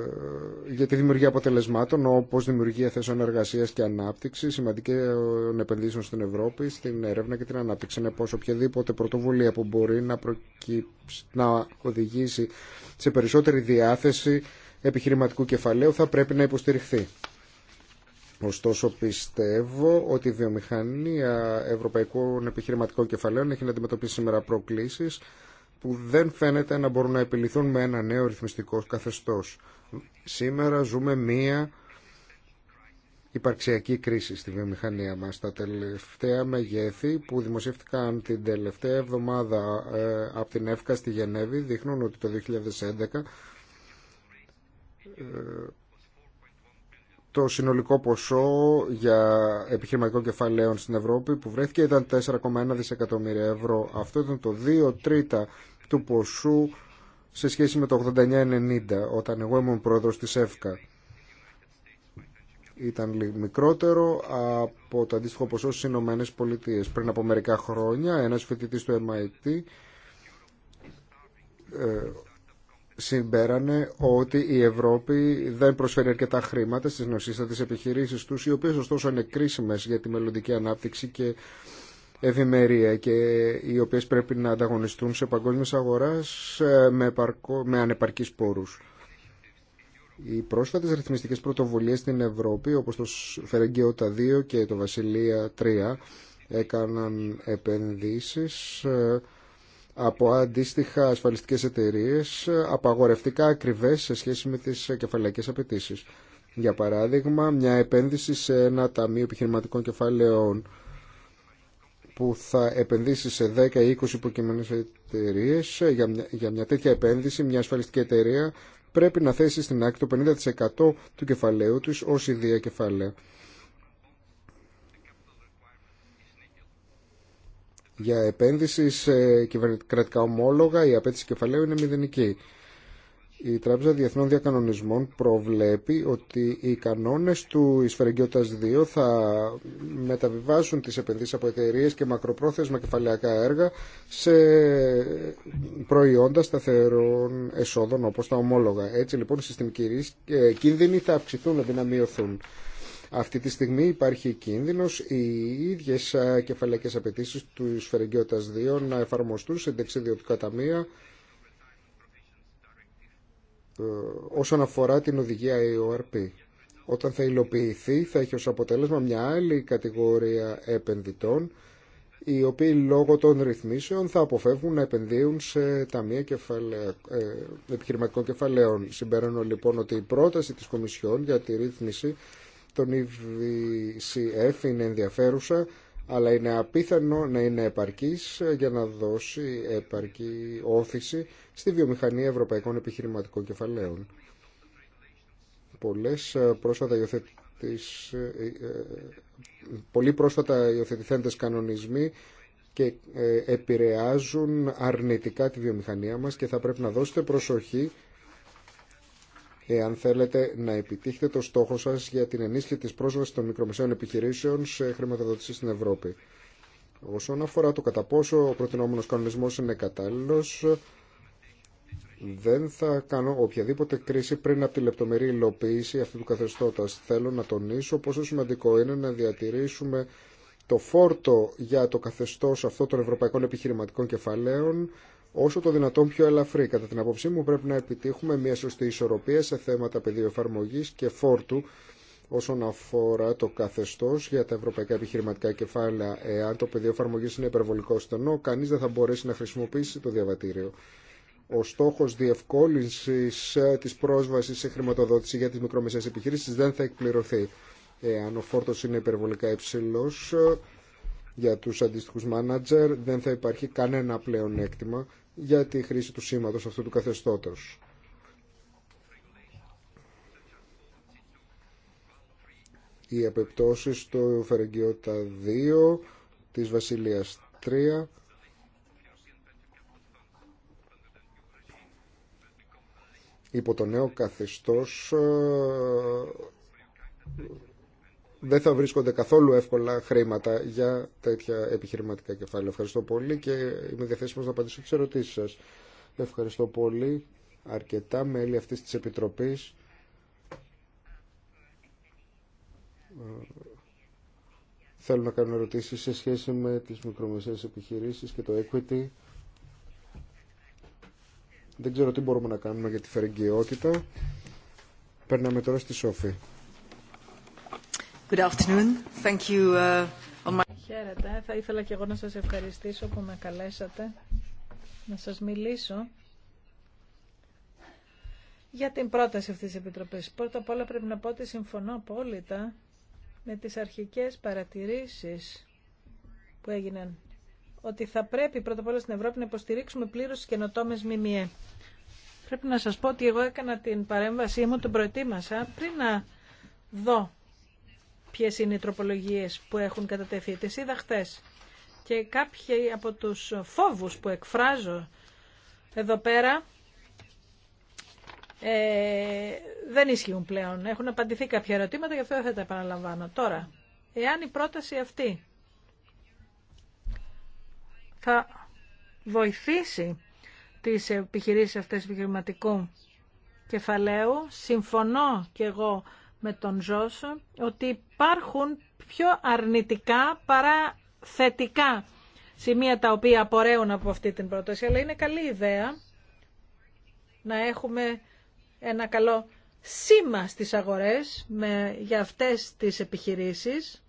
C: για τη δημιουργία αποτελεσμάτων όπως δημιουργία θέσεων εργασίας και ανάπτυξη, σημαντικών επενδύσεων στην Ευρώπη, στην έρευνα και την ανάπτυξη. Είναι πως οποιαδήποτε πρωτοβουλία που μπορεί να, να οδηγήσει σε περισσότερη διάθεση επιχειρηματικού κεφαλαίου θα πρέπει να υποστηριχθεί. Ωστόσο πιστεύω ότι η βιομηχανία ευρωπαϊκών επιχειρηματικών κεφαλαίων έχει να αντιμετωπίσει σήμερα προκλήσεις που δεν φαίνεται να μπορούν να επιληθούν με ένα νέο ρυθμιστικό καθεστώς. Σήμερα ζούμε μία υπαρξιακή κρίση στη βιομηχανία μας. Τα τελευταία μεγέθη που δημοσιεύτηκαν την τελευταία εβδομάδα ε, από την ΕΦΚΑ στη Γενέβη δείχνουν ότι το 2011 ε, το συνολικό ποσό για επιχειρηματικό κεφαλαίων στην Ευρώπη που βρέθηκε ήταν 4,1 δισεκατομμύρια ευρώ. Αυτό ήταν το 2 τρίτα του ποσού σε σχέση με το 89-90 όταν εγώ ήμουν πρόεδρος της ΕΦΚΑ ήταν μικρότερο από το αντίστοιχο ποσό στι Ηνωμένε Πολιτείε. Πριν από μερικά χρόνια, ένα φοιτητή του MIT ε, συμπέρανε ότι η Ευρώπη δεν προσφέρει αρκετά χρήματα στι νοσίστατε επιχειρήσει του, οι οποίε, ωστόσο είναι κρίσιμε για τη μελλοντική ανάπτυξη και ευημερία και οι οποίες πρέπει να ανταγωνιστούν σε παγκόσμιες αγοράς ε, με, παρκο... με ανεπαρκείς πόρους. Οι πρόσφατες ρυθμιστικές πρωτοβουλίες στην Ευρώπη, όπως το Φερεγγιώτα 2 και το Βασιλεία 3, έκαναν επενδύσεις ε, από αντίστοιχα ασφαλιστικές εταιρείες απαγορευτικά ακριβές σε σχέση με τις κεφαλαϊκές απαιτήσει. Για παράδειγμα, μια επένδυση σε ένα ταμείο επιχειρηματικών κεφαλαίων που θα επενδύσει σε 10 ή 20 υποκειμενές εταιρείε ε, για, μια, για μια τέτοια επένδυση μια ασφαλιστική εταιρεία πρέπει να θέσει στην άκρη το 50% του κεφαλαίου της ως ιδία κεφαλαία. Για επένδυση σε κρατικά ομόλογα η απέτηση κεφαλαίου είναι μηδενική η Τράπεζα Διεθνών Διακανονισμών προβλέπει ότι οι κανόνες του Ισφαιρεγγιώτας 2 θα μεταβιβάσουν τις επενδύσεις από εταιρείε και μακροπρόθεσμα κεφαλαιακά έργα σε προϊόντα σταθερών εσόδων όπως τα ομόλογα. Έτσι λοιπόν οι συστημικοί ε, κίνδυνοι θα αυξηθούν αντί να μειωθούν. Αυτή τη στιγμή υπάρχει κίνδυνος οι ίδιες κεφαλαίκες απαιτήσει του Ισφαιρεγγιώτας 2 να εφαρμοστούν σε του ταμεία ε, όσον αφορά την οδηγία EORP. Όταν θα υλοποιηθεί θα έχει ως αποτέλεσμα μια άλλη κατηγορία επενδυτών οι οποίοι λόγω των ρυθμίσεων θα αποφεύγουν να επενδύουν σε ταμεία ε, επιχειρηματικών κεφαλαίων. Συμπέρανω λοιπόν ότι η πρόταση της Κομισιόν για τη ρύθμιση των EVCF είναι ενδιαφέρουσα αλλά είναι απίθανο να είναι επαρκής ε, για να δώσει επαρκή όθηση στη βιομηχανία ευρωπαϊκών επιχειρηματικών κεφαλαίων. Πολλές ε, πρόσφατα ε, πολύ πρόσφατα υιοθετηθέντες κανονισμοί και επηρεάζουν αρνητικά τη βιομηχανία μας και θα πρέπει να δώσετε προσοχή εάν θέλετε να επιτύχετε το στόχο σα για την ενίσχυση τη πρόσβαση των μικρομεσαίων επιχειρήσεων σε χρηματοδότηση στην Ευρώπη. Όσον αφορά το κατά πόσο ο προτινόμενο κανονισμό είναι κατάλληλο, δεν θα κάνω οποιαδήποτε κρίση πριν από τη λεπτομερή υλοποίηση αυτού του καθεστώτας. Θέλω να τονίσω πόσο σημαντικό είναι να διατηρήσουμε το φόρτο για το καθεστώς αυτό των ευρωπαϊκών επιχειρηματικών κεφαλαίων όσο το δυνατόν πιο ελαφρύ. Κατά την απόψή μου πρέπει να επιτύχουμε μια σωστή ισορροπία σε θέματα πεδίου εφαρμογή και φόρτου όσον αφορά το καθεστώ για τα ευρωπαϊκά επιχειρηματικά κεφάλαια. Εάν το πεδίο εφαρμογή είναι υπερβολικό στενό, κανεί δεν θα μπορέσει να χρησιμοποιήσει το διαβατήριο. Ο στόχο διευκόλυνση ε, τη πρόσβαση σε χρηματοδότηση για τι μικρομεσαίες επιχειρήσεις δεν θα εκπληρωθεί. Εάν ο Φόρτο είναι υπερβολικά υψηλό ε, για του αντίστοιχου μάνατζερ δεν θα υπάρχει κανένα πλέον έκτημα για τη χρήση του σήματος αυτού του καθεστώτος. Οι επιπτώσεις στο Φερεγγιώτα 2, της Βασιλείας 3, υπό το νέο καθεστώς ε, δεν θα βρίσκονται καθόλου εύκολα χρήματα για τέτοια επιχειρηματικά κεφάλαια. Ευχαριστώ πολύ και είμαι διαθέσιμος να απαντήσω τι ερωτήσει σα. Ευχαριστώ πολύ αρκετά μέλη αυτή τη επιτροπή. Ε, Θέλω να κάνω ερωτήσεις σε σχέση με τις μικρομεσαίες επιχειρήσεις και το equity. Δεν ξέρω τι μπορούμε να κάνουμε για τη φερεγγιότητα. Περνάμε τώρα στη Σόφη.
D: Good uh,
B: Χαίρετε. Θα ήθελα και εγώ να σας ευχαριστήσω που με καλέσατε να σας μιλήσω για την πρόταση αυτής της Επιτροπής. Πρώτα απ' όλα πρέπει να πω ότι συμφωνώ απόλυτα με τις αρχικές παρατηρήσεις που έγιναν ότι θα πρέπει πρώτα απ' όλα στην Ευρώπη να υποστηρίξουμε πλήρως τις καινοτόμες ΜΜΕ. Πρέπει να σας πω ότι εγώ έκανα την παρέμβασή μου, τον προετοίμασα πριν να δω Ποιε είναι οι τροπολογίε που έχουν κατατεθεί. τι είδα Και κάποιοι από τους φόβους που εκφράζω εδώ πέρα ε, δεν ισχύουν πλέον. Έχουν απαντηθεί κάποια ερωτήματα, γι' αυτό δεν θα τα επαναλαμβάνω. Τώρα, εάν η πρόταση αυτή θα βοηθήσει τις επιχειρήσεις αυτές επιχειρηματικού κεφαλαίου, συμφωνώ και εγώ με τον Ζώσο ότι υπάρχουν πιο αρνητικά παρά θετικά σημεία τα οποία απορρέουν από αυτή την πρόταση. Αλλά είναι καλή ιδέα να έχουμε ένα καλό σήμα στις αγορές με, για αυτές τις επιχειρήσεις.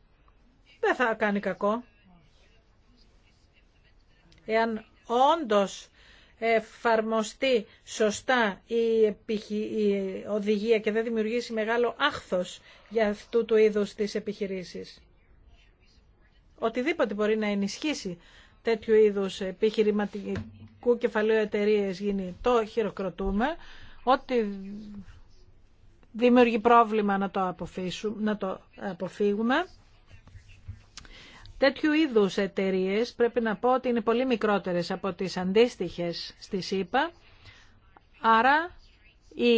B: Δεν θα κάνει κακό. Εάν όντως εφαρμοστεί σωστά η οδηγία και δεν δημιουργήσει μεγάλο άχθος για αυτού του είδους τις επιχειρήσεις. Οτιδήποτε μπορεί να ενισχύσει τέτοιου είδους επιχειρηματικού κεφαλαίου εταιρείε γίνει το χειροκροτούμε. Ό,τι δημιουργεί πρόβλημα να το, να το αποφύγουμε. Τέτοιου είδους εταιρείε πρέπει να πω ότι είναι πολύ μικρότερες από τις αντίστοιχες στη ΣΥΠΑ, άρα οι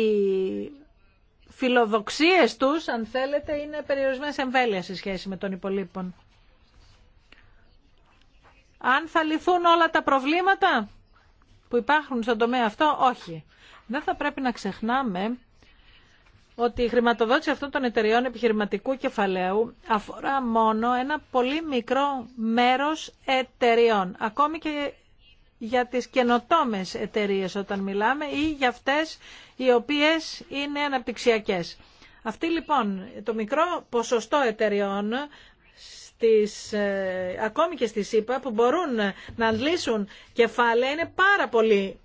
B: φιλοδοξίες τους, αν θέλετε, είναι περιορισμένες εμβέλεια σε σχέση με τον υπολείπων. Αν θα λυθούν όλα τα προβλήματα που υπάρχουν στον τομέα αυτό, όχι. Δεν θα πρέπει να ξεχνάμε ότι η χρηματοδότηση αυτών των εταιριών επιχειρηματικού κεφαλαίου αφορά μόνο ένα πολύ μικρό μέρος εταιριών. Ακόμη και για τις καινοτόμες εταιρείες όταν μιλάμε ή για αυτές οι οποίες είναι αναπτυξιακές. Αυτή λοιπόν το μικρό ποσοστό εταιριών στις, ε, ακόμη και στη ΣΥΠΑ που μπορούν να αντλήσουν κεφάλαια είναι πάρα πολύ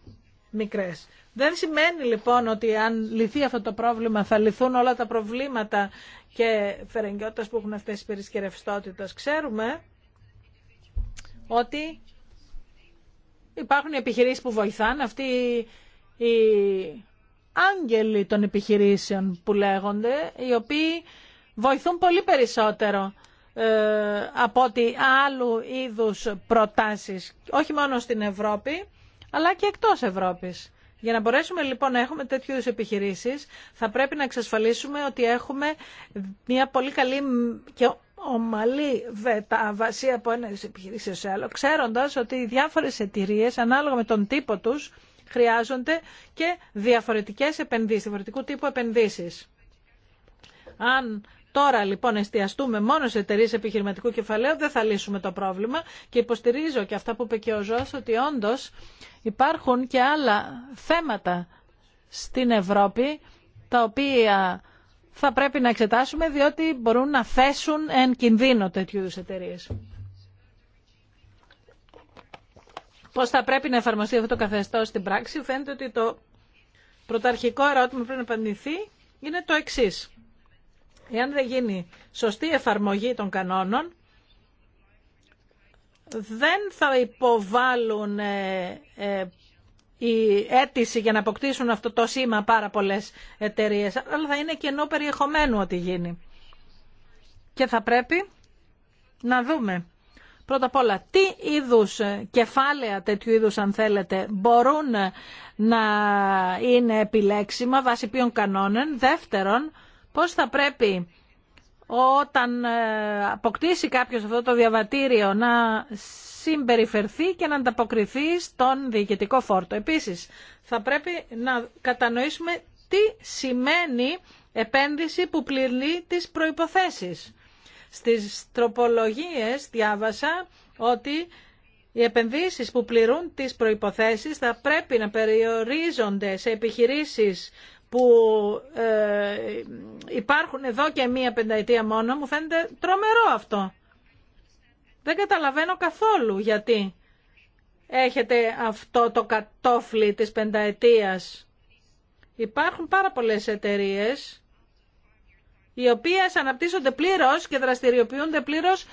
B: μικρές. Δεν σημαίνει λοιπόν ότι αν λυθεί αυτό το πρόβλημα θα λυθούν όλα τα προβλήματα και φερεγγυότητας που έχουν αυτές οι περισκευστότητες. Ξέρουμε ότι υπάρχουν επιχειρήσεις που βοηθάνε, αυτοί οι άγγελοι των επιχειρήσεων που λέγονται, οι οποίοι βοηθούν πολύ περισσότερο ε, από ότι άλλου είδους προτάσεις, όχι μόνο στην Ευρώπη, αλλά και εκτός Ευρώπης. Για να μπορέσουμε λοιπόν να έχουμε τέτοιου είδου επιχειρήσει, θα πρέπει να εξασφαλίσουμε ότι έχουμε μια πολύ καλή και ομαλή βετάβαση από ένα είδο επιχειρήσεω σε άλλο, ξέροντα ότι οι διάφορε εταιρείε, ανάλογα με τον τύπο του, χρειάζονται και διαφορετικέ επενδύσει, διαφορετικού τύπου επενδύσει. Αν τώρα λοιπόν εστιαστούμε μόνο σε εταιρείε επιχειρηματικού κεφαλαίου, δεν θα λύσουμε το πρόβλημα. Και υποστηρίζω και αυτά που είπε και ο Ζωάς, ότι όντω υπάρχουν και άλλα θέματα στην Ευρώπη τα οποία θα πρέπει να εξετάσουμε διότι μπορούν να θέσουν εν κινδύνο τέτοιου είδου εταιρείε. Πώς θα πρέπει να εφαρμοστεί αυτό το καθεστώς στην πράξη, φαίνεται ότι το πρωταρχικό ερώτημα που πρέπει να απαντηθεί είναι το εξής. Εάν δεν γίνει σωστή εφαρμογή των κανόνων, δεν θα υποβάλουν ε, ε, η αίτηση για να αποκτήσουν αυτό το σήμα πάρα πολλές εταιρείες, αλλά θα είναι κενό περιεχομένου ότι γίνει. Και θα πρέπει να δούμε πρώτα απ' όλα τι είδους ε, κεφάλαια τέτοιου είδους αν θέλετε μπορούν να είναι επιλέξιμα βάσει ποιων κανόνων. Δεύτερον, πώς θα πρέπει όταν ε, αποκτήσει κάποιος αυτό το διαβατήριο να συμπεριφερθεί και να ανταποκριθεί στον διοικητικό φόρτο. Επίσης, θα πρέπει να κατανοήσουμε τι σημαίνει επένδυση που πληρεί τις προϋποθέσεις. Στις τροπολογίες διάβασα ότι οι επενδύσεις που πληρούν τις προϋποθέσεις θα πρέπει να περιορίζονται σε επιχειρήσεις που ε, υπάρχουν εδώ και μία πενταετία μόνο, μου φαίνεται τρομερό αυτό. Δεν καταλαβαίνω καθόλου γιατί έχετε αυτό το κατόφλι της πενταετίας. Υπάρχουν πάρα πολλές εταιρείες οι οποίες αναπτύσσονται πλήρως και δραστηριοποιούνται πλήρως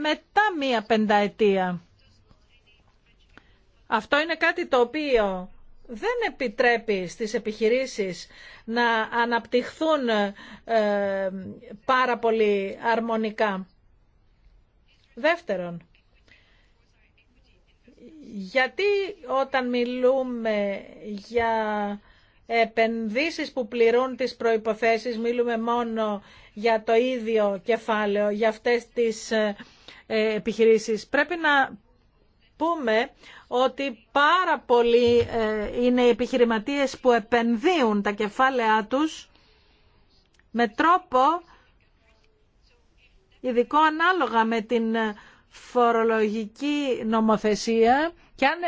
B: μετά μία πενταετία. Αυτό είναι κάτι το οποίο δεν επιτρέπει στις επιχειρήσεις να αναπτυχθούν ε, πάρα πολύ αρμονικά. Δεύτερον, γιατί όταν μιλούμε για επενδύσεις που πληρούν τις προϋποθέσεις, μιλούμε μόνο για το ίδιο κεφάλαιο, για αυτές τις ε, επιχειρήσεις. Πρέπει να πούμε ότι πάρα πολλοί ε, είναι οι επιχειρηματίες που επενδύουν τα κεφάλαιά τους με τρόπο ειδικό ανάλογα με την φορολογική νομοθεσία και αν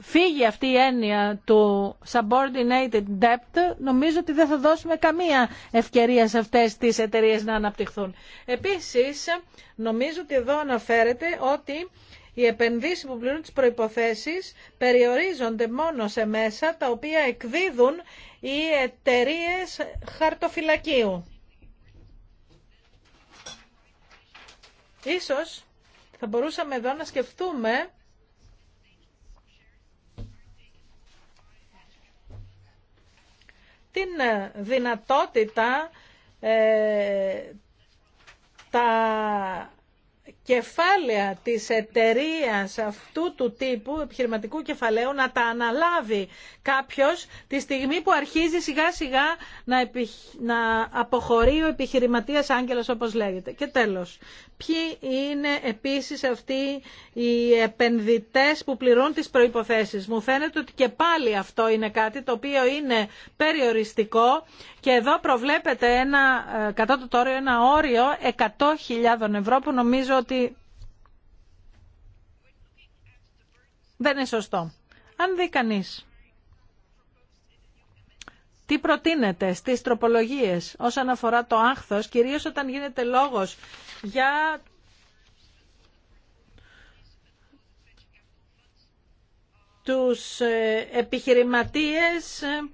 B: φύγει αυτή η έννοια του subordinated debt, νομίζω ότι δεν θα δώσουμε καμία ευκαιρία σε αυτές τις εταιρείες να αναπτυχθούν. Επίσης, νομίζω ότι εδώ αναφέρεται ότι οι επενδύσει που πληρούν τις προϋποθέσεις περιορίζονται μόνο σε μέσα τα οποία εκδίδουν οι εταιρείε χαρτοφυλακίου. Ίσως θα μπορούσαμε εδώ να σκεφτούμε την δυνατότητα ε, τα κεφάλαια της εταιρεία αυτού του τύπου επιχειρηματικού κεφαλαίου να τα αναλάβει κάποιος τη στιγμή που αρχίζει σιγά σιγά να, να αποχωρεί ο επιχειρηματίας άγγελος όπως λέγεται. Και τέλος, ποιοι είναι επίσης αυτοί οι επενδυτές που πληρούν τις προϋποθέσεις. Μου φαίνεται ότι και πάλι αυτό είναι κάτι το οποίο είναι περιοριστικό και εδώ προβλέπεται ένα, ε, κατά το τόριο ένα όριο 100.000 ευρώ που νομίζω ότι δεν είναι σωστό. Αν δει κανεί τι προτείνεται στις τροπολογίες όσον αφορά το άγχος, κυρίως όταν γίνεται λόγος για τους ε, επιχειρηματίες ε,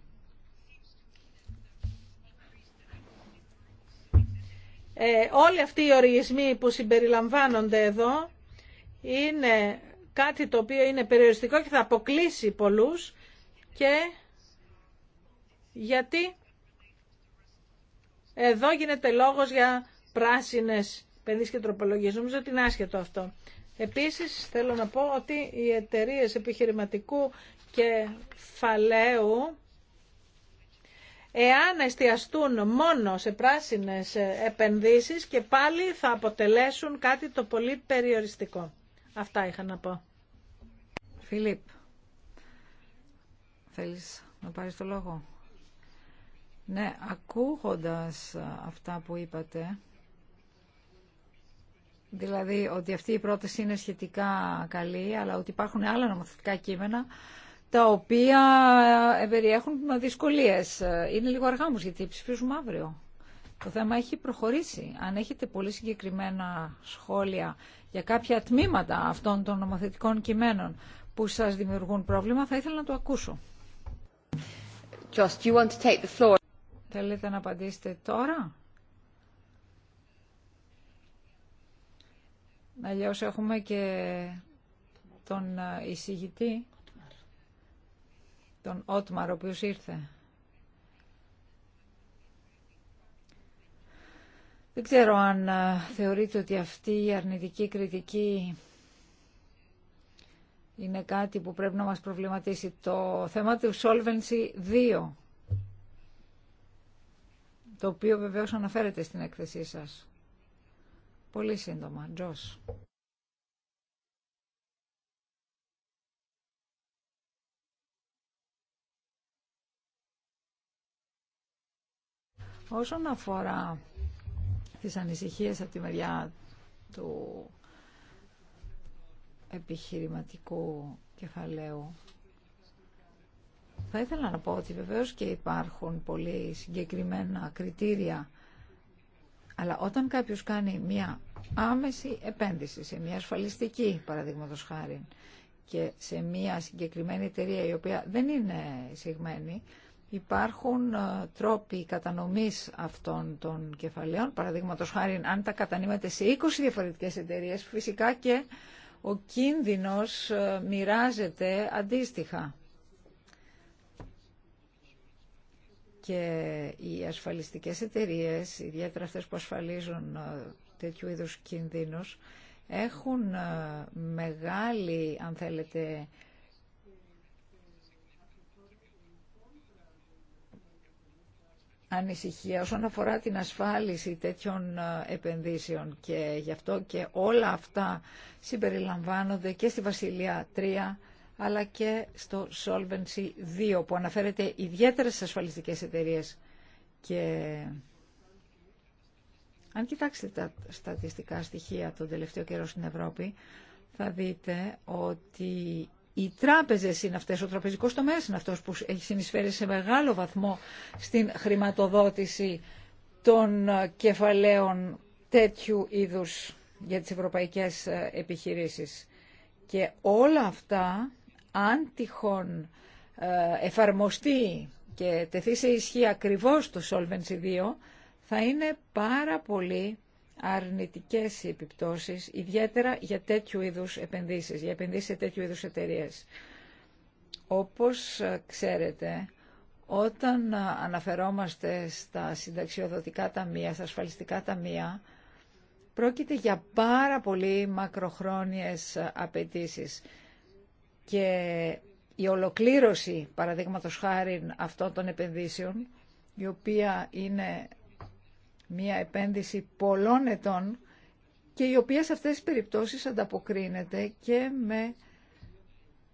B: ε, όλοι αυτοί οι ορισμοί που συμπεριλαμβάνονται εδώ είναι κάτι το οποίο είναι περιοριστικό και θα αποκλείσει πολλούς και γιατί εδώ γίνεται λόγος για πράσινες παιδίες και τροπολογίες. Νομίζω ότι είναι άσχετο αυτό. Επίσης θέλω να πω ότι οι εταιρείε επιχειρηματικού και φαλαίου εάν εστιαστούν μόνο σε πράσινες επενδύσεις και πάλι θα αποτελέσουν κάτι το πολύ περιοριστικό.
D: Αυτά είχα να πω. Φιλίπ, θέλεις να πάρεις το λόγο. Ναι, ακούγοντας αυτά που είπατε, δηλαδή ότι αυτή η πρόταση είναι σχετικά καλή, αλλά ότι υπάρχουν άλλα νομοθετικά κείμενα, τα οποία ε, περιέχουν δυσκολίες. Ε, είναι λίγο αργά όμως, γιατί ψηφίζουμε αύριο. Το θέμα έχει προχωρήσει. Αν έχετε πολύ συγκεκριμένα σχόλια για κάποια τμήματα αυτών των νομοθετικών κειμένων που σας δημιουργούν πρόβλημα, θα ήθελα να το ακούσω. Just, Θέλετε να απαντήσετε τώρα. Αλλιώ έχουμε και τον ε, εισηγητή, τον Ότμαρ, ο οποίος ήρθε. Δεν ξέρω αν ε, θεωρείτε ότι αυτή η αρνητική κριτική είναι κάτι που πρέπει να μας προβληματίσει. Το θέμα του Solvency 2, το οποίο βεβαίως αναφέρεται στην έκθεσή σας. Πολύ σύντομα, Τζος. Όσον αφορά τις ανησυχίες από τη μεριά του επιχειρηματικού κεφαλαίου. Θα ήθελα να πω ότι βεβαίως και υπάρχουν πολύ συγκεκριμένα κριτήρια, αλλά όταν κάποιος κάνει μια άμεση επένδυση σε μια ασφαλιστική, παραδείγματος χάρη, και σε μια συγκεκριμένη εταιρεία η οποία δεν είναι συγμένη, Υπάρχουν ε, τρόποι κατανομής αυτών των κεφαλαίων, παραδείγματος χάρη αν τα κατανείμετε σε 20 διαφορετικές εταιρείες, φυσικά και ο κίνδυνος ε, μοιράζεται αντίστοιχα. Και οι ασφαλιστικές εταιρείες, ιδιαίτερα αυτές που ασφαλίζουν ε, τέτοιου είδους κινδύνους, έχουν μεγάλη, αν θέλετε, ανησυχία όσον αφορά την ασφάλιση τέτοιων ε, επενδύσεων και γι' αυτό και όλα αυτά συμπεριλαμβάνονται και στη Βασιλεία 3 αλλά και στο Solvency 2 που αναφέρεται ιδιαίτερα στις ασφαλιστικές εταιρείες και αν κοιτάξετε τα στατιστικά στοιχεία τον τελευταίο καιρό στην Ευρώπη θα δείτε ότι οι τράπεζε είναι αυτέ, ο τραπεζικό τομέα, είναι αυτό που έχει συνεισφέρει σε μεγάλο βαθμό στην χρηματοδότηση των ε, κεφαλαίων τέτοιου είδου για τις ευρωπαϊκές ε, επιχειρήσεις. Και όλα αυτά, αν τυχόν ε, εφαρμοστεί και τεθεί σε ισχύ ακριβώς το Solvency 2, θα είναι πάρα πολύ αρνητικές επιπτώσεις, ιδιαίτερα για τέτοιου είδους επενδύσεις, για επενδύσεις σε τέτοιου είδους εταιρείε. Όπως ξέρετε, όταν αναφερόμαστε στα συνταξιοδοτικά ταμεία, στα ασφαλιστικά ταμεία, πρόκειται για πάρα πολύ μακροχρόνιες απαιτήσει. Και η ολοκλήρωση, παραδείγματος χάρη αυτών των επενδύσεων, η οποία είναι μια επένδυση πολλών ετών και η οποία σε αυτές τις περιπτώσεις ανταποκρίνεται και με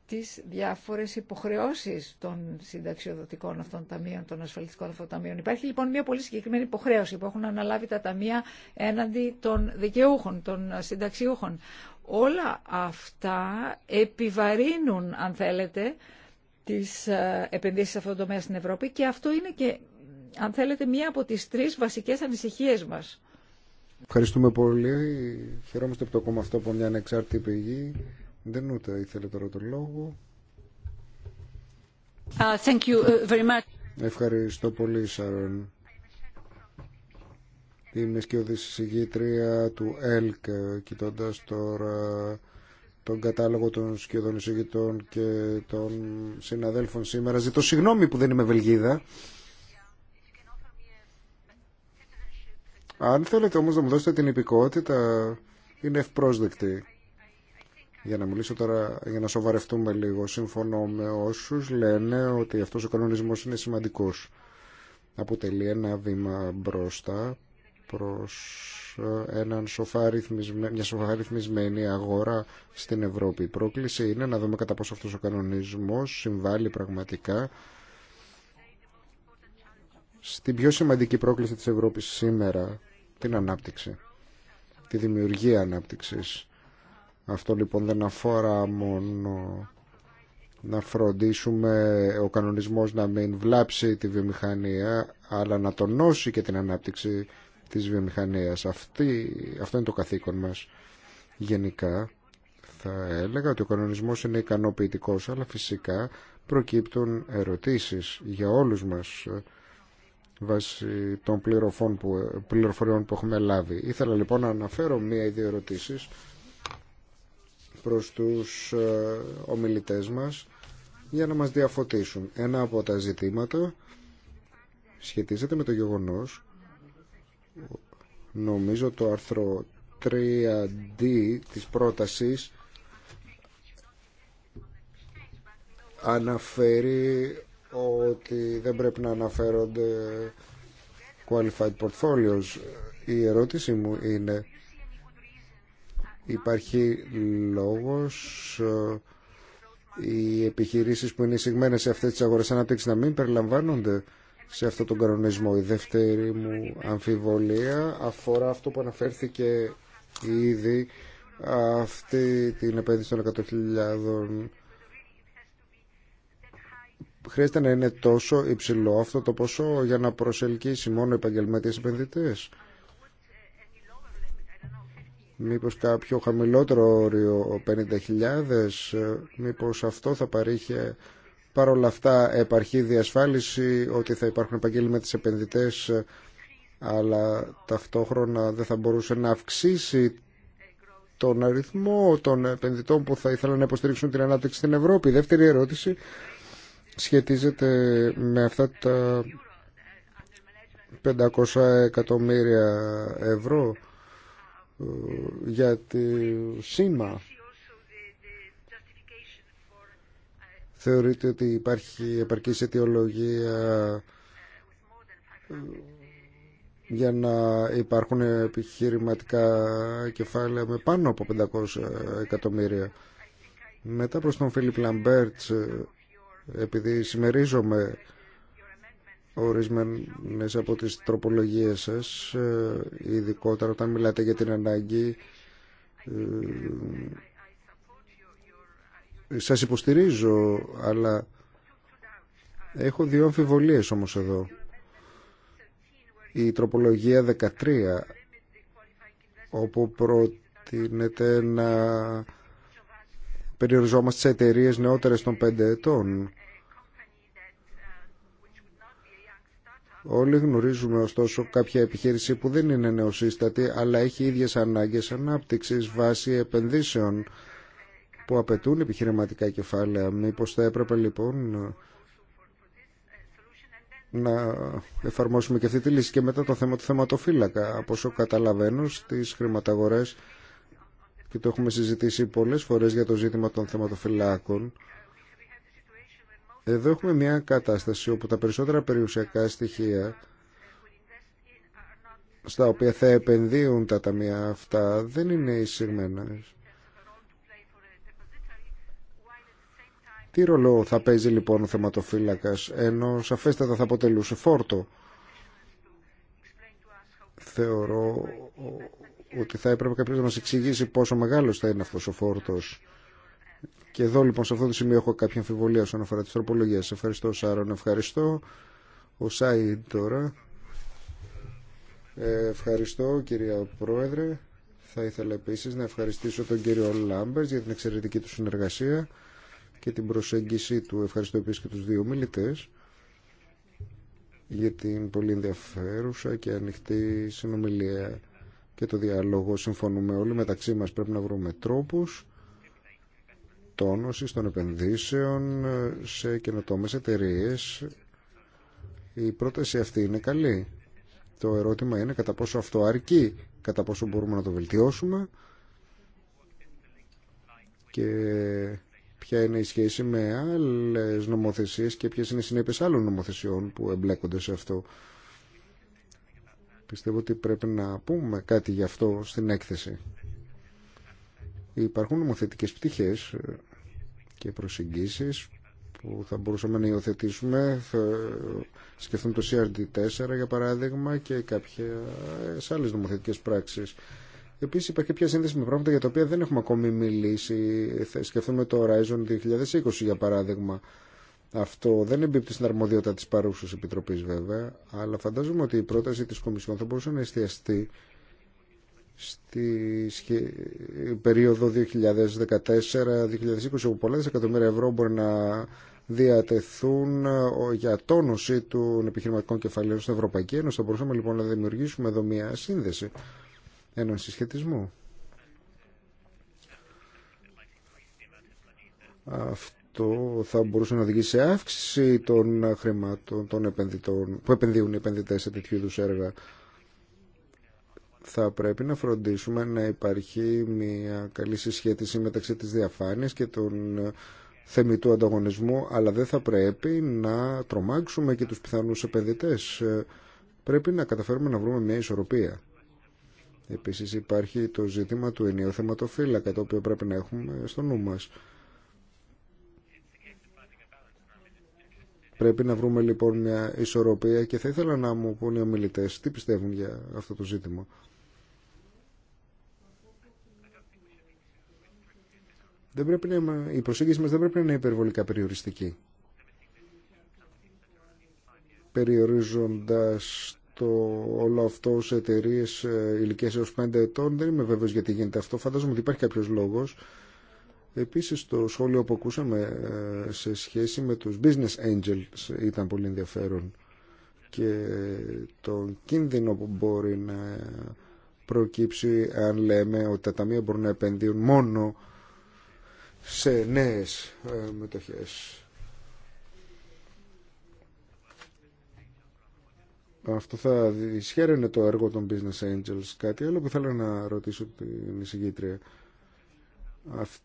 D: τις διάφορες υποχρεώσεις των συνταξιοδοτικών αυτών ταμείων, των ασφαλιστικών αυτών ταμείων. Υπάρχει λοιπόν μια πολύ συγκεκριμένη υποχρέωση που έχουν αναλάβει τα ταμεία έναντι των δικαιούχων, των συνταξιούχων. Όλα αυτά επιβαρύνουν, αν θέλετε, τις ε, επενδύσεις σε αυτό το τομέα στην Ευρώπη και αυτό είναι και αν θέλετε, μία από τις τρεις βασικές ανησυχίες μας.
C: Ευχαριστούμε πολύ. Χαιρόμαστε που το κόμμα αυτό που μια ανεξάρτητη πηγή. Δεν ούτε ήθελε τώρα τον λόγο.
D: Uh, thank you uh, very much.
C: Ευχαριστώ πολύ, Σαρών. Είμαι σκιώδη συγγήτρια του ΕΛΚ, κοιτώντα τώρα τον κατάλογο των σκιωδών εισηγητών και των συναδέλφων σήμερα. Ζητώ συγγνώμη που δεν είμαι Βελγίδα. Αν θέλετε όμως να μου δώσετε την υπηκότητα, είναι ευπρόσδεκτη. Για να μιλήσω τώρα, για να σοβαρευτούμε λίγο, συμφωνώ με όσους λένε ότι αυτός ο κανονισμός είναι σημαντικός. Αποτελεί ένα βήμα μπροστά προς ε, έναν σοφά μια σοφά αγορά στην Ευρώπη. Η πρόκληση είναι να δούμε κατά πόσο αυτός ο κανονισμός συμβάλλει πραγματικά στην πιο σημαντική πρόκληση της Ευρώπης σήμερα την ανάπτυξη, τη δημιουργία ανάπτυξης. Αυτό λοιπόν δεν αφορά μόνο να φροντίσουμε ο κανονισμός να μην βλάψει τη βιομηχανία, αλλά να τονώσει και την ανάπτυξη της βιομηχανίας. Αυτή, αυτό είναι το καθήκον μας γενικά. Θα έλεγα ότι ο κανονισμός είναι ικανοποιητικός, αλλά φυσικά προκύπτουν ερωτήσεις για όλους μας βάσει των που, πληροφοριών που έχουμε λάβει. Ήθελα λοιπόν να αναφέρω μία ή δύο ερωτήσεις προς τους ε, ομιλητές μας για να μας διαφωτίσουν. Ένα από τα ζητήματα σχετίζεται με το γεγονός νομίζω το άρθρο 3D της πρότασης αναφέρει ότι δεν πρέπει να αναφέρονται qualified portfolios. Η ερώτηση μου είναι υπάρχει λόγος ε, οι επιχειρήσεις που είναι εισηγμένες σε αυτές τις αγορές ανάπτυξη να μην περιλαμβάνονται σε αυτόν τον κανονισμό. Η δεύτερη μου αμφιβολία αφορά αυτό που αναφέρθηκε ήδη αυτή την επένδυση των 100.000 χρειάζεται να είναι τόσο υψηλό αυτό το ποσό για να προσελκύσει μόνο επαγγελματίες επενδυτές. Μήπως κάποιο χαμηλότερο όριο 50.000, μήπως αυτό θα παρήχε παρόλα αυτά επαρχή διασφάλιση ότι θα υπάρχουν επαγγελματίες επενδυτές αλλά ταυτόχρονα δεν θα μπορούσε να αυξήσει τον αριθμό των επενδυτών που θα ήθελαν να υποστηρίξουν την ανάπτυξη στην Ευρώπη. δεύτερη ερώτηση σχετίζεται με αυτά τα 500 εκατομμύρια ευρώ ε, για τη σήμα. Θεωρείται ότι υπάρχει επαρκής αιτιολογία ε, για να υπάρχουν επιχειρηματικά κεφάλαια με πάνω από 500 εκατομμύρια. Μετά προς τον Φίλιπ Λαμπέρτς ε, επειδή συμμερίζομαι ορισμένες από τις τροπολογίες σας, ε, ειδικότερα όταν μιλάτε για την ανάγκη ε, σας υποστηρίζω, αλλά έχω δύο αμφιβολίες όμως εδώ. Η τροπολογία 13, όπου προτείνεται να περιοριζόμαστε σε εταιρείε νεότερες των 5 ετών. Όλοι γνωρίζουμε ωστόσο κάποια επιχείρηση που δεν είναι νεοσύστατη αλλά έχει ίδιες ανάγκες ανάπτυξης βάσει επενδύσεων που απαιτούν επιχειρηματικά κεφάλαια. Μήπως θα έπρεπε λοιπόν να εφαρμόσουμε και αυτή τη λύση και μετά το θέμα του θεματοφύλακα. Από όσο καταλαβαίνω στις χρηματαγορές και το έχουμε συζητήσει πολλές φορές για το ζήτημα των θεματοφυλάκων. Εδώ έχουμε μια κατάσταση όπου τα περισσότερα περιουσιακά στοιχεία στα οποία θα επενδύουν τα ταμεία αυτά δεν είναι εισηγμένα. Τι ρολό θα παίζει λοιπόν ο θεματοφύλακας ενώ σαφέστατα θα αποτελούσε φόρτο. Θεωρώ ότι θα έπρεπε κάποιο να μας εξηγήσει πόσο μεγάλο θα είναι αυτό ο φόρτος. Και εδώ λοιπόν σε αυτό το σημείο έχω κάποια αμφιβολία όσον αφορά τις τροπολογίες. Ευχαριστώ Σάρων, ευχαριστώ. Ο Σάιν τώρα. Ε, ευχαριστώ κυρία Πρόεδρε. Θα ήθελα επίση να ευχαριστήσω τον κύριο Λάμπερ για την εξαιρετική του συνεργασία και την προσέγγιση του. Ευχαριστώ επίση και του δύο μιλητέ για την πολύ ενδιαφέρουσα και ανοιχτή συνομιλία και το διάλογο. Συμφωνούμε όλοι μεταξύ μας πρέπει να βρούμε τρόπους τόνωσης των επενδύσεων σε καινοτόμες εταιρείε. Η πρόταση αυτή είναι καλή. Το ερώτημα είναι κατά πόσο αυτό αρκεί, κατά πόσο μπορούμε να το βελτιώσουμε και ποια είναι η σχέση με άλλες νομοθεσίες και ποιες είναι οι συνέπειες άλλων νομοθεσιών που εμπλέκονται σε αυτό. Πιστεύω ότι πρέπει να πούμε κάτι γι' αυτό στην έκθεση. Υπάρχουν νομοθετικές πτυχές και προσεγγίσεις που θα μπορούσαμε να υιοθετήσουμε. Θα σκεφτούμε το CRD4 για παράδειγμα και κάποιες άλλες νομοθετικές πράξεις. Επίση, υπάρχει και πια σύνδεση με πράγματα για τα οποία δεν έχουμε ακόμη μιλήσει. Σκεφτούμε το Horizon 2020, για παράδειγμα. Αυτό δεν εμπίπτει στην αρμοδιότητα της παρούσας επιτροπής βέβαια, αλλά φαντάζομαι ότι η πρόταση της Κομισιόν θα μπορούσε να εστιαστεί στη περίοδο 2014-2020 όπου πολλά δισεκατομμύρια ευρώ μπορεί να διατεθούν ε, για τόνωση των επιχειρηματικών κεφαλαίων στην Ευρωπαϊκή Ένωση. Θα μπορούσαμε λοιπόν να δημιουργήσουμε εδώ μια σύνδεση, έναν συσχετισμό. Αυτό το θα μπορούσε να οδηγήσει σε αύξηση των χρημάτων των επενδυτών, που επενδύουν οι επενδυτές σε τέτοιου έργα. Θα πρέπει να φροντίσουμε να υπάρχει μια καλή συσχέτιση μεταξύ της διαφάνειας και των θεμητού ανταγωνισμού, αλλά δεν θα πρέπει να τρομάξουμε και τους πιθανούς επενδυτές. Πρέπει να καταφέρουμε να βρούμε μια ισορροπία. Επίσης υπάρχει το ζήτημα του ενιαίου θεματοφύλακα, το οποίο πρέπει να έχουμε στο νου μας. Πρέπει να βρούμε λοιπόν μια ισορροπία και θα ήθελα να μου πούν οι ομιλητέ τι πιστεύουν για αυτό το ζήτημα. Δεν πρέπει να, η προσέγγιση μας δεν πρέπει να είναι υπερβολικά περιοριστική. Περιορίζοντας το όλο αυτό σε εταιρείε ε, ηλικία έως 5 ετών. Δεν είμαι βέβαιος γιατί γίνεται αυτό. Φαντάζομαι ότι υπάρχει κάποιος λόγος. Επίσης το σχόλιο που ακούσαμε ε, σε σχέση με τους business angels ήταν πολύ ενδιαφέρον και τον κίνδυνο που μπορεί να προκύψει αν λέμε ότι τα ταμεία μπορούν να επενδύουν μόνο σε νέες ε, μετοχές. Αυτό θα δυσχαίραινε το έργο των business angels. Κάτι άλλο που θέλω να ρωτήσω την εισηγήτρια. Αυτό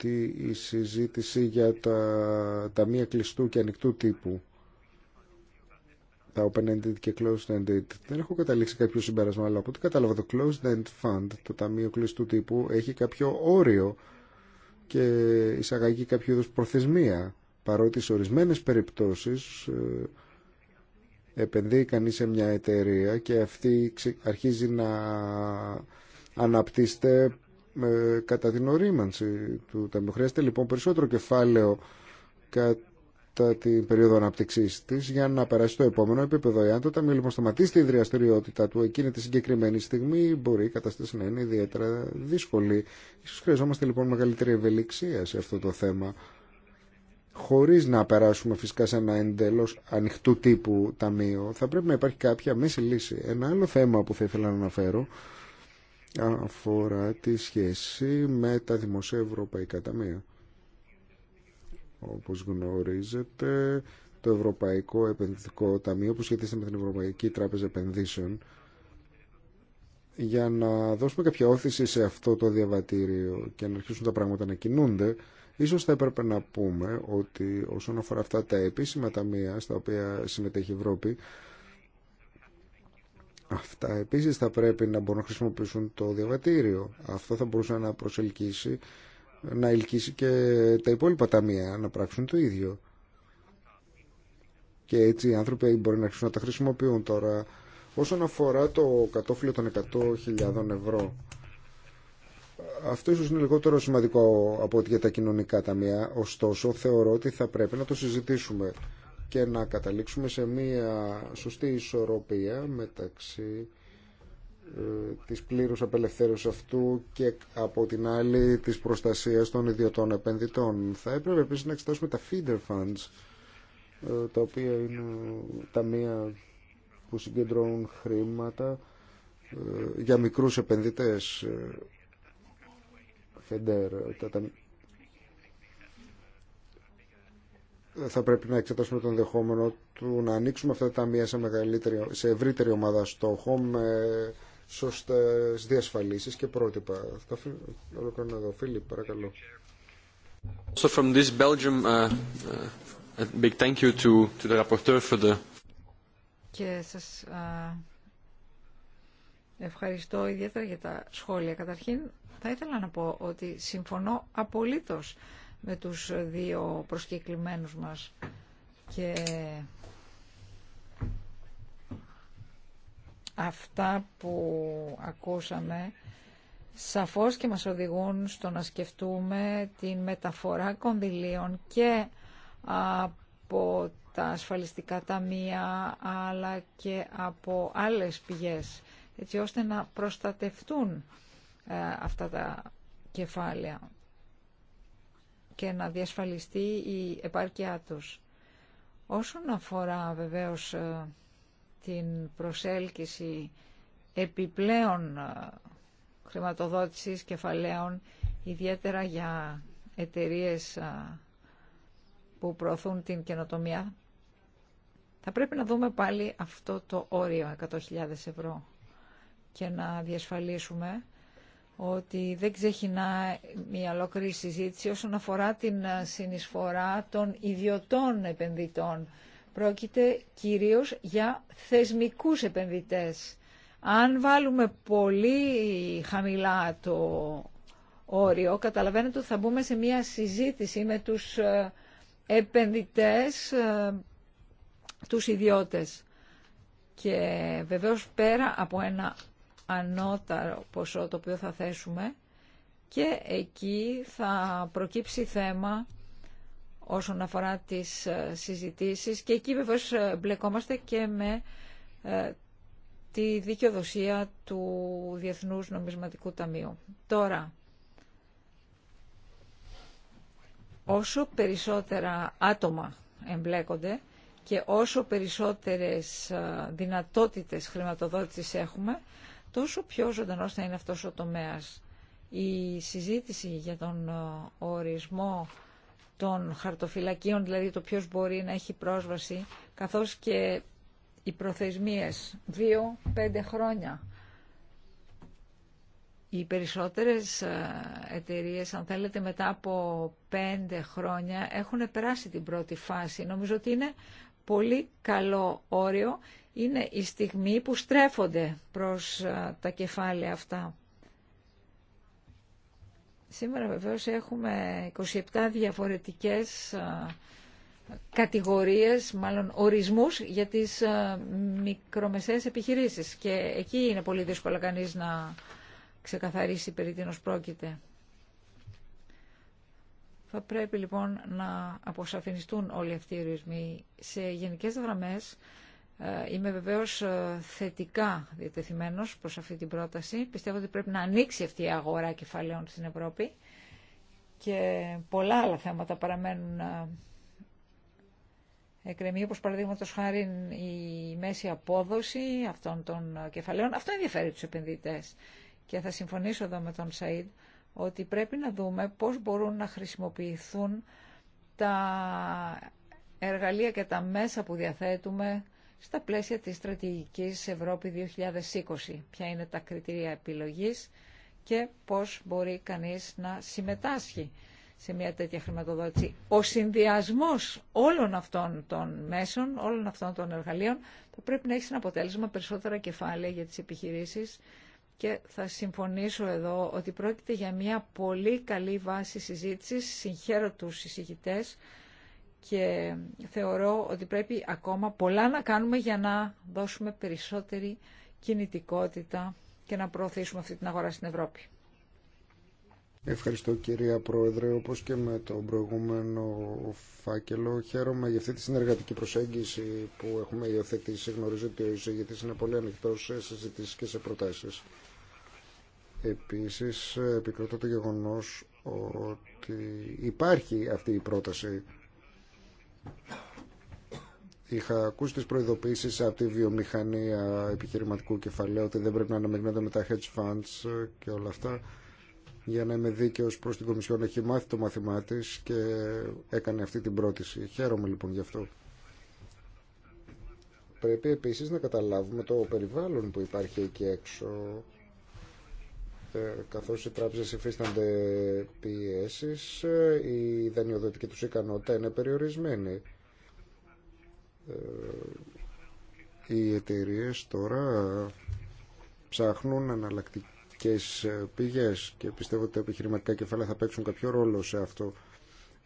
C: αυτή η συζήτηση για τα, τα κλειστού και ανοιχτού τύπου τα open-ended και closed-ended. Δεν έχω καταλήξει κάποιο συμπέρασμα, αλλά από ό,τι κατάλαβα το closed-end fund, το ταμείο κλειστού τύπου, έχει κάποιο όριο και εισαγαγεί κάποιο είδου προθεσμία. Παρότι σε ορισμένε περιπτώσει ε, επενδύει κανείς σε μια εταιρεία και αυτή αρχίζει να αναπτύσσεται κατά την ορίμανση του Ταμείου. Χρειάζεται λοιπόν περισσότερο κεφάλαιο κατά την περίοδο ανάπτυξή τη για να περάσει το επόμενο επίπεδο. Εάν το Ταμείο λοιπόν σταματήσει τη δραστηριότητά του εκείνη τη συγκεκριμένη στιγμή, μπορεί η κατάσταση να είναι ιδιαίτερα δύσκολη. σω χρειαζόμαστε λοιπόν μεγαλύτερη ευελιξία σε αυτό το θέμα χωρίς να περάσουμε φυσικά σε ένα εντελώς ανοιχτού τύπου ταμείο, θα πρέπει να υπάρχει κάποια μέση λύση. Ένα άλλο θέμα που θα ήθελα να αναφέρω αφορά τη σχέση με τα δημοσία ευρωπαϊκά ταμεία. Όπως γνωρίζετε, το Ευρωπαϊκό Επενδυτικό Ταμείο που σχετίζεται με την Ευρωπαϊκή Τράπεζα Επενδύσεων για να δώσουμε κάποια όθηση σε αυτό το διαβατήριο και να αρχίσουν τα πράγματα να κινούνται, ίσως θα έπρεπε να πούμε ότι όσον αφορά αυτά τα επίσημα ταμεία στα οποία συμμετέχει η Ευρώπη, Αυτά επίσης θα πρέπει να μπορούν να χρησιμοποιήσουν το διαβατήριο. Αυτό θα μπορούσε να προσελκύσει, να ελκύσει και τα υπόλοιπα ταμεία να πράξουν το ίδιο. Και έτσι οι άνθρωποι μπορεί να αρχίσουν να τα χρησιμοποιούν τώρα. Όσον αφορά το κατόφυλλο των 100.000 ευρώ, αυτό ίσως είναι λιγότερο σημαντικό από ότι για τα κοινωνικά ταμεία, ωστόσο θεωρώ ότι θα πρέπει να το συζητήσουμε και να καταλήξουμε σε μια σωστή ισορροπία μεταξύ ε, της πλήρους απελευθέρωσης αυτού και από την άλλη της προστασίας των ιδιωτών επενδυτών. Θα έπρεπε επίσης να εξετάσουμε τα feeder funds, ε, τα οποία είναι ταμεία που συγκεντρώνουν χρήματα ε, για μικρούς επενδυτές. Φεντέρ, τα θα πρέπει να εξετάσουμε το ενδεχόμενο του να ανοίξουμε αυτά τα ταμεία σε, μεγαλύτερη, σε ευρύτερη ομάδα στόχο με σωστές διασφαλίσεις και πρότυπα. Θα ολοκληρώνω εδώ. Φίλιπ, παρακαλώ.
E: from this Belgium, uh, uh, a big thank you to, the rapporteur for the...
D: Και σας ευχαριστώ ιδιαίτερα για τα σχόλια. Καταρχήν, θα ήθελα να πω ότι συμφωνώ απολύτως με τους δύο προσκεκλημένους μας και αυτά που ακούσαμε σαφώς και μας οδηγούν στο να σκεφτούμε την μεταφορά κονδυλίων και από τα ασφαλιστικά ταμεία αλλά και από άλλες πηγές έτσι ώστε να προστατευτούν ε, αυτά τα κεφάλαια και να διασφαλιστεί η επάρκειά τους. Όσον αφορά βεβαίως ε, την προσέλκυση επιπλέον ε, χρηματοδότησης κεφαλαίων, ιδιαίτερα για εταιρείες ε, που προωθούν την καινοτομία, θα πρέπει να δούμε πάλι αυτό το όριο 100.000 ευρώ και να διασφαλίσουμε ότι δεν ξεχνά μια ολόκληρη συζήτηση όσον αφορά την ε, συνεισφορά των ιδιωτών επενδυτών. Πρόκειται κυρίως για θεσμικούς επενδυτές. Αν βάλουμε πολύ χαμηλά το όριο, καταλαβαίνετε ότι θα μπούμε σε μια συζήτηση με τους ε, επενδυτές, ε, τους ιδιώτες. Και βεβαίως πέρα από ένα ανώταρο ποσό το οποίο θα θέσουμε και εκεί θα προκύψει θέμα όσον αφορά τις ε, συζητήσεις και εκεί βεβαίως ε, μπλεκόμαστε και με ε, τη δικαιοδοσία του Διεθνούς Νομισματικού Ταμείου. Τώρα, όσο περισσότερα άτομα εμπλέκονται και όσο περισσότερες δυνατότητες χρηματοδότησης έχουμε, τόσο πιο ζωντανός θα είναι αυτός ο τομέας. Η συζήτηση για τον ε, ορισμό των χαρτοφυλακίων, δηλαδή το ποιος μπορεί να έχει πρόσβαση, καθώς και οι προθεσμίες, δύο-πέντε χρόνια. Οι περισσότερες ε, εταιρείες, αν θέλετε, μετά από πέντε χρόνια έχουν περάσει την πρώτη φάση. Νομίζω ότι είναι πολύ καλό όριο είναι η στιγμή που στρέφονται προς ε, τα κεφάλαια αυτά. Σήμερα βεβαίως έχουμε 27 διαφορετικές ε, κατηγορίες, μάλλον ορισμούς για τις ε, μικρομεσαίες επιχειρήσεις και εκεί είναι πολύ δύσκολο κανείς να ξεκαθαρίσει περί τίνος πρόκειται. Θα πρέπει λοιπόν να αποσαφινιστούν όλοι αυτοί οι ρυθμοί. Σε γενικές γραμμές ε, είμαι βεβαίως ε, θετικά διατεθειμένος προς αυτή την πρόταση. Πιστεύω ότι πρέπει να ανοίξει αυτή η αγορά κεφαλαίων στην Ευρώπη και πολλά άλλα θέματα παραμένουν εκκρεμή όπως παραδείγματο χάρη η μέση απόδοση αυτών των κεφαλαίων. Αυτό ενδιαφέρει τους επενδυτές. Και θα συμφωνήσω εδώ με τον Σαΐντ ότι πρέπει να δούμε πώς μπορούν να χρησιμοποιηθούν τα εργαλεία και τα μέσα που διαθέτουμε στα πλαίσια της στρατηγικής Ευρώπη 2020. Ποια είναι τα κριτήρια επιλογής και πώς μπορεί κανείς να συμμετάσχει σε μια τέτοια χρηματοδότηση. Ο συνδυασμός όλων αυτών των μέσων, όλων αυτών των εργαλείων, θα πρέπει να έχει σαν αποτέλεσμα περισσότερα κεφάλαια για τις επιχειρήσεις και θα συμφωνήσω εδώ ότι πρόκειται για μια πολύ καλή βάση συζήτησης. Συγχαίρω τους συζητητές και θεωρώ ότι πρέπει ακόμα πολλά να κάνουμε για να δώσουμε περισσότερη κινητικότητα και να προωθήσουμε αυτή την αγορά στην Ευρώπη.
C: Ευχαριστώ κυρία Πρόεδρε, όπως και με τον προηγούμενο φάκελο. Χαίρομαι για αυτή τη συνεργατική προσέγγιση που έχουμε υιοθετήσει. Γνωρίζω ότι ο εισηγητής είναι πολύ ανοιχτός σε συζητήσεις και σε προτάσεις. Επίσης επικροτώ το γεγονός ότι υπάρχει αυτή η πρόταση. Είχα ακούσει τις προειδοποίησεις από τη βιομηχανία επιχειρηματικού κεφαλαίου ότι δεν πρέπει να αναμειγνέται με τα hedge funds και όλα αυτά. Για να είμαι δίκαιος προς την Κομισιόν έχει μάθει το μαθημά της και έκανε αυτή την πρόταση. Χαίρομαι λοιπόν γι' αυτό. Πρέπει επίσης να καταλάβουμε το περιβάλλον που υπάρχει εκεί έξω ε, καθώς οι τράπεζες υφίστανται πιέσεις, ε, η δανειοδοτική τους ικανότητα είναι περιορισμένη. Ε, οι εταιρείε τώρα ψάχνουν αναλλακτικέ πηγές και πιστεύω ότι τα επιχειρηματικά κεφάλαια θα παίξουν κάποιο ρόλο σε αυτό.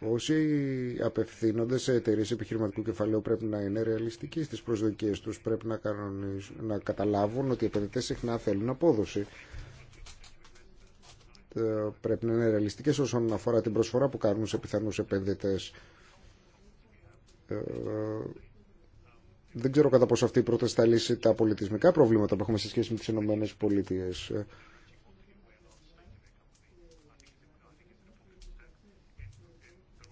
C: Όσοι απευθύνονται σε εταιρείε επιχειρηματικού κεφαλαίου πρέπει να είναι ρεαλιστικοί στις προσδοκίες τους, Πρέπει να, να καταλάβουν ότι οι επενδυτές συχνά θέλουν απόδοση. Ε, πρέπει να είναι ρεαλιστικές όσον αφορά την προσφορά που κάνουν σε πιθανούς επενδυτές. Ε, δεν ξέρω κατά πόσο αυτή η πρόταση θα λύσει τα πολιτισμικά προβλήματα που έχουμε σε σχέση με τις Ηνωμένες Πολιτείες. Ε,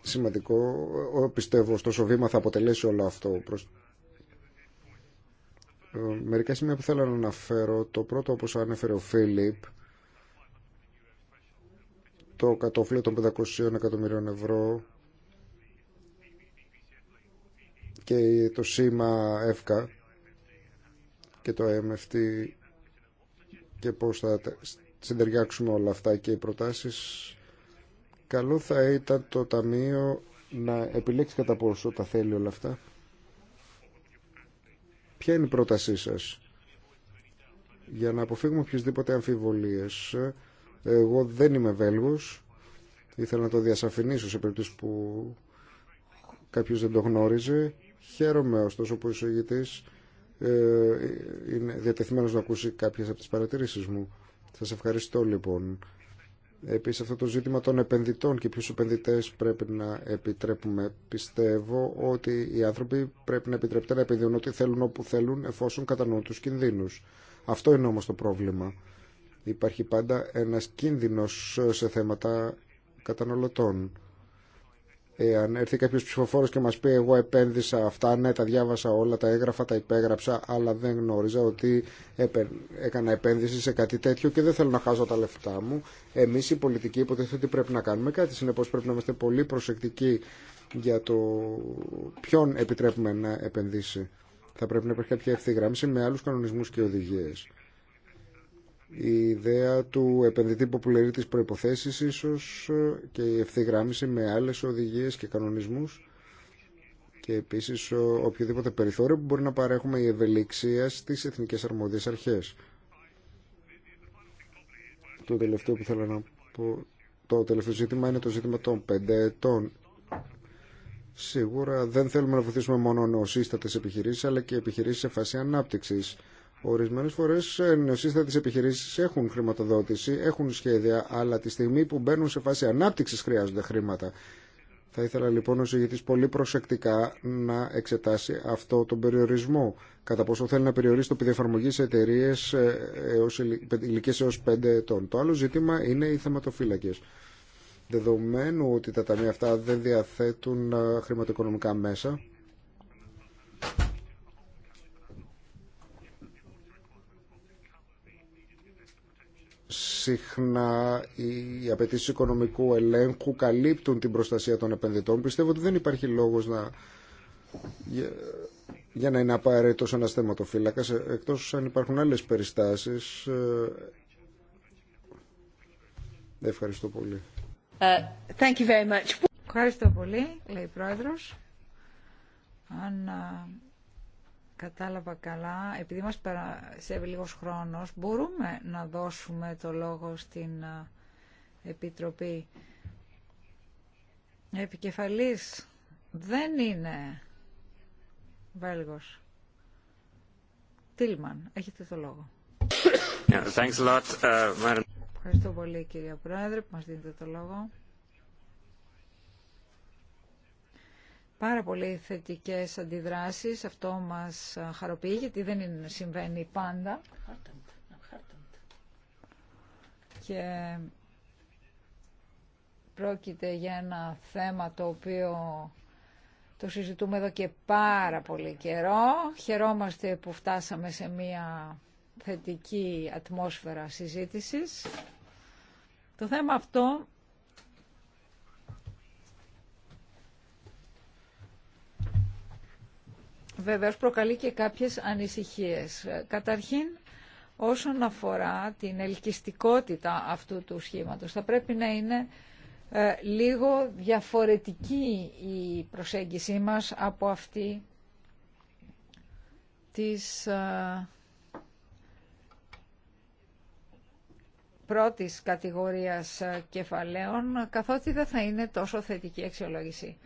C: σημαντικό, πιστεύω, ωστόσο βήμα θα αποτελέσει όλο αυτό. Μερικά σημεία που θέλω να αναφέρω. Το πρώτο, όπως ανέφερε ο Φίλιπ, το κατόφλιο των 500 εκατομμυρίων ευρώ και το σήμα ΕΦΚΑ και το MFT και πώς θα συντεριάξουμε όλα αυτά και οι προτάσεις καλό θα ήταν το Ταμείο να επιλέξει κατά πόσο τα θέλει όλα αυτά Ποια είναι η πρότασή σας για να αποφύγουμε οποιασδήποτε αμφιβολίες εγώ δεν είμαι Βέλγος. Ήθελα να το διασαφηνίσω σε περίπτωση που κάποιο δεν το γνώριζε. Χαίρομαι ωστόσο που ο εισηγητή ε, είναι διατεθειμένος να ακούσει κάποιες από τις παρατηρήσεις μου. Σας ευχαριστώ λοιπόν. Επίσης αυτό το ζήτημα των επενδυτών και ποιου επενδυτέ πρέπει να επιτρέπουμε. Πιστεύω ότι οι άνθρωποι πρέπει να επιτρέπεται να επενδύουν ό,τι θέλουν όπου θέλουν εφόσον κατανοούν τους κινδύνους. Αυτό είναι όμως το πρόβλημα υπάρχει πάντα ένας κίνδυνος σε θέματα καταναλωτών. Εάν έρθει κάποιος ψηφοφόρος και μας πει εγώ επένδυσα αυτά, ναι τα διάβασα όλα, τα έγραφα, τα υπέγραψα, αλλά δεν γνώριζα ότι έκανα επένδυση σε κάτι τέτοιο και δεν θέλω να χάσω τα λεφτά μου. Εμείς οι πολιτικοί υποτίθεται ότι πρέπει να κάνουμε κάτι, συνεπώς πρέπει να είμαστε πολύ προσεκτικοί για το ποιον επιτρέπουμε να επενδύσει. Θα πρέπει να υπάρχει κάποια ευθυγράμμιση με άλλους κανονισμούς και οδηγίες η ιδέα του επενδυτή που πληρεί τις προϋποθέσεις ίσως και η ευθυγράμμιση με άλλες οδηγίες και κανονισμούς και επίσης οποιοδήποτε περιθώριο που μπορεί να παρέχουμε η ευελιξία στις εθνικές αρμόδιες αρχές. Το τελευταίο που θέλω να πω, το τελευταίο ζήτημα είναι το ζήτημα των πέντε ετών. Σίγουρα δεν θέλουμε να βοηθήσουμε μόνο νεοσύστατες επιχειρήσεις αλλά και επιχειρήσεις σε φάση ανάπτυξης Ορισμένες φορές ε, νεοσύστατες επιχειρήσεις έχουν χρηματοδότηση, έχουν σχέδια, αλλά τη στιγμή που μπαίνουν σε φάση ανάπτυξης χρειάζονται χρήματα. Θα ήθελα λοιπόν ο συγητής πολύ προσεκτικά να εξετάσει αυτό τον περιορισμό. Κατά πόσο θέλει να περιορίσει το πεδίο εφαρμογή σε εταιρείε ε, ηλικίε έω 5 ετών. Το άλλο ζήτημα είναι οι θεματοφύλακε. Δεδομένου ότι τα ταμεία αυτά δεν διαθέτουν ε, χρηματοοικονομικά μέσα, συχνά οι απαιτήσει οικονομικού ελέγχου καλύπτουν την προστασία των επενδυτών. Πιστεύω ότι δεν υπάρχει λόγος να... για, να είναι απαραίτητο ένα θεματοφύλακα, ε, εκτό αν υπάρχουν άλλε περιστάσει. Ε, ευχαριστώ πολύ.
A: Ε, thank you very much.
D: Ευχαριστώ πολύ, λέει η Πρόεδρος. Αν κατάλαβα καλά, επειδή μας περασεύει λίγος χρόνος, μπορούμε να δώσουμε το λόγο στην Επιτροπή. Επικεφαλής δεν είναι Βέλγος. Τίλμαν, έχετε το λόγο.
C: thanks uh,
D: Ευχαριστώ πολύ κυρία Πρόεδρε που μας δίνετε το λόγο. πάρα πολύ θετικές αντιδράσεις. Αυτό μας ε, χαροποιεί γιατί δεν είναι, συμβαίνει πάντα. Και πρόκειται για ένα θέμα το οποίο το συζητούμε εδώ και πάρα πολύ καιρό. Χαιρόμαστε που φτάσαμε σε μια θετική ατμόσφαιρα συζήτησης. Το θέμα αυτό βεβαίως προκαλεί και κάποιες ανησυχίες. Καταρχήν, όσον αφορά την ελκυστικότητα αυτού του σχήματος, θα πρέπει να είναι ε, λίγο διαφορετική η προσέγγιση μας από αυτή της ε, πρώτης κατηγορίας ε, κεφαλαίων, καθότι δεν θα είναι τόσο θετική αξιολόγηση.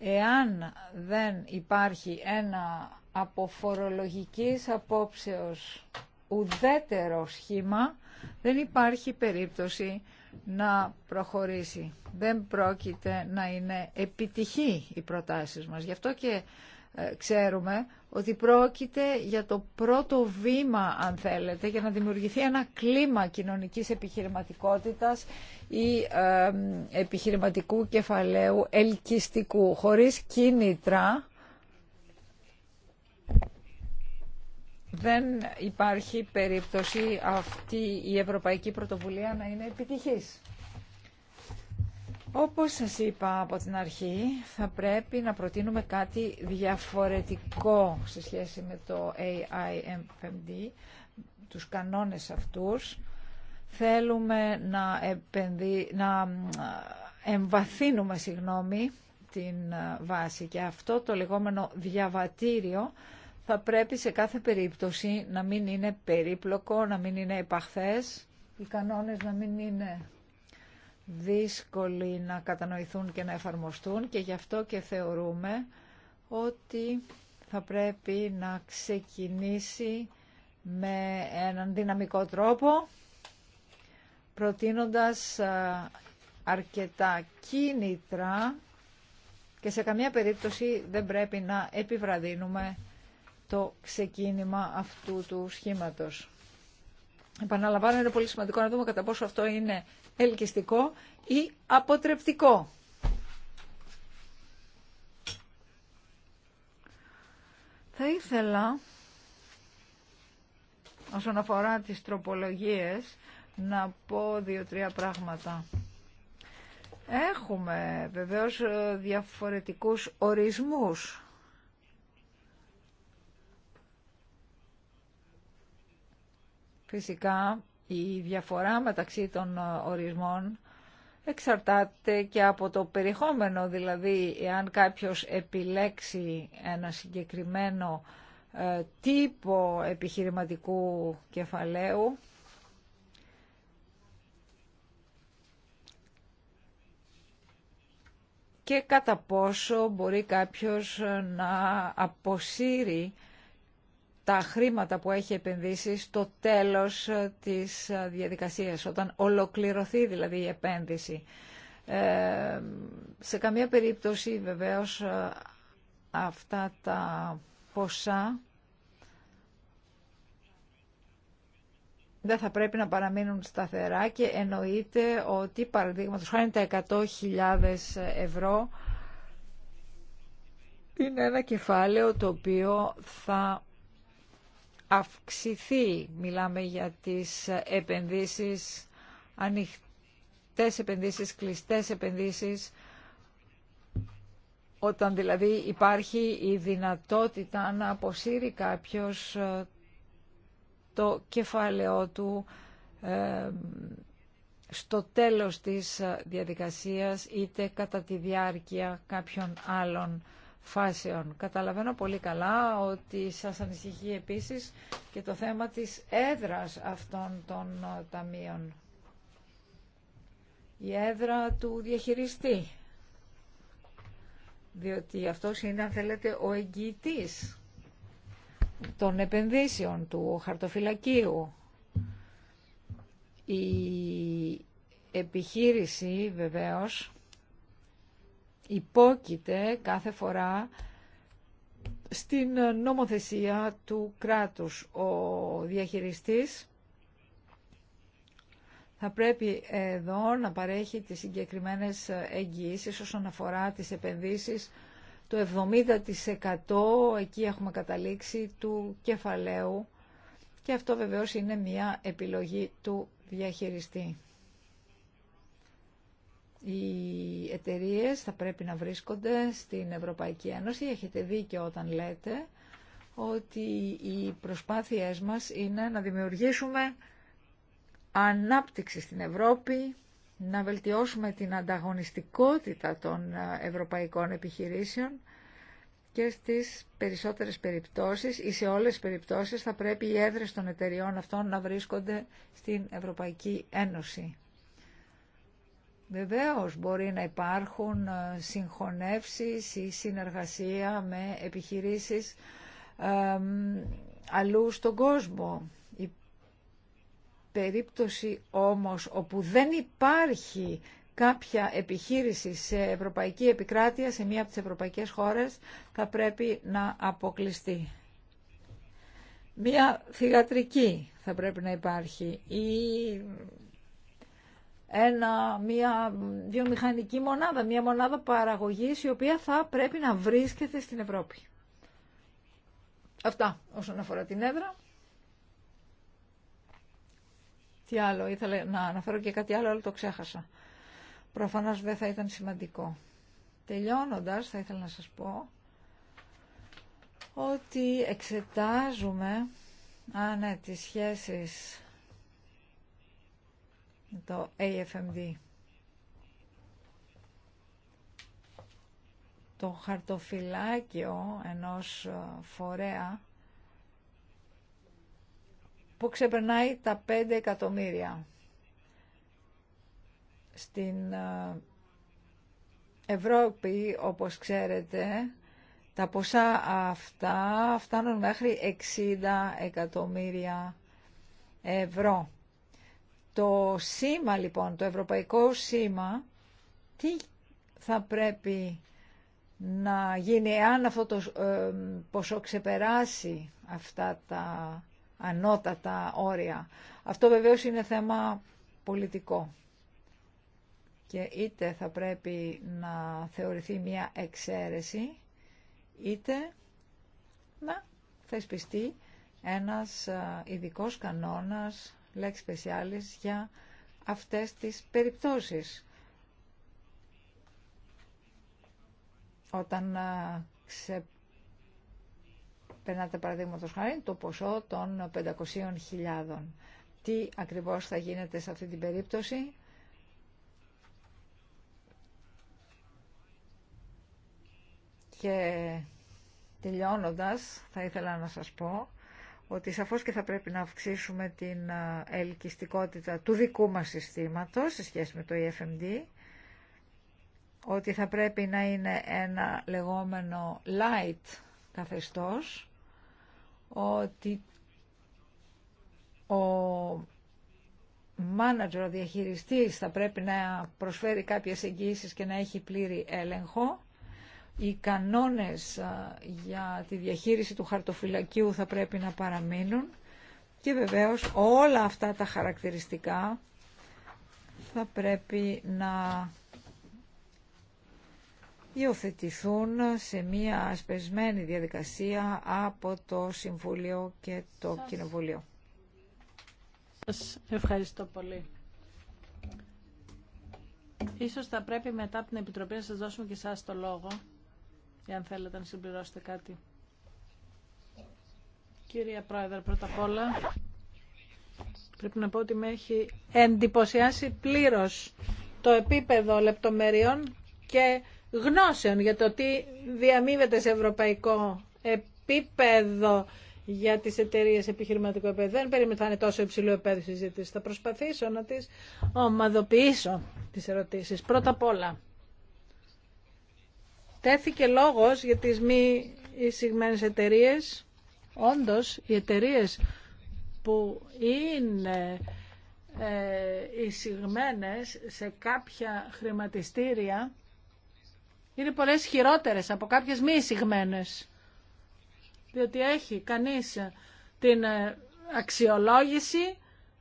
D: Εάν δεν υπάρχει ένα από φορολογικής απόψεως ουδέτερο σχήμα, δεν υπάρχει περίπτωση να προχωρήσει. Δεν πρόκειται να είναι επιτυχή οι προτάσεις μας. Γι' αυτό και ε, ξέρουμε ότι πρόκειται για το πρώτο βήμα, αν θέλετε, για να δημιουργηθεί ένα κλίμα κοινωνικής επιχειρηματικότητας ή επιχειρηματικού κεφαλαίου ελκυστικού, χωρίς κίνητρα. Δεν υπάρχει περίπτωση αυτή η Ευρωπαϊκή Πρωτοβουλία να είναι επιτυχής. Όπως σας είπα από την αρχή, θα πρέπει να προτείνουμε κάτι διαφορετικό σε σχέση με το AIMFMD, τους κανόνες αυτούς. Θέλουμε να, να εμβαθύνουμε συγγνώμη, την βάση και αυτό το λεγόμενο διαβατήριο θα πρέπει σε κάθε περίπτωση να μην είναι περίπλοκο, να μην είναι επαχθές, οι κανόνες να μην είναι δύσκολοι να κατανοηθούν και να εφαρμοστούν και γι' αυτό και θεωρούμε ότι θα πρέπει να ξεκινήσει με έναν δυναμικό τρόπο προτείνοντας αρκετά κίνητρα και σε καμία περίπτωση δεν πρέπει να επιβραδύνουμε το ξεκίνημα αυτού του σχήματος. Επαναλαμβάνω, είναι πολύ σημαντικό να δούμε κατά πόσο αυτό είναι ελκυστικό ή αποτρεπτικό. Θα ήθελα, όσον αφορά τις τροπολογίες, να πω δύο-τρία πράγματα. Έχουμε βεβαίως διαφορετικούς ορισμούς. Φυσικά η διαφορά μεταξύ των ε, ορισμών εξαρτάται και από το περιεχόμενο, δηλαδή εάν κάποιος επιλέξει ένα συγκεκριμένο ε, τύπο επιχειρηματικού κεφαλαίου, και κατά πόσο μπορεί κάποιος ε, να αποσύρει τα χρήματα που έχει επενδύσει στο τέλος ε, της ε, διαδικασίας, όταν ολοκληρωθεί δηλαδή η επένδυση. Ε, σε καμία περίπτωση βεβαίως αυτά τα ποσά δεν θα πρέπει να παραμείνουν σταθερά και εννοείται ότι παραδείγματο χάνει τα 100.000 ευρώ είναι ένα κεφάλαιο το οποίο θα αυξηθεί. Μιλάμε για τις επενδύσεις, ανοιχτές επενδύσεις, κλειστές επενδύσεις, όταν δηλαδή υπάρχει η δυνατότητα να αποσύρει κάποιος ε, το κεφάλαιό του ε, στο τέλος της διαδικασίας είτε κατά τη διάρκεια κάποιων άλλων φάσεων. Καταλαβαίνω πολύ καλά ότι σας ανησυχεί επίσης και το θέμα της έδρας αυτών των ε, ταμείων. Η έδρα του διαχειριστή. Διότι αυτός είναι, αν θέλετε, ο εγγυητής των επενδύσεων του χαρτοφυλακίου. Η επιχείρηση, βεβαίως, υπόκειται κάθε φορά στην νομοθεσία του κράτους. Ο διαχειριστής θα πρέπει εδώ να παρέχει τις συγκεκριμένες εγγυήσεις όσον αφορά τις επενδύσεις το 70% εκεί έχουμε καταλήξει του κεφαλαίου και αυτό βεβαίως είναι μια επιλογή του διαχειριστή. Οι εταιρείε θα πρέπει να βρίσκονται στην Ευρωπαϊκή Ένωση. Έχετε δει και όταν λέτε ότι οι προσπάθειές μας είναι να δημιουργήσουμε ανάπτυξη στην Ευρώπη, να βελτιώσουμε την ανταγωνιστικότητα των ευρωπαϊκών επιχειρήσεων και στις περισσότερες περιπτώσεις ή σε όλες τις περιπτώσεις θα πρέπει οι έδρες των εταιριών αυτών να βρίσκονται στην Ευρωπαϊκή Ένωση. Βεβαίως μπορεί να υπάρχουν ε, συγχωνεύσεις ή συνεργασία με επιχειρήσεις ε, αλλού στον κόσμο. Η συνεργασια με επιχειρησεις όμως όπου δεν υπάρχει κάποια επιχείρηση σε ευρωπαϊκή επικράτεια, σε μία από τις ευρωπαϊκές χώρες, θα πρέπει να αποκλειστεί. Μία θηγατρική θα πρέπει να υπάρχει ή ένα, μια βιομηχανική μονάδα, μια μονάδα παραγωγής η οποία θα πρέπει να βρίσκεται στην Ευρώπη. Αυτά όσον αφορά την έδρα. Τι άλλο, ήθελα να αναφέρω και κάτι άλλο, αλλά το ξέχασα. Προφανώς δεν θα ήταν σημαντικό. Τελειώνοντας, θα ήθελα να σας πω ότι εξετάζουμε, α ναι, τις σχέσεις το AFMD. Το χαρτοφυλάκιο ενός ε, φορέα που ξεπερνάει τα 5 εκατομμύρια. Στην ε, Ευρώπη, όπως ξέρετε, τα ποσά αυτά φτάνουν μέχρι 60 εκατομμύρια ευρώ. Το σήμα λοιπόν, το ευρωπαϊκό σήμα, τι θα πρέπει να γίνει εάν αυτό το ποσό ξεπεράσει αυτά τα ανώτατα όρια. Αυτό βεβαίως είναι θέμα πολιτικό. Και είτε θα πρέπει να θεωρηθεί μια εξαίρεση, είτε να θεσπιστεί ένας ε, ειδικός κανόνας λέξη specialis για αυτές τις περιπτώσεις. Όταν περνάτε παραδείγματο χάρη το ποσό των 500.000. Τι ακριβώς θα γίνεται σε αυτή την περίπτωση. Και τελειώνοντας θα ήθελα να σας πω ότι σαφώς και θα πρέπει να αυξήσουμε την ελκυστικότητα του δικού μας συστήματος σε σχέση με το EFMD, ότι θα πρέπει να είναι ένα λεγόμενο light καθεστώς, ότι ο manager, ο διαχειριστής θα πρέπει να προσφέρει κάποιες εγγύησεις και να έχει πλήρη έλεγχο, οι κανόνες για τη διαχείριση του χαρτοφυλακίου θα πρέπει να παραμείνουν και βεβαίως όλα αυτά τα χαρακτηριστικά θα πρέπει να υιοθετηθούν σε μία ασπεσμένη διαδικασία από το Συμβούλιο και το Σας... Κοινοβούλιο. Σας ευχαριστώ πολύ.
B: Ίσως θα πρέπει μετά από την Επιτροπή να σας δώσουμε και εσάς το λόγο εάν θέλετε να συμπληρώσετε κάτι. Κυρία Πρόεδρε, πρώτα απ' όλα πρέπει να πω ότι με έχει εντυπωσιάσει πλήρως το επίπεδο λεπτομεριών και γνώσεων για το τι διαμείβεται σε ευρωπαϊκό επίπεδο για τις εταιρείε επιχειρηματικού επίπεδο. Δεν περίμενα είναι τόσο υψηλό επίπεδο συζήτηση. Θα προσπαθήσω να τις ομαδοποιήσω τις ερωτήσεις. Πρώτα απ' όλα, τέθηκε λόγος για τις μη εισηγμένες εταιρείε. Όντως, οι εταιρείε που είναι ε, εισηγμένε σε κάποια χρηματιστήρια είναι πολλές χειρότερες από κάποιες μη εισηγμένε. Διότι έχει κανείς την ε, αξιολόγηση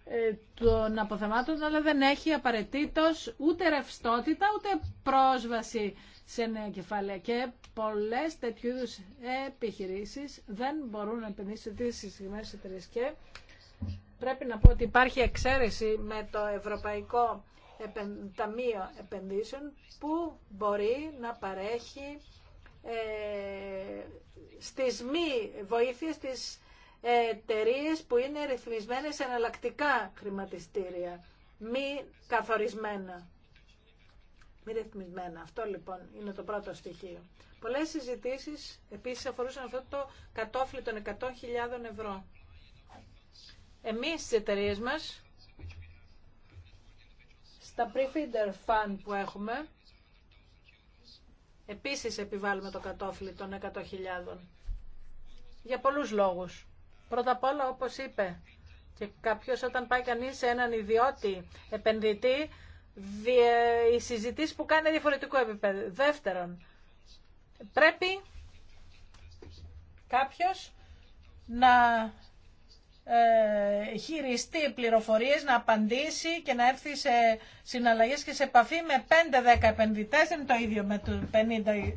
B: ε, των αποθεμάτων, αλλά δεν έχει απαραίτητο ούτε ρευστότητα, ούτε πρόσβαση σε νέα κεφάλαια. Και πολλές τέτοιου είδου επιχειρήσεις δεν μπορούν να επενδύσουν τις συγκεκριμένε εταιρείε. Και πρέπει να πω ότι υπάρχει εξαίρεση με το Ευρωπαϊκό Ταμείο Επενδύσεων που μπορεί να παρέχει ε, στις μη βοήθειες της εταιρείε που είναι ρυθμισμένε σε εναλλακτικά χρηματιστήρια, μη καθορισμένα. Μη ρυθμισμένα. Αυτό λοιπόν είναι το πρώτο στοιχείο. Πολλέ συζητήσει επίσης αφορούσαν αυτό το κατόφλι των 100.000 ευρώ. Εμείς στι εταιρείε μας, στα pre fund που έχουμε, επίσης επιβάλλουμε το κατόφλι των 100.000. Για πολλούς λόγους. Πρώτα απ' όλα, όπως είπε, και κάποιος όταν πάει κανείς σε έναν ιδιώτη επενδυτή, οι συζητήσεις που κάνει διαφορετικό επίπεδο. Δεύτερον, πρέπει κάποιος να ε, χειριστεί πληροφορίες, να απαντήσει και να έρθει σε συναλλαγές και σε επαφή με 5-10 επενδυτές. Δεν είναι το ίδιο με το 50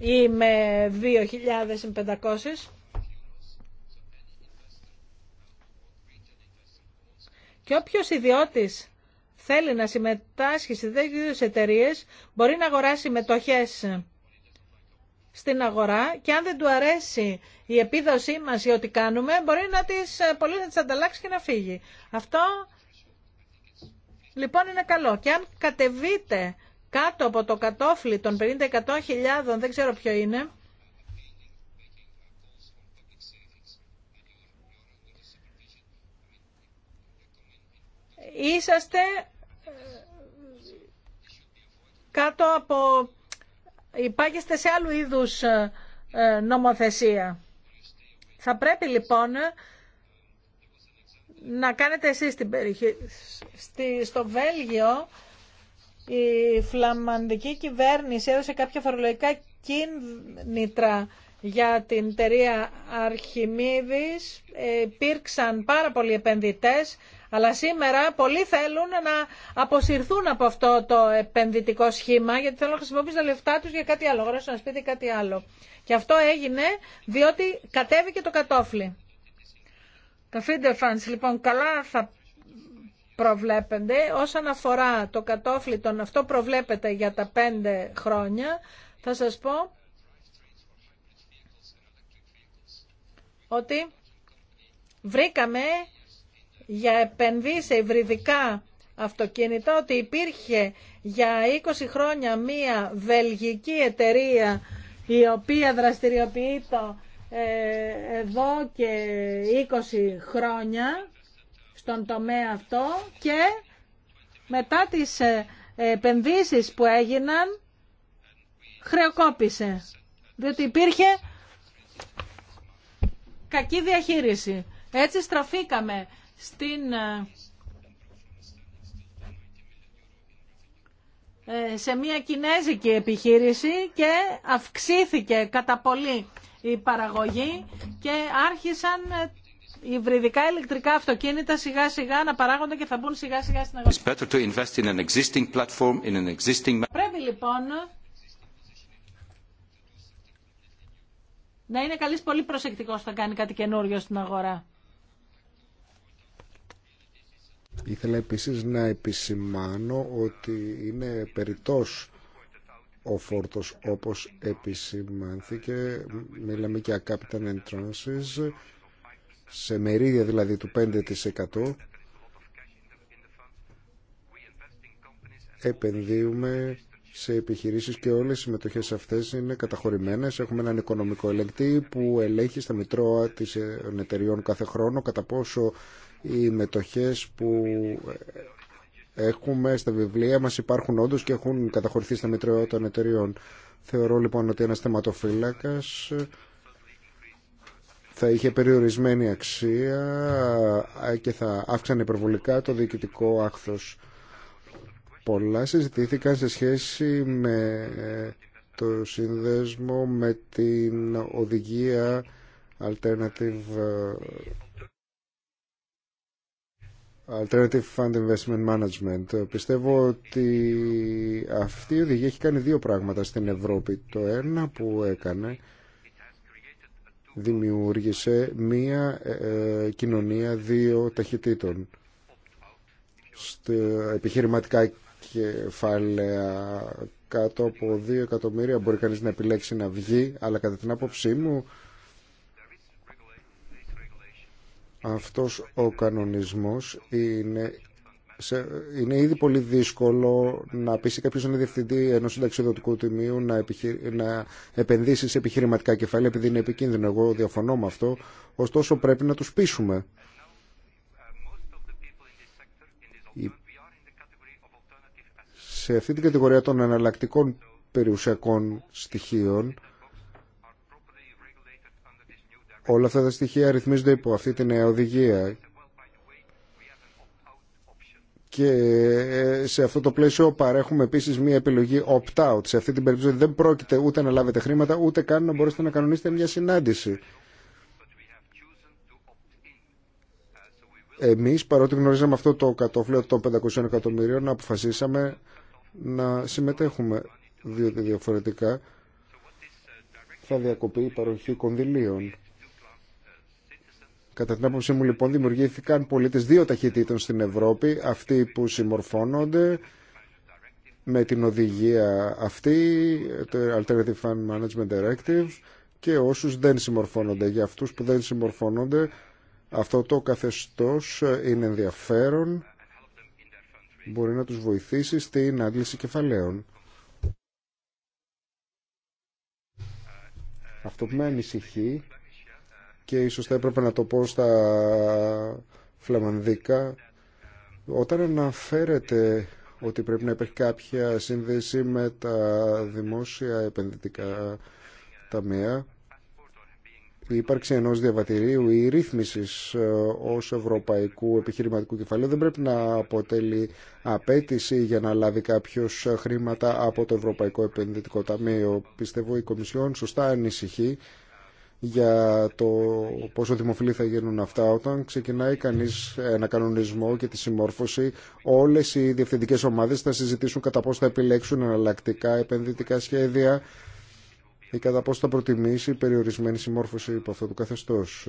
B: ή με 2.500. Και όποιος ιδιώτης θέλει να συμμετάσχει σε τέτοιες εταιρείε μπορεί να αγοράσει μετοχές στην αγορά και αν δεν του αρέσει η επίδοσή μας ή ό,τι κάνουμε μπορεί να τις, ε, πολύ να τις ανταλλάξει και να φύγει. Αυτό λοιπόν είναι καλό. Και αν κατεβείτε κάτω από το κατόφλι των 50-100 χιλιάδων, δεν ξέρω ποιο είναι,
A: είσαστε
B: κάτω από... Υπάγεστε σε άλλου είδους ε, ε, νομοθεσία. Θα πρέπει λοιπόν να κάνετε εσείς την περιοχή. Στη, στο Βέλγιο η φλαμανδική κυβέρνηση έδωσε κάποια φορολογικά κίνητρα για την εταιρεία Αρχιμίδης. Ε, υπήρξαν πάρα πολλοί επενδυτές, αλλά σήμερα πολλοί θέλουν να αποσυρθούν από αυτό το επενδυτικό σχήμα γιατί θέλουν να χρησιμοποιήσουν τα λεφτά τους για κάτι άλλο, γράψουν ένα σπίτι κάτι άλλο. Και αυτό έγινε διότι κατέβηκε το κατόφλι. Τα feeder funds λοιπόν καλά θα προβλέπονται όσον αφορά το κατόφλι των αυτό προβλέπεται για τα πέντε χρόνια θα σας πω ότι βρήκαμε για επενδύσει σε υβριδικά αυτοκίνητα ότι υπήρχε για 20 χρόνια μία βελγική εταιρεία η οποία δραστηριοποιείται ε, εδώ και 20 χρόνια στον τομέα αυτό και μετά τις ε, επενδύσεις που έγιναν χρεοκόπησε διότι υπήρχε κακή διαχείριση. Έτσι στραφήκαμε στην ε, ε, σε μια κινέζικη επιχείρηση και αυξήθηκε κατά πολύ η παραγωγή και άρχισαν οι ε, υβριδικά ηλεκτρικά αυτοκίνητα σιγά σιγά να παράγονται και θα μπουν σιγά σιγά στην αγορά. Πρέπει λοιπόν να είναι καλής πολύ προσεκτικός να κάνει κάτι καινούριο στην αγορά.
C: Ήθελα επίσης να επισημάνω ότι είναι περιττός ο φόρτος όπως επισημάνθηκε. Μιλάμε για capital entrances σε μερίδια δηλαδή του 5% επενδύουμε σε επιχειρήσεις και όλες οι συμμετοχές αυτές είναι καταχωρημένες. Έχουμε έναν οικονομικό ελεγκτή που ελέγχει στα μητρώα της εταιριών κάθε χρόνο κατά πόσο οι μετοχές που έχουμε στα βιβλία μας υπάρχουν όντω και έχουν καταχωρηθεί στα μητρεώτα των εταιριών. Θεωρώ λοιπόν ότι ένας θεματοφύλακας θα είχε περιορισμένη αξία και θα αύξανε υπερβολικά το διοικητικό άχθος. Πολλά συζητήθηκαν σε σχέση με το σύνδεσμο με την οδηγία Alternative Alternative Fund Investment Management. Πιστεύω ότι αυτή η οδηγία έχει κάνει δύο πράγματα στην Ευρώπη. Το ένα που έκανε δημιούργησε μία ε, ε, κοινωνία δύο ταχυτήτων. Στο επιχειρηματικά κεφάλαια κάτω από δύο εκατομμύρια μπορεί κανείς να επιλέξει να βγει, αλλά κατά την άποψή μου Αυτός ο κανονισμός είναι, είναι ήδη πολύ δύσκολο να πείσει κάποιος είναι διευθυντή ενός συνταξιδοτικού τιμίου να, να επενδύσει σε επιχειρηματικά κεφάλαια επειδή είναι επικίνδυνο. Εγώ διαφωνώ με αυτό. Ωστόσο πρέπει να τους πείσουμε. σε αυτή την κατηγορία των εναλλακτικών περιουσιακών στοιχείων Όλα αυτά τα στοιχεία ρυθμίζονται υπό αυτή την οδηγία. Και ε, σε αυτό το πλαίσιο παρέχουμε επίσης μία επιλογή opt-out. Σε αυτή την περίπτωση δεν πρόκειται ούτε να λάβετε χρήματα, ούτε καν να μπορέσετε να κανονίσετε μια συνάντηση. Εμείς, παρότι γνωρίζαμε αυτό το κατόφλαιο των 500 εκατομμυρίων, αποφασίσαμε να συμμετέχουμε, διότι διαφορετικά θα διακοπεί η παροχή κονδυλίων. Κατά την άποψή μου λοιπόν δημιουργήθηκαν πολίτες δύο ταχυτήτων στην Ευρώπη, αυτοί που συμμορφώνονται με την οδηγία αυτή, το Alternative Fund Management Directive και όσους δεν συμμορφώνονται. Για αυτούς που δεν συμμορφώνονται αυτό το καθεστώς είναι ενδιαφέρον, μπορεί να τους βοηθήσει στην άντληση κεφαλαίων. Αυτό που με ανησυχεί και ίσως θα έπρεπε να το πω στα φλαμανδικά όταν αναφέρεται ότι πρέπει να υπάρχει κάποια σύνδεση με τα δημόσια επενδυτικά ταμεία η ύπαρξη ενός διαβατηρίου ή ρύθμισης ε, ως ευρωπαϊκού επιχειρηματικού κεφαλαίου δεν πρέπει να αποτελεί απέτηση για να λάβει κάποιος χρήματα από το Ευρωπαϊκό Επενδυτικό Ταμείο. Πιστεύω η Κομισιόν σωστά ανησυχεί για το πόσο δημοφιλή θα γίνουν αυτά όταν ξεκινάει κανείς ένα κανονισμό και τη συμμόρφωση όλες οι διευθυντικές ομάδες θα συζητήσουν κατά πώς θα επιλέξουν εναλλακτικά επενδυτικά σχέδια ή κατά πώς θα προτιμήσει περιορισμένη συμμόρφωση υπό αυτό το καθεστώς.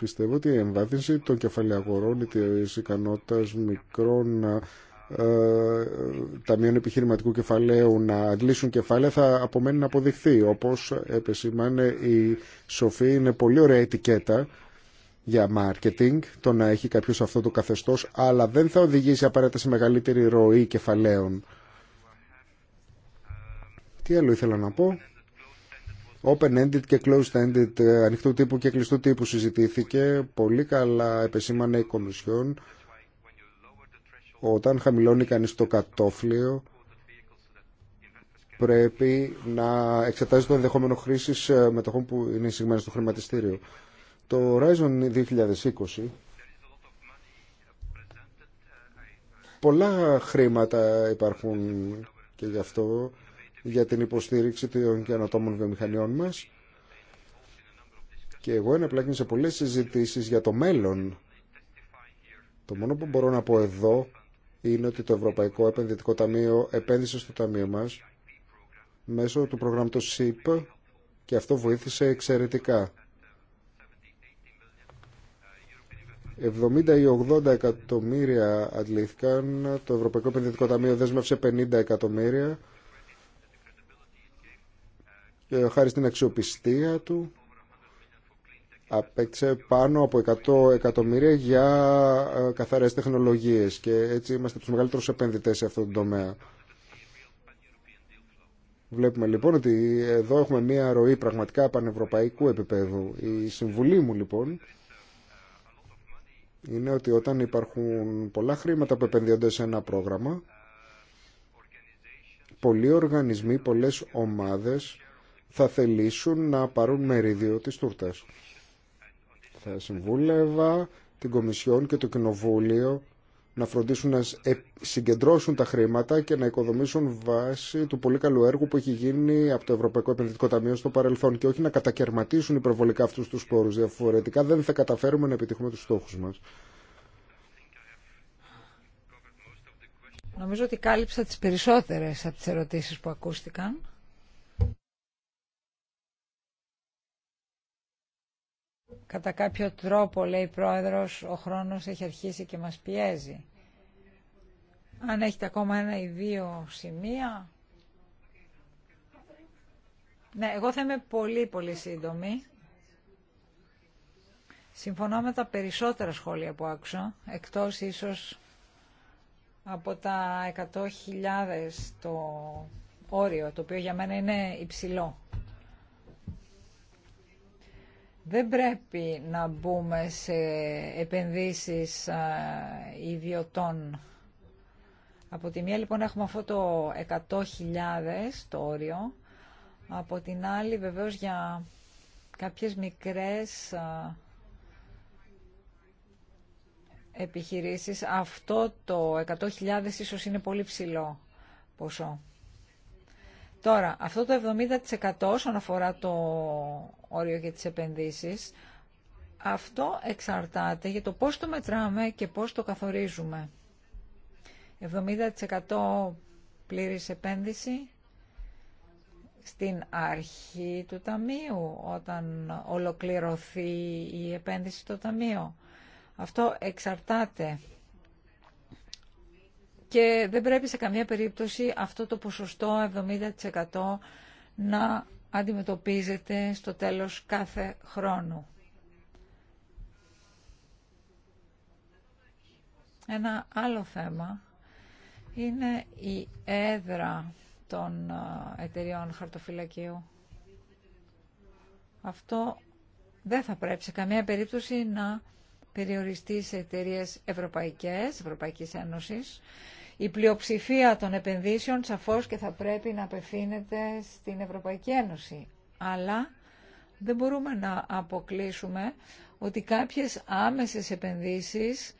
C: Πιστεύω ότι η εμβάθυνση των κεφαλαίων τη ικανότητα μικρών ε, ταμείων επιχειρηματικού κεφαλαίου να αντλήσουν κεφάλαια θα απομένει να αποδειχθεί. Όπως επεσήμανε η Σοφή είναι πολύ ωραία ετικέτα για μάρκετινγκ το να έχει κάποιος αυτό το καθεστώς αλλά δεν θα οδηγήσει απαραίτητα σε μεγαλύτερη ροή κεφαλαίων. Τι άλλο ήθελα να πω. Open-ended και closed-ended, ε, ανοιχτού τύπου και κλειστού τύπου συζητήθηκε. Πολύ καλά επεσήμανε η Κομισιόν όταν χαμηλώνει κανείς το κατόφλιο πρέπει να εξετάζει το ενδεχόμενο χρήση ε, μετοχών που είναι εισηγμένε στο χρηματιστήριο. Το Horizon 2020 πολλά χρήματα υπάρχουν και γι' αυτό για την υποστήριξη των καινοτόμων βιομηχανιών μας και εγώ εναπλάκνω σε πολλές συζητήσεις για το μέλλον. Το μόνο που μπορώ να πω εδώ είναι ότι το Ευρωπαϊκό Επενδυτικό Ταμείο επένδυσε στο Ταμείο μας μέσω του προγράμματος SIP και αυτό βοήθησε εξαιρετικά. 70 ή 80 εκατομμύρια αντλήθηκαν, το Ευρωπαϊκό Επενδυτικό Ταμείο δέσμευσε 50 εκατομμύρια ε, χάρη στην αξιοπιστία του απέκτησε πάνω από 100 εκατομμύρια για ε, καθαρές τεχνολογίες και έτσι είμαστε τους μεγαλύτερους επενδυτές σε αυτόν τον τομέα. Βλέπουμε λοιπόν ότι εδώ έχουμε μία ροή πραγματικά πανευρωπαϊκού επίπεδου. Η συμβουλή μου λοιπόν είναι ότι όταν υπάρχουν πολλά χρήματα που επενδύονται σε ένα πρόγραμμα, πολλοί οργανισμοί, πολλές ομάδες θα θελήσουν να πάρουν μερίδιο της τούρτας. Θα συμβούλευα την Κομισιόν και το Κοινοβούλιο να φροντίσουν να ε, συγκεντρώσουν τα χρήματα και να οικοδομήσουν βάση του πολύ καλού έργου που έχει γίνει από το Ευρωπαϊκό Επενδυτικό Ταμείο στο παρελθόν και όχι να κατακαιρματίσουν υπερβολικά αυτούς τους πόρους. Διαφορετικά δεν θα καταφέρουμε να επιτύχουμε τους στόχους μας.
D: Νομίζω ότι κάλυψα τις περισσότερες από τις ερωτήσεις που ακούστηκαν. Κατά κάποιο τρόπο, λέει η Πρόεδρος, ο χρόνος έχει αρχίσει και μας πιέζει. Αν έχετε ακόμα ένα ή δύο σημεία. Ναι, εγώ θα είμαι πολύ πολύ σύντομη. Συμφωνώ με τα περισσότερα σχόλια που άκουσα, εκτός ίσως από τα 100.000 το όριο, το οποίο για μένα είναι υψηλό. Δεν πρέπει να μπούμε σε επενδύσεις ιδιωτών. Από τη μία λοιπόν έχουμε αυτό το 100.000 το όριο, από την άλλη βεβαίως για κάποιες μικρές επιχειρήσεις αυτό το 100.000 ίσως είναι πολύ ψηλό ποσό. Τώρα, αυτό το 70% όσον αφορά το όριο για τις επενδύσεις, αυτό εξαρτάται για το πώς το μετράμε και πώς το καθορίζουμε. 70% πλήρης επένδυση στην αρχή του ταμείου, όταν ολοκληρωθεί η επένδυση στο ταμείο. Αυτό εξαρτάται και δεν πρέπει σε καμία περίπτωση αυτό το ποσοστό 70% να αντιμετωπίζεται στο τέλος κάθε χρόνου. Ένα άλλο θέμα είναι η έδρα των ε, εταιριών χαρτοφυλακίου. Αυτό δεν θα πρέπει σε καμία περίπτωση να περιοριστεί σε εταιρείες ευρωπαϊκές, Ευρωπαϊκής Ένωσης. Η πλειοψηφία των επενδύσεων σαφώς και θα πρέπει να απευθύνεται στην Ευρωπαϊκή Ένωση. Αλλά δεν μπορούμε να αποκλείσουμε ότι κάποιες άμεσες επενδύσεις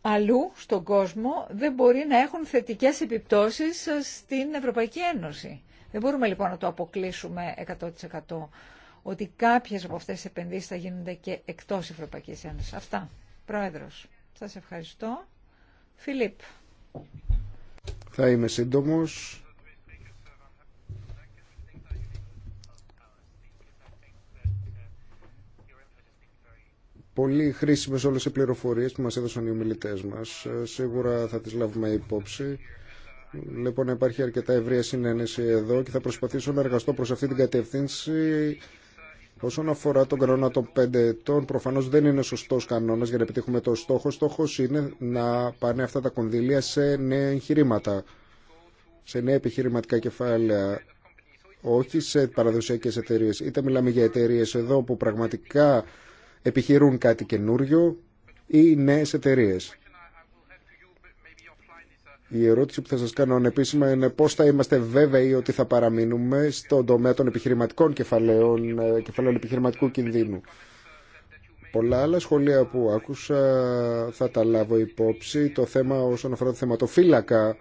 D: αλλού στον κόσμο δεν μπορεί να έχουν θετικές επιπτώσεις στην Ευρωπαϊκή Ένωση. Δεν μπορούμε λοιπόν να το αποκλείσουμε 100% ότι κάποιες από αυτές τις επενδύσεις θα γίνονται και εκτός Ευρωπαϊκής Ένωσης. Αυτά. Πρόεδρος, σας ευχαριστώ. Φιλίπ.
C: Θα είμαι σύντομος. Πολύ χρήσιμε όλε οι πληροφορίε που μα έδωσαν οι ομιλητέ μα. Ε, σίγουρα θα τι λάβουμε υπόψη. Λοιπόν, υπάρχει αρκετά ευρεία συνένεση εδώ και θα προσπαθήσω να εργαστώ προ αυτή την κατεύθυνση Όσον αφορά τον κανόνα των 5 ετών, προφανώ δεν είναι σωστό κανόνα για να επιτύχουμε το στόχο. Στόχο είναι να πάνε αυτά τα κονδύλια σε νέα εγχειρήματα, σε νέα επιχειρηματικά κεφάλαια, όχι σε παραδοσιακέ εταιρείε. Είτε μιλάμε για εταιρείε εδώ που πραγματικά επιχειρούν κάτι καινούριο ή νέε εταιρείε. Η ερώτηση που θα σας κάνω ανεπίσημα είναι πώς θα είμαστε βέβαιοι ότι θα παραμείνουμε στον τομέα των επιχειρηματικών κεφαλαίων, ε, κεφαλαίων επιχειρηματικού κινδύνου. Πολλά άλλα σχολεία που άκουσα θα τα λάβω υπόψη. Το θέμα όσον αφορά το θεματοφύλακα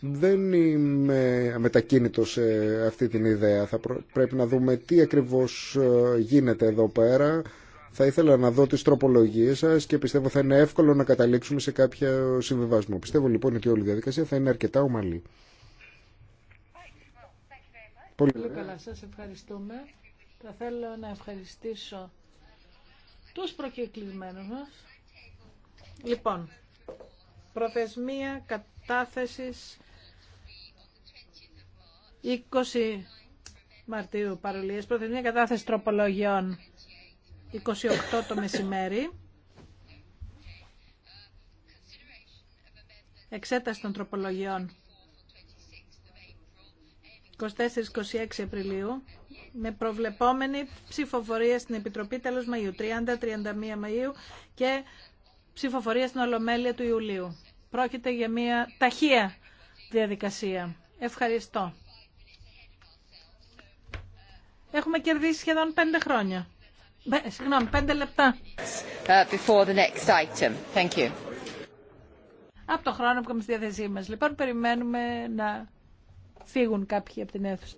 C: δεν είμαι μετακίνητο σε αυτή την ιδέα. Θα πρέπει να δούμε τι ακριβώς ε, γίνεται εδώ πέρα. Θα ήθελα να δω τις τροπολογίες σας και πιστεύω θα είναι εύκολο να καταλήξουμε σε κάποιο συμβιβασμό. Πιστεύω λοιπόν ότι όλη η διαδικασία θα είναι αρκετά ομαλή. Πολύ καλά,
B: σας ευχαριστούμε. Θα θέλω να ευχαριστήσω τους προκεκλημένους μας. Λοιπόν, προθεσμία κατάθεσης 20 Μαρτίου παρολίες, προθεσμία κατάθεση τροπολογιών 28 το μεσημέρι. Εξέταση των τροπολογιών 24-26 Απριλίου με προβλεπόμενη ψηφοφορία στην Επιτροπή τέλος Μαΐου, 30-31 Μαΐου και ψηφοφορία στην Ολομέλεια του Ιουλίου. Πρόκειται για μια ταχεία διαδικασία. Ευχαριστώ. Έχουμε κερδίσει σχεδόν πέντε χρόνια. Συγγνώμη, πέντε λεπτά. Uh, από το χρόνο που έχουμε στη διάθεσή μας. Λοιπόν, περιμένουμε να φύγουν κάποιοι από την αίθουσα.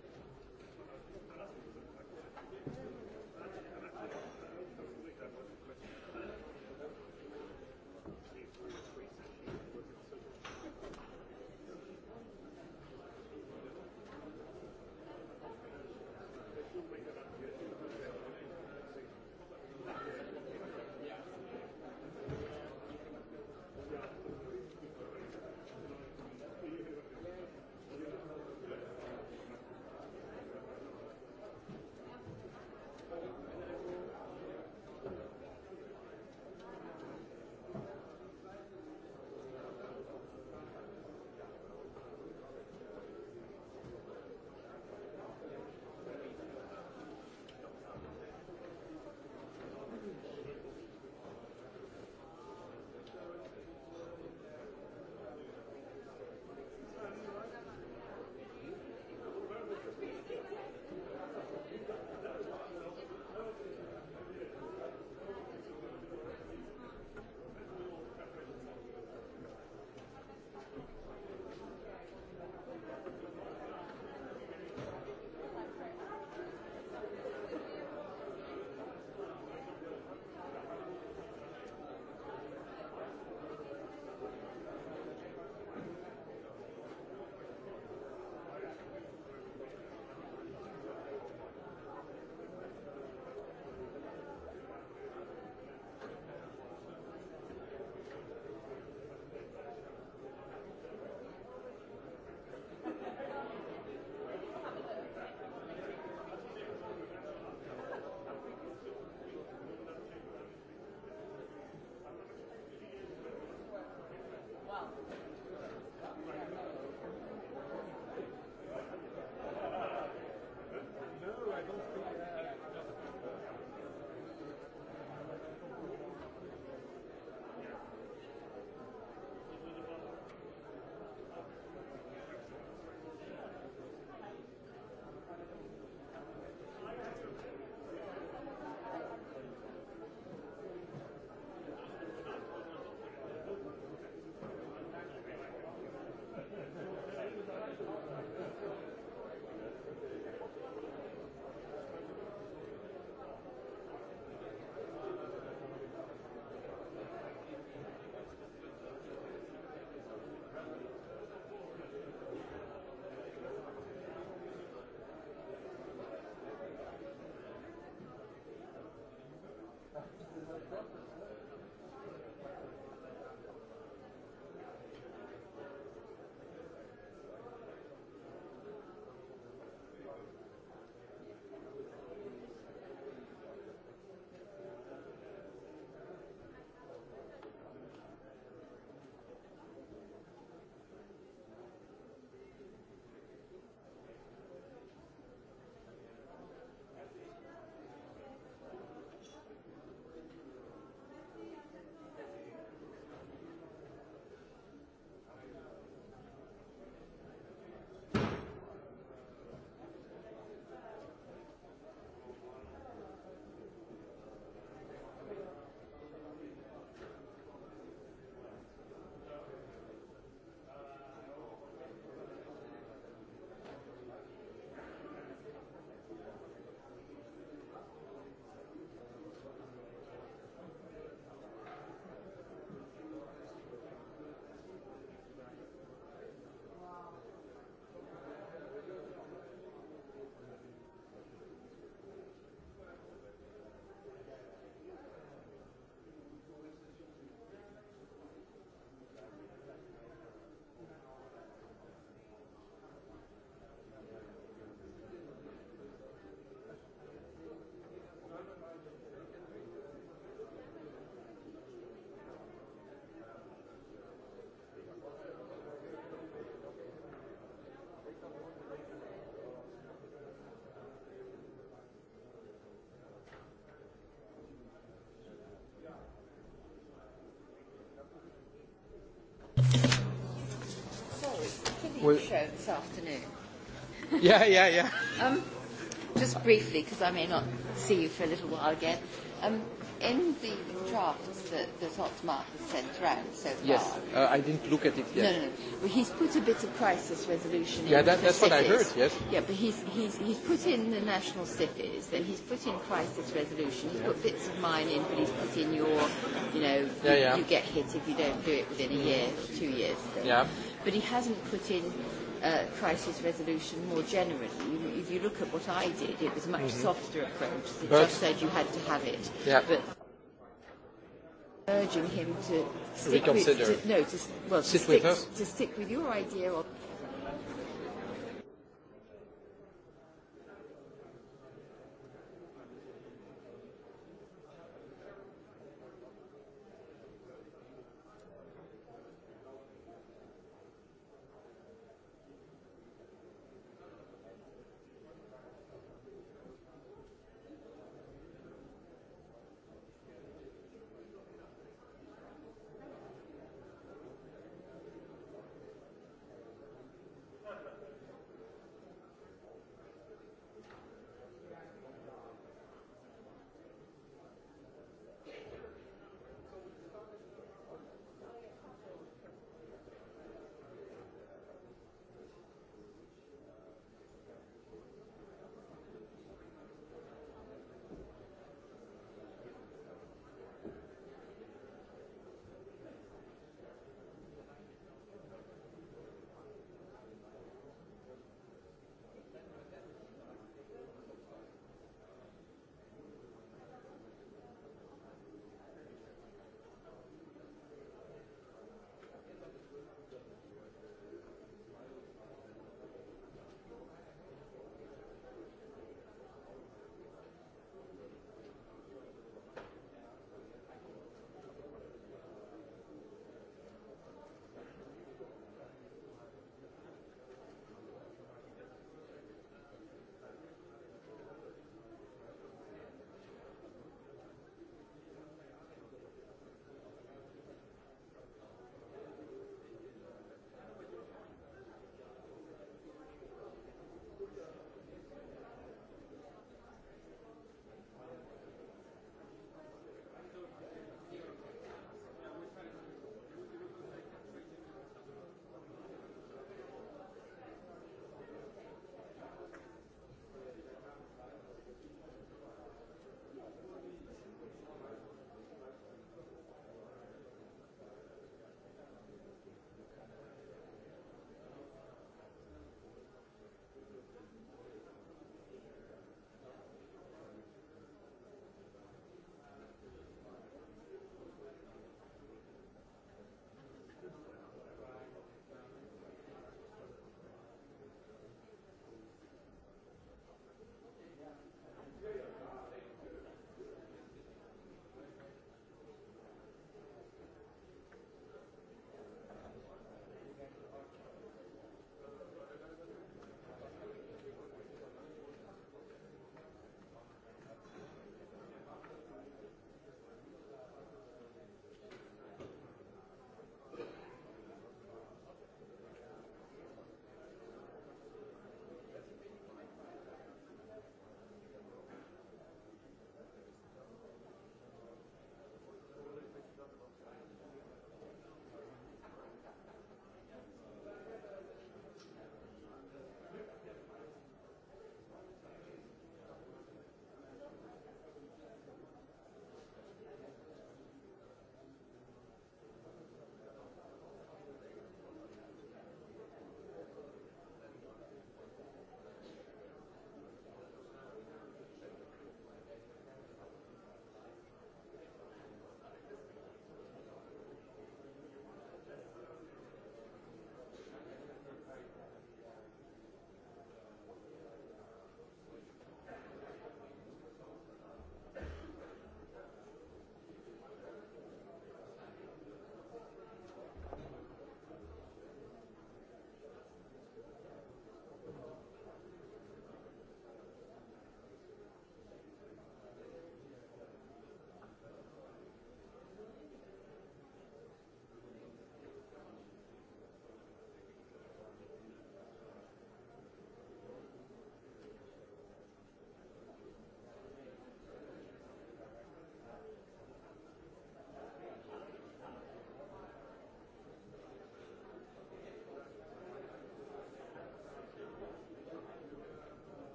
A: Υπότιτλοι show this afternoon. Yeah, yeah, yeah. um, just briefly, because I may not see you for a little while again. Um, in the drafts that, that Otmar has sent around so far. Yes, uh, I didn't look at it yet. No, no, no. he's put a bit of crisis resolution yeah, in. Yeah, that's what I heard, yes. Yeah, but he's, he's, he's put in the national cities, then he's put in crisis resolution. He's put bits of mine in, but he's put in your, you know, you get hit if you don't do it within a year two years. Yeah but he hasn't put in crisis resolution more generally. If you look at what I did, it was a much softer approach. It just said you had to have it. But urging him to stick with, no, to, well, to, stick, to stick with your idea of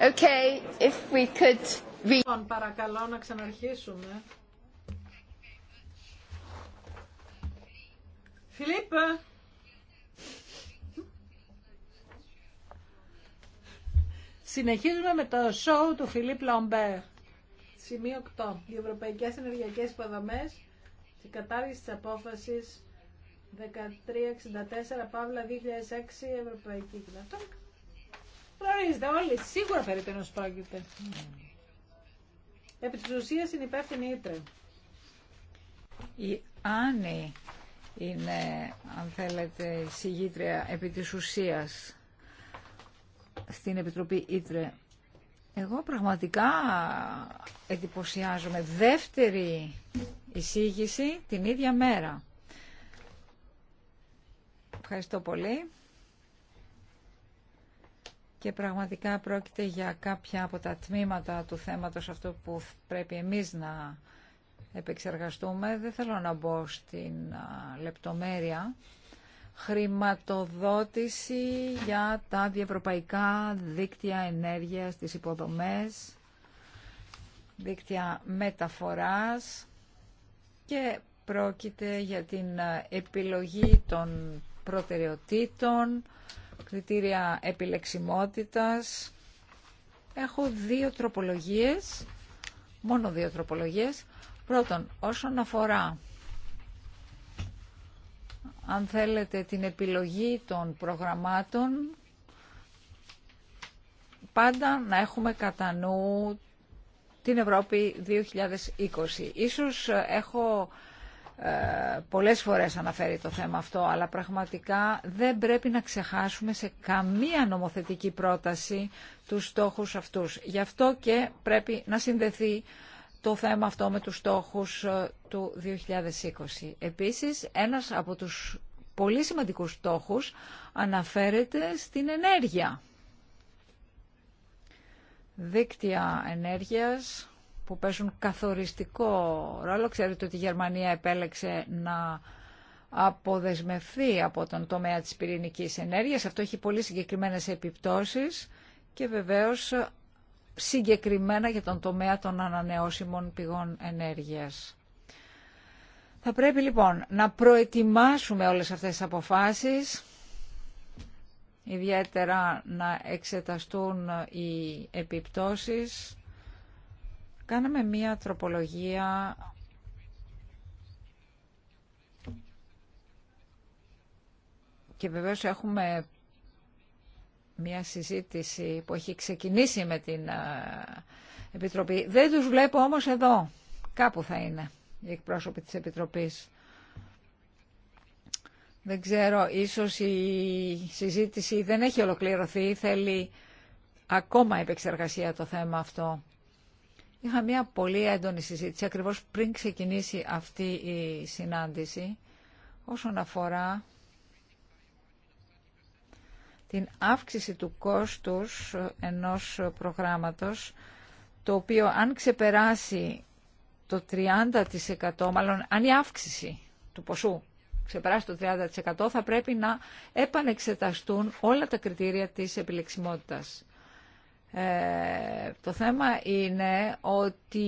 A: Okay, if we could...
B: Λοιπόν, παρακαλώ να ξαναρχίσουμε. Φιλίπ! Συνεχίζουμε με το show του Φιλίπ Λαμπέρ. Σημείο 8. Οι Ευρωπαϊκές Ενεργειακές Υποδομές και κατάργηση της απόφασης 1364 Παύλα 2006 Ευρωπαϊκή Κοινότητα. Γνωρίζετε όλοι, σίγουρα περί τίνος πρόκειται. Επί της ουσίας είναι υπεύθυνη ήτρε.
D: Η Άννη είναι, αν θέλετε, συγγήτρια επί της ουσίας στην Επιτροπή Ήτρε. Εγώ πραγματικά εντυπωσιάζομαι. Δεύτερη εισήγηση την ίδια μέρα. Ευχαριστώ πολύ και πραγματικά πρόκειται για κάποια από τα τμήματα του θέματος αυτό που πρέπει εμείς να επεξεργαστούμε. Δεν θέλω να μπω στην λεπτομέρεια. Χρηματοδότηση για τα διευρωπαϊκά δίκτυα ενέργειας, τις υποδομές, δίκτυα μεταφοράς και πρόκειται για την επιλογή των προτεραιοτήτων, κριτήρια επιλεξιμότητας. Έχω δύο τροπολογίες, μόνο δύο τροπολογίες. Πρώτον, όσον αφορά, αν θέλετε, την επιλογή των προγραμμάτων, πάντα να έχουμε κατά νου την Ευρώπη 2020. Ίσως έχω ε, πολλές φορές αναφέρει το θέμα αυτό, αλλά πραγματικά δεν πρέπει να ξεχάσουμε σε καμία νομοθετική πρόταση τους στόχους αυτούς. Γι' αυτό και πρέπει να συνδεθεί το θέμα αυτό με τους στόχους ε, του 2020. Επίσης, ένας από τους πολύ σημαντικούς στόχους αναφέρεται στην ενέργεια. Δίκτυα ενέργειας που παίζουν καθοριστικό ρόλο. Ξέρετε ότι η Γερμανία επέλεξε να αποδεσμευθεί από τον τομέα της πυρηνικής ενέργειας. Αυτό έχει πολύ συγκεκριμένες επιπτώσεις και βεβαίως συγκεκριμένα για τον τομέα των ανανεώσιμων πηγών ενέργειας. Θα πρέπει λοιπόν να προετοιμάσουμε όλες αυτές τις αποφάσεις, ιδιαίτερα να εξεταστούν οι επιπτώσεις Κάναμε μία τροπολογία και βεβαίως έχουμε μία συζήτηση που έχει ξεκινήσει με την ε, Επιτροπή. Δεν τους βλέπω όμως εδώ. Κάπου θα είναι οι εκπρόσωποι της Επιτροπής. Δεν ξέρω, ίσως η συζήτηση δεν έχει ολοκληρωθεί, θέλει ακόμα επεξεργασία το θέμα αυτό. Είχα μια πολύ έντονη συζήτηση ακριβώς πριν ξεκινήσει αυτή η συνάντηση όσον αφορά την αύξηση του κόστους ενός προγράμματος το οποίο αν ξεπεράσει το 30% μάλλον αν η αύξηση του ποσού ξεπεράσει το 30% θα πρέπει να επανεξεταστούν όλα τα κριτήρια της επιλεξιμότητας. Ε, το θέμα είναι ότι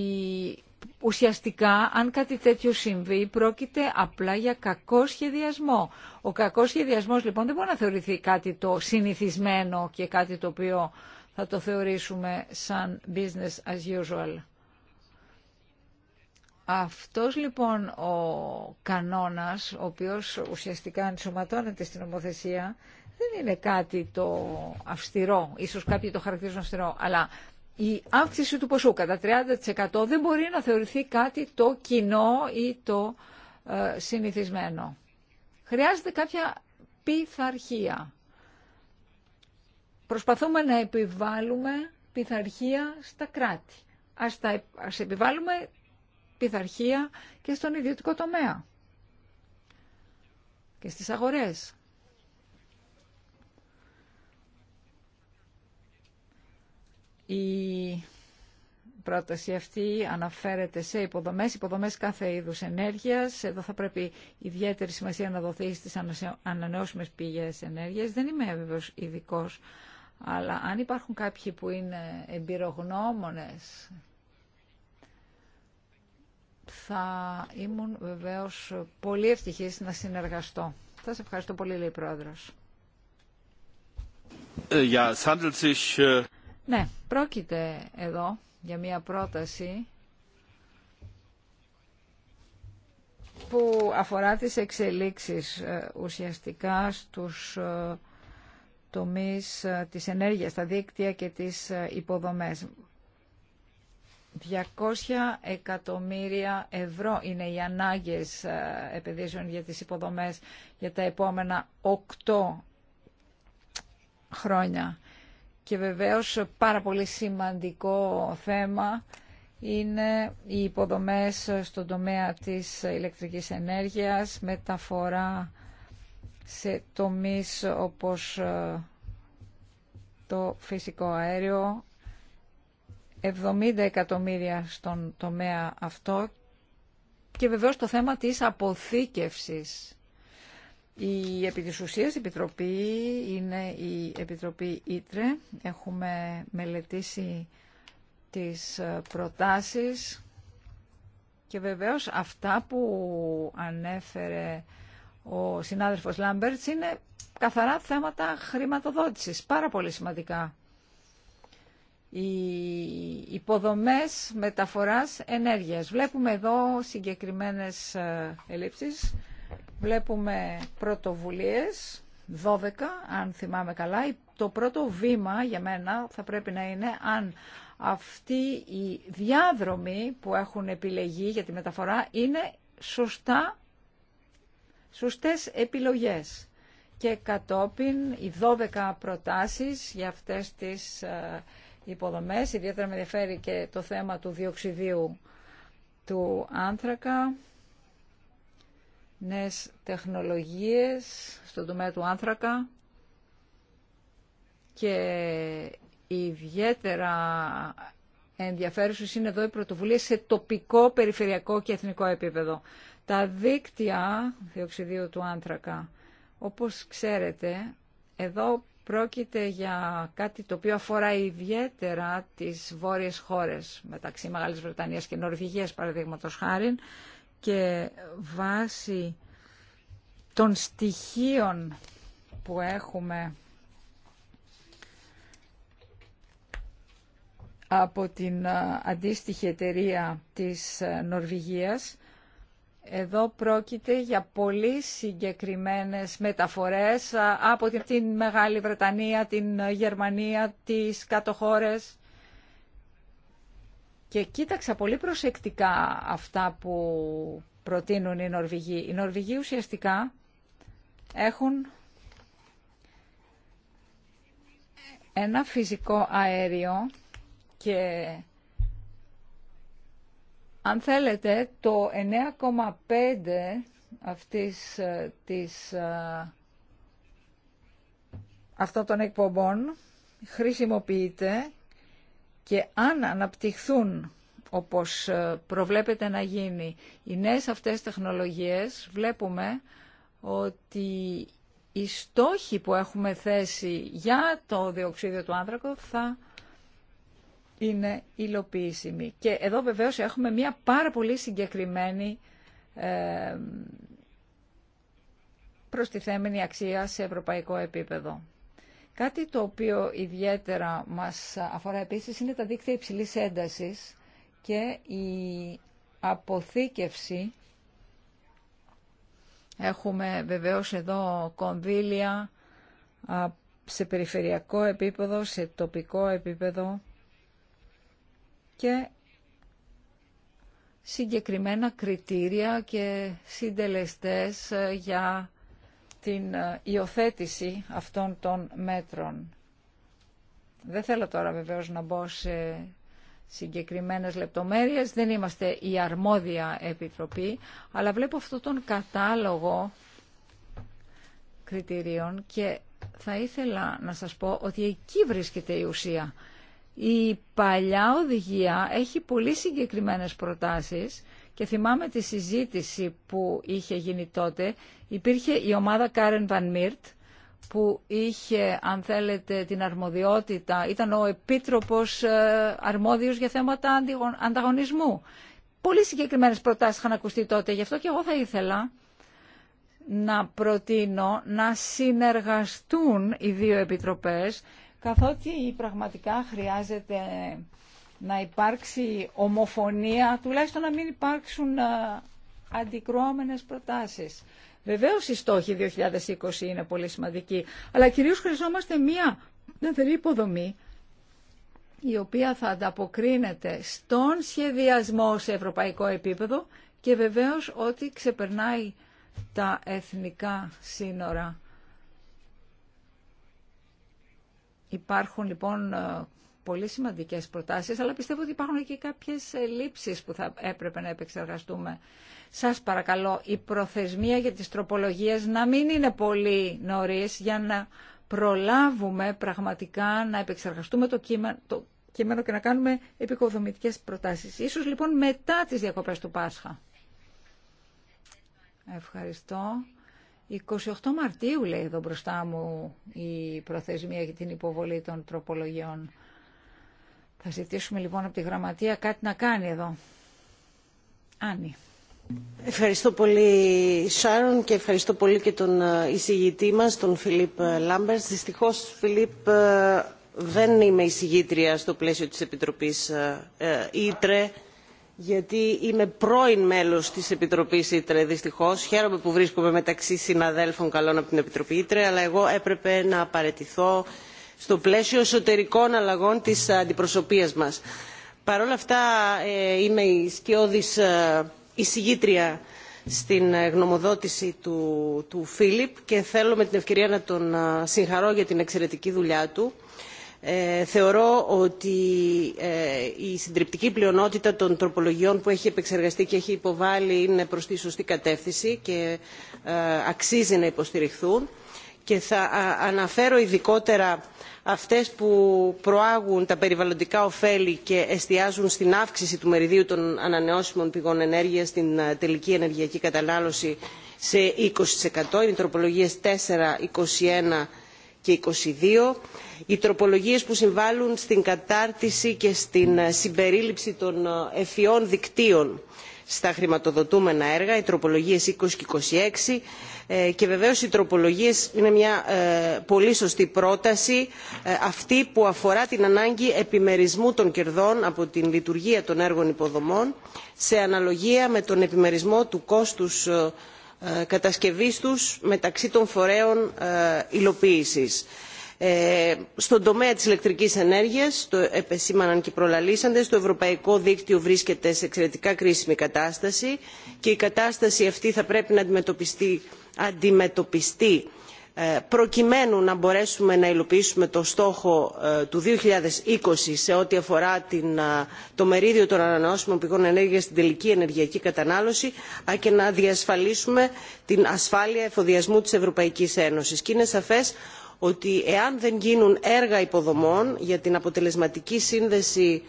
D: ουσιαστικά αν κάτι τέτοιο συμβεί πρόκειται απλά για κακό σχεδιασμό. Ο κακός σχεδιασμός λοιπόν δεν μπορεί να θεωρηθεί κάτι το συνηθισμένο και κάτι το οποίο θα το θεωρήσουμε σαν business as usual. Αυτός λοιπόν ο κανόνας, ο οποίος ουσιαστικά ενσωματώνεται στην νομοθεσία, δεν είναι κάτι το αυστηρό, ίσως κάποιοι το χαρακτηρίζουν αυστηρό, αλλά η αύξηση του ποσού κατά 30% δεν μπορεί να θεωρηθεί κάτι το κοινό ή το ε, συνηθισμένο. Χρειάζεται κάποια πειθαρχία. Προσπαθούμε να επιβάλλουμε πειθαρχία στα κράτη. Ας, ας επιβάλλουμε πειθαρχία και στον ιδιωτικό τομέα και στις αγορές. Η πρόταση αυτή αναφέρεται σε υποδομές, υποδομές κάθε είδους ενέργειας. Εδώ θα πρέπει ιδιαίτερη σημασία να δοθεί στις ανανεώσιμες πηγές ενέργειας. Δεν είμαι βέβαιος ειδικό, αλλά αν υπάρχουν κάποιοι που είναι εμπειρογνώμονες, θα ήμουν βεβαίως πολύ ευτυχής να συνεργαστώ. Θα σε ευχαριστώ πολύ, λέει η Πρόεδρος. Ε, ναι, πρόκειται εδώ για μια πρόταση που αφορά τις εξελίξεις ε, ουσιαστικά στους ε, τομείς ε, της ενέργειας, τα δίκτυα και τις υποδομές. 200 εκατομμύρια ευρώ είναι οι ανάγκες επενδύσεων για τις υποδομές για τα επόμενα 8 χρόνια. Και βεβαίως πάρα πολύ σημαντικό θέμα είναι οι υποδομές στον τομέα της ηλεκτρικής ενέργειας, μεταφορά σε τομείς όπως ε, το φυσικό αέριο, 70 εκατομμύρια στον τομέα αυτό και βεβαίως το θέμα της αποθήκευσης η επί της Επιτροπή είναι η Επιτροπή Ήτρε. Έχουμε μελετήσει τις ε, προτάσεις και βεβαίως αυτά που ανέφερε ο συνάδελφος Λάμπερτς είναι καθαρά θέματα χρηματοδότησης, πάρα πολύ σημαντικά. Οι υποδομές μεταφοράς ενέργειας. Βλέπουμε εδώ συγκεκριμένες ε, ελλείψεις. Βλέπουμε πρωτοβουλίες, 12 αν θυμάμαι καλά. Το πρώτο βήμα για μένα θα πρέπει να είναι αν αυτοί οι διάδρομοι που έχουν επιλεγεί για τη μεταφορά είναι σωστά, σωστές επιλογές. Και κατόπιν οι 12 προτάσεις για αυτές τις ε, υποδομές, ιδιαίτερα με ενδιαφέρει και το θέμα του διοξιδίου του άνθρακα νέες τεχνολογίες στον τομέα του άνθρακα και ιδιαίτερα ενδιαφέρουσες είναι εδώ οι πρωτοβουλίες σε τοπικό, περιφερειακό και εθνικό επίπεδο. Τα δίκτυα διοξιδίου του άνθρακα, όπως ξέρετε, εδώ πρόκειται για κάτι το οποίο αφορά ιδιαίτερα τις βόρειες χώρες, μεταξύ Μεγάλης Βρετανίας και Νορβηγίας, παραδείγματος χάρη, και βάσει των στοιχείων που έχουμε από την αντίστοιχη εταιρεία της Νορβηγίας. Εδώ πρόκειται για πολύ συγκεκριμένες μεταφορές από την Μεγάλη Βρετανία, την Γερμανία, τις κάτω και κοίταξα πολύ προσεκτικά αυτά που προτείνουν οι Νορβηγοί. Οι Νορβηγοί ουσιαστικά έχουν ένα φυσικό αέριο και αν θέλετε το 9,5 αυτής ε, της ε, αυτών των εκπομπών χρησιμοποιείται και αν αναπτυχθούν όπως ε, προβλέπεται να γίνει οι νέες αυτές τεχνολογίες, βλέπουμε ότι οι στόχοι που έχουμε θέσει για το διοξίδιο του άνθρακο θα είναι υλοποιήσιμοι. Και εδώ βεβαίως έχουμε μια πάρα πολύ συγκεκριμένη ε, προστιθέμενη αξία σε ευρωπαϊκό επίπεδο. Κάτι το οποίο ιδιαίτερα μας αφορά επίσης είναι τα δίκτυα υψηλής έντασης και η αποθήκευση. Έχουμε βεβαίως εδώ κονδύλια σε περιφερειακό επίπεδο, σε τοπικό επίπεδο και συγκεκριμένα κριτήρια και συντελεστές ε, για την ε, υιοθέτηση αυτών των μέτρων. Δεν θέλω τώρα βεβαίως να μπω σε συγκεκριμένες λεπτομέρειες, δεν είμαστε η αρμόδια επιτροπή, αλλά βλέπω αυτό τον κατάλογο κριτηρίων και θα ήθελα να σας πω ότι εκεί βρίσκεται η ουσία. Η παλιά οδηγία έχει πολύ συγκεκριμένες προτάσεις και θυμάμαι τη συζήτηση που είχε γίνει τότε. Υπήρχε η ομάδα Κάρεν Βαν Μίρτ που είχε, αν θέλετε, την αρμοδιότητα, ήταν ο επίτροπος ε, αρμόδιος για θέματα ανταγωνισμού. Πολύ συγκεκριμένες προτάσεις είχαν ακουστεί τότε, γι' αυτό και εγώ θα ήθελα να προτείνω να συνεργαστούν οι δύο επιτροπές, καθότι πραγματικά χρειάζεται να υπάρξει ομοφωνία, τουλάχιστον να μην υπάρξουν αντικρουόμενες προτάσεις. Βεβαίως οι στόχοι 2020 είναι πολύ σημαντικοί, αλλά κυρίως χρειαζόμαστε μία σταθερή υποδομή η οποία θα ανταποκρίνεται στον σχεδιασμό σε ευρωπαϊκό επίπεδο και βεβαίως ότι ξεπερνάει τα εθνικά σύνορα. Υπάρχουν λοιπόν πολύ σημαντικές προτάσεις, αλλά πιστεύω ότι υπάρχουν και κάποιες λήψεις που θα έπρεπε να επεξεργαστούμε. Σας παρακαλώ, η προθεσμία για τις τροπολογίες να μην είναι πολύ νωρίς για να προλάβουμε πραγματικά να επεξεργαστούμε το κείμενο, το κείμενο και να κάνουμε επικοδομητικές προτάσεις. Ίσως λοιπόν μετά τις διακοπές του Πάσχα. Ευχαριστώ. 28 Μαρτίου λέει εδώ μπροστά μου η προθεσμία για την υποβολή των τροπολογιών. Θα ζητήσουμε λοιπόν από τη Γραμματεία κάτι να κάνει εδώ. Άννη.
E: Ευχαριστώ πολύ Σάρον και ευχαριστώ πολύ και τον ε, εισηγητή μας, τον Φιλίπ ε, Λάμπερς. Δυστυχώς, Φιλίπ, ε, δεν είμαι εισηγήτρια στο πλαίσιο της Επιτροπής Ήτρε, γιατί είμαι πρώην μέλος της Επιτροπής Ήτρε, δυστυχώς. Χαίρομαι που βρίσκομαι μεταξύ συναδέλφων καλών από την Επιτροπή Ήτρε, αλλά εγώ έπρεπε να παρετηθώ στο πλαίσιο εσωτερικών αλλαγών της αντιπροσωπείας μας. Παρ' όλα αυτά ε, είμαι η σκιώδης ε, εισηγήτρια στην ε, γνωμοδότηση του, του Φίλιπ και θέλω με την ευκαιρία να τον συγχαρώ για την εξαιρετική δουλειά του. θεωρώ ότι η συντριπτική πλειονότητα των τροπολογιών που έχει επεξεργαστεί και έχει υποβάλει είναι προς τη σωστή κατεύθυνση και αξίζει να υποστηριχθούν και θα αναφέρω ειδικότερα αυτές που προάγουν τα περιβαλλοντικά ωφέλη και εστιάζουν στην αύξηση του μεριδίου των ανανεώσιμων πηγών ενέργειας στην τελική ενεργειακή κατανάλωση σε 20%. Είναι οι τροπολογίες 4, 21 και 22. Οι τροπολογίες που συμβάλλουν στην κατάρτιση και στην συμπερίληψη των εφιών δικτύων στα χρηματοδοτούμενα έργα οι τροπολογίες 20 και 26 ε, και βεβαίως οι τροπολογίες είναι μια ε, πολύ σωστή πρόταση ε, αυτή που αφορά την ανάγκη επιμερισμού των κερδών από την λειτουργία των έργων υποδομών σε αναλογία με τον επιμερισμό του κόστους κατασκευής τους μεταξύ των φορέων υλοποίησης. Ε, στον τομέα της ηλεκτρικής ενέργειας το επεσήμαναν και οι προλαλήσαντες το ευρωπαϊκό δίκτυο βρίσκεται σε εξαιρετικά κρίσιμη κατάσταση και η κατάσταση αυτή θα πρέπει να αντιμετωπιστεί, ε, προκειμένου να μπορέσουμε να υλοποιήσουμε το στόχο ε, του 2020 σε ό,τι αφορά το μερίδιο των ανανεώσιμων πηγών ενέργειας στην τελική ενεργειακή κατανάλωση αλλά και να διασφαλίσουμε την ασφάλεια εφοδιασμού της Ευρωπαϊκής Ένωσης. Και είναι σαφές ότι εάν δεν γίνουν έργα υποδομών για την αποτελεσματική σύνδεση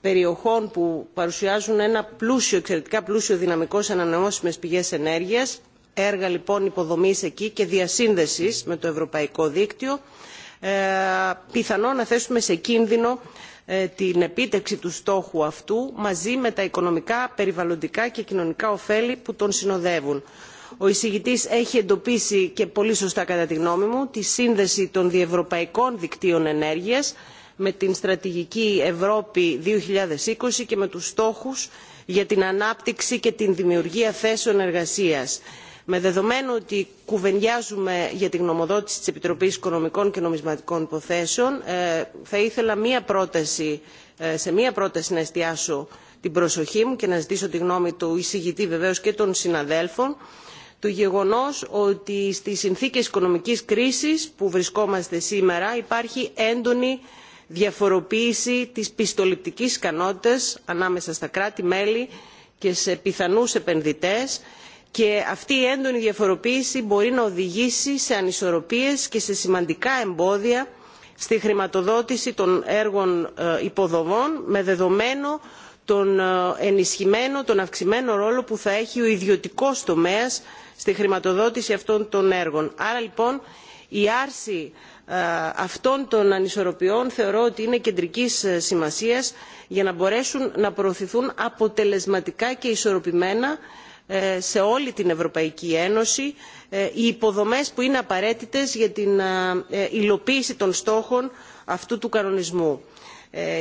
E: περιοχών που παρουσιάζουν ένα πλούσιο, εξαιρετικά πλούσιο δυναμικό σε ανανεώσιμες πηγές ενέργειας, έργα λοιπόν υποδομής εκεί και διασύνδεσης με το ευρωπαϊκό δίκτυο, ε, πιθανό να θέσουμε σε κίνδυνο ε, την επίτευξη του στόχου αυτού μαζί με τα οικονομικά περιβαλλοντικά και κοινωνικά ωφέλη που τον συνοδεύουν ο εισηγητής έχει εντοπίσει και πολύ σωστά κατά τη γνώμη μου τη σύνδεση των διευρωπαϊκών δικτύων ενέργειας με την στρατηγική ευρώπη 2020 και με τους στόχους για την ανάπτυξη και την δημιουργία θέσεων εργασίας. με δεδομένο ότι κουβεντιάζουμε για την γνωμοδότηση της επιτροπής οικονομικών και νομισματικών υποθέσεων ε, θα ήθελα ε, σε μία πρόταση να εστιάσω την προσοχή μου και να ζητήσω τη γνώμη του εισηγητή βεβαίως και των συναδέλφων το γεγονός ότι στις συνθήκες οικονομικής κρίσης που βρισκόμαστε σήμερα υπάρχει έντονη διαφοροποίηση της πιστοληπτικής ικανότητας ανάμεσα στα κράτη μέλη και σε πιθανούς επενδυτές και αυτή η έντονη διαφοροποίηση μπορεί να οδηγήσει σε ανισορροπίες και σε σημαντικά εμπόδια στη χρηματοδότηση των έργων ε, υποδομών με δεδομένο τον ε, ενισχυμένο τον αυξημένο ρόλο που θα έχει ο ιδιωτικός τομέας στη χρηματοδότηση αυτών των έργων. άρα λοιπόν η άρση ε, αυτών των ανισορροπιών θεωρώ ότι είναι κεντρικής ε, σημασίας για να μπορέσουν να προωθηθούν αποτελεσματικά και ισορροπημένα ε, σε όλη την ευρωπαϊκή ένωση οι υποδομές που είναι απαραίτητες για την υλοποίηση των στόχων αυτού του κανονισμού.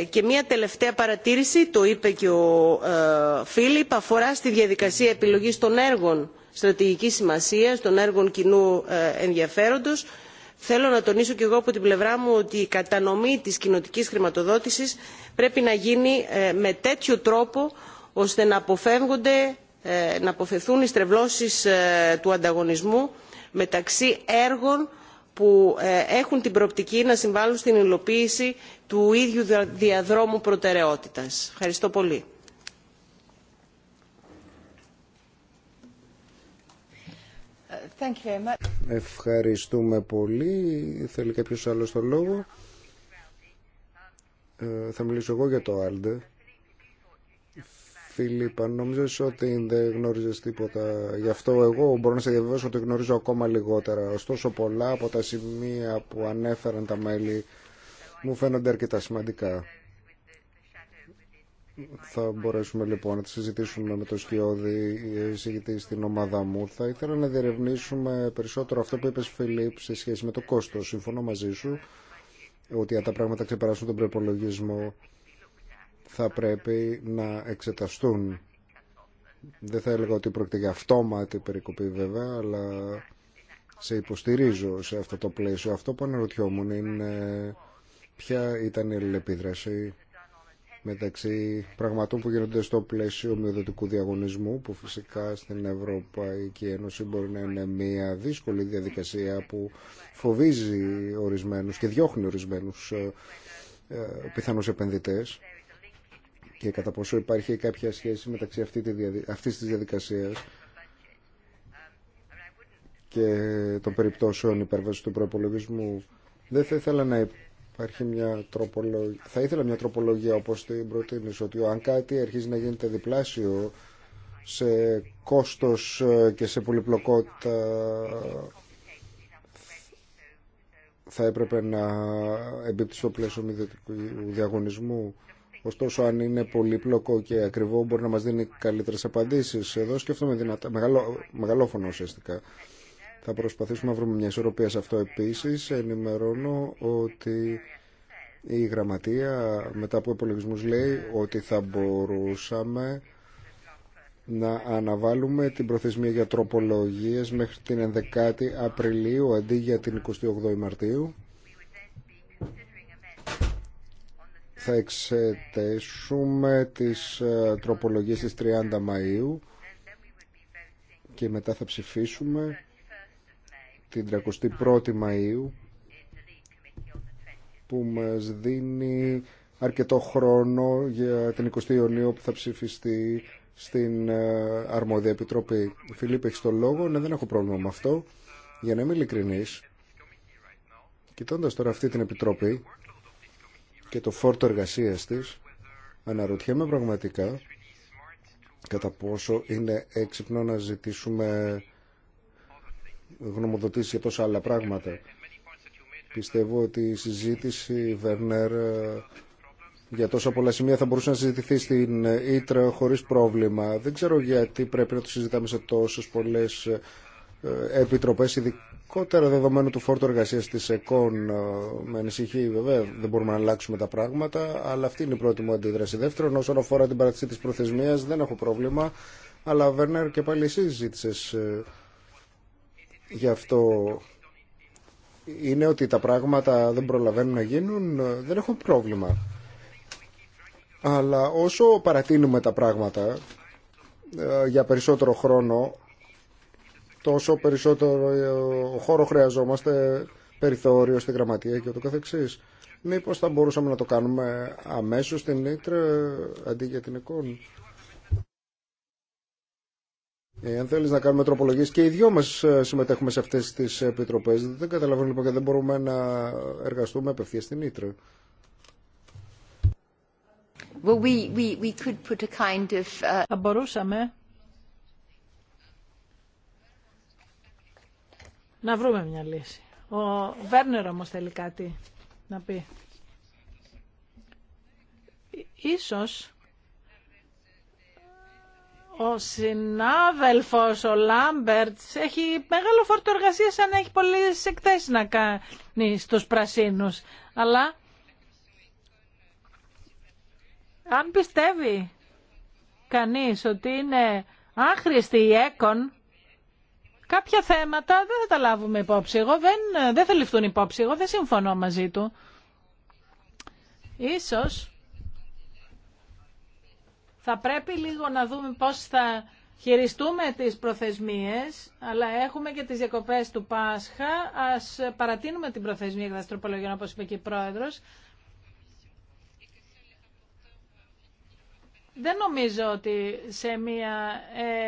E: Και μια τελευταία παρατήρηση, το είπε και ο Φίλιπ, αφορά στη διαδικασία επιλογής των έργων στρατηγικής σημασίας των έργων κοινού ε, ενδιαφέροντος θέλω να τονίσω και εγώ από την πλευρά μου ότι η κατανομή της κοινοτική χρηματοδότησης πρέπει να γίνει ε, με τέτοιο τρόπο ώστε να αποφεύγονται ε, να αποφευθούν οι στρεβλώσεις του ανταγωνισμού μεταξύ έργων που έχουν την προοπτική να συμβάλλουν στην υλοποίηση του ίδιου διαδρόμου προτεραιότητας. Ευχαριστώ πολύ.
C: Ευχαριστούμε πολύ. Θέλει κάποιο άλλο το λόγο. Ε, θα μιλήσω εγώ για το Άλντε. Φίλιππα, νόμιζε ότι δεν γνώριζε τίποτα. Γι' αυτό εγώ μπορώ να σε διαβεβαιώσω ότι γνωρίζω ακόμα λιγότερα. Ωστόσο, πολλά από τα σημεία που ανέφεραν τα μέλη μου φαίνονται αρκετά σημαντικά. Θα μπορέσουμε λοιπόν να τη συζητήσουμε με το Σκιώδη εισηγητή στην ομάδα μου. Θα ήθελα να διερευνήσουμε περισσότερο αυτό που είπες Φιλίπ σε σχέση με το κόστος. Συμφωνώ μαζί σου ότι αν τα πράγματα ξεπεράσουν τον προπολογισμό θα πρέπει να εξεταστούν. Δεν θα έλεγα ότι πρόκειται για αυτόματη περικοπή βέβαια, αλλά σε υποστηρίζω σε αυτό το πλαίσιο. Αυτό που αναρωτιόμουν είναι ποια ήταν η αλληλεπίδραση μεταξύ πραγματών που γίνονται στο πλαίσιο μειοδοτικού διαγωνισμού που φυσικά στην Ευρωπαϊκή Ένωση μπορεί να είναι μια δύσκολη διαδικασία που φοβίζει ορισμένους και διώχνει ορισμένους ε, ε, πιθανούς επενδυτές και κατά πόσο υπάρχει κάποια σχέση μεταξύ αυτής της διαδικασίας και των περιπτώσεων υπέρβασης του προπολογισμού. Δεν θα ήθελα να Υπάρχει μια τροπολογία. Θα ήθελα μια τροπολογία όπως την προτείνεις ότι αν κάτι αρχίζει να γίνεται διπλάσιο σε κόστος ε, και σε πολυπλοκότητα θα έπρεπε να εμπίπτει στο πλαίσιο μηδιωτικού διαγωνισμού. Ωστόσο, αν είναι πολύπλοκο και ακριβό, μπορεί να μας δίνει καλύτερες απαντήσεις. Εδώ σκέφτομαι δυνατά, μεγαλό, μεγαλόφωνο ουσιαστικά. Θα προσπαθήσουμε να βρούμε μια ισορροπία σε αυτό επίσης. Ενημερώνω ότι η γραμματεία μετά από υπολογισμούς λέει ότι θα μπορούσαμε να αναβάλουμε την προθεσμία για τροπολογίες μέχρι την 11η Απριλίου αντί για την 28η Μαρτίου. Θα εξετέσουμε τις ε, τροπολογίες της 30 Μαΐου και μετά θα ψηφίσουμε την 31η Μαΐου που μας δίνει αρκετό χρόνο για την 20η Ιουνίου που θα ψηφιστεί στην ε, αρμόδια επιτροπή. Φιλίπ, έχει το λόγο. Ναι, δεν έχω πρόβλημα με αυτό. Για να είμαι ειλικρινή, κοιτώντα τώρα αυτή την επιτροπή και το φόρτο εργασία τη, αναρωτιέμαι πραγματικά κατά πόσο είναι έξυπνο να ζητήσουμε γνωμοδοτήσει για τόσα άλλα πράγματα. Πιστεύω ότι η συζήτηση, Βέρνερ, για τόσα πολλά σημεία θα μπορούσε να συζητηθεί στην Ήτρα χωρίς πρόβλημα. Δεν ξέρω γιατί πρέπει να το συζητάμε σε τόσες πολλές ε, επιτροπές, ειδικότερα δεδομένου του φόρτου εργασία της ΕΚΟΝ. Ε, με ανησυχεί βέβαια, δεν μπορούμε να αλλάξουμε τα πράγματα, αλλά αυτή είναι η πρώτη μου αντίδραση. Δεύτερον, όσον αφορά την παρατηρήση τη προθεσμία, δεν έχω πρόβλημα, αλλά Βέρνερ και πάλι εσύ ζήτησες ε, γι' αυτό είναι ότι τα πράγματα δεν προλαβαίνουν να γίνουν, δεν έχω πρόβλημα. Αλλά όσο παρατείνουμε τα πράγματα ε, για περισσότερο χρόνο, τόσο περισσότερο ε, χώρο χρειαζόμαστε, περιθώριο στη γραμματεία και ούτω καθεξής. Μήπως θα μπορούσαμε να το κάνουμε αμέσως στην Ήτρε αντί για την εικόνα. Ε, αν θέλει να κάνουμε τροπολογίε και οι δυο μα ε, συμμετέχουμε σε αυτέ τι επιτροπέ. Δεν καταλαβαίνω λοιπόν γιατί δεν μπορούμε να εργαστούμε απευθεία στην Ήτρε.
A: Well, we, we, we could put a kind
D: of... Uh, Θα μπορούσαμε
B: να βρούμε μια λύση. Ο Βέρνερ όμως θέλει κάτι να πει. Ίσως ο συνάδελφο, ο Λάμπερτ, έχει μεγάλο φόρτο εργασία σαν έχει πολλέ εκθέσει να κάνει στους πρασίνους. Αλλά αν πιστεύει κανείς ότι είναι άχρηστη η έκον, κάποια θέματα δεν θα τα λάβουμε υπόψη. Εγώ δεν, δεν θα ληφθούν υπόψη. Εγώ δεν συμφωνώ μαζί του. Ίσως θα πρέπει λίγο να δούμε πώς θα χειριστούμε τις προθεσμίες, αλλά έχουμε και τις διακοπές του Πάσχα. Ας παρατείνουμε την προθεσμία για όπω όπως είπε και η Πρόεδρος. Δεν νομίζω ότι σε μια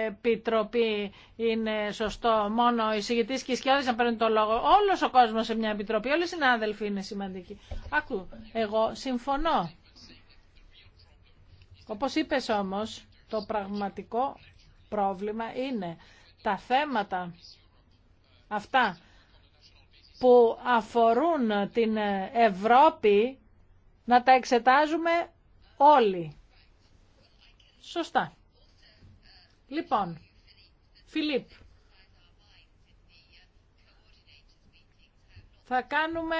B: επιτροπή είναι σωστό μόνο οι συγητής και οι σκιώδες να παίρνουν το λόγο. Όλος ο κόσμος σε μια επιτροπή, όλοι οι συνάδελφοι είναι σημαντικοί. Άκου, εγώ συμφωνώ όπως είπες όμως, το πραγματικό πρόβλημα είναι τα θέματα αυτά που αφορούν την Ευρώπη να τα εξετάζουμε όλοι. Σωστά. Λοιπόν, Φιλίπ, θα κάνουμε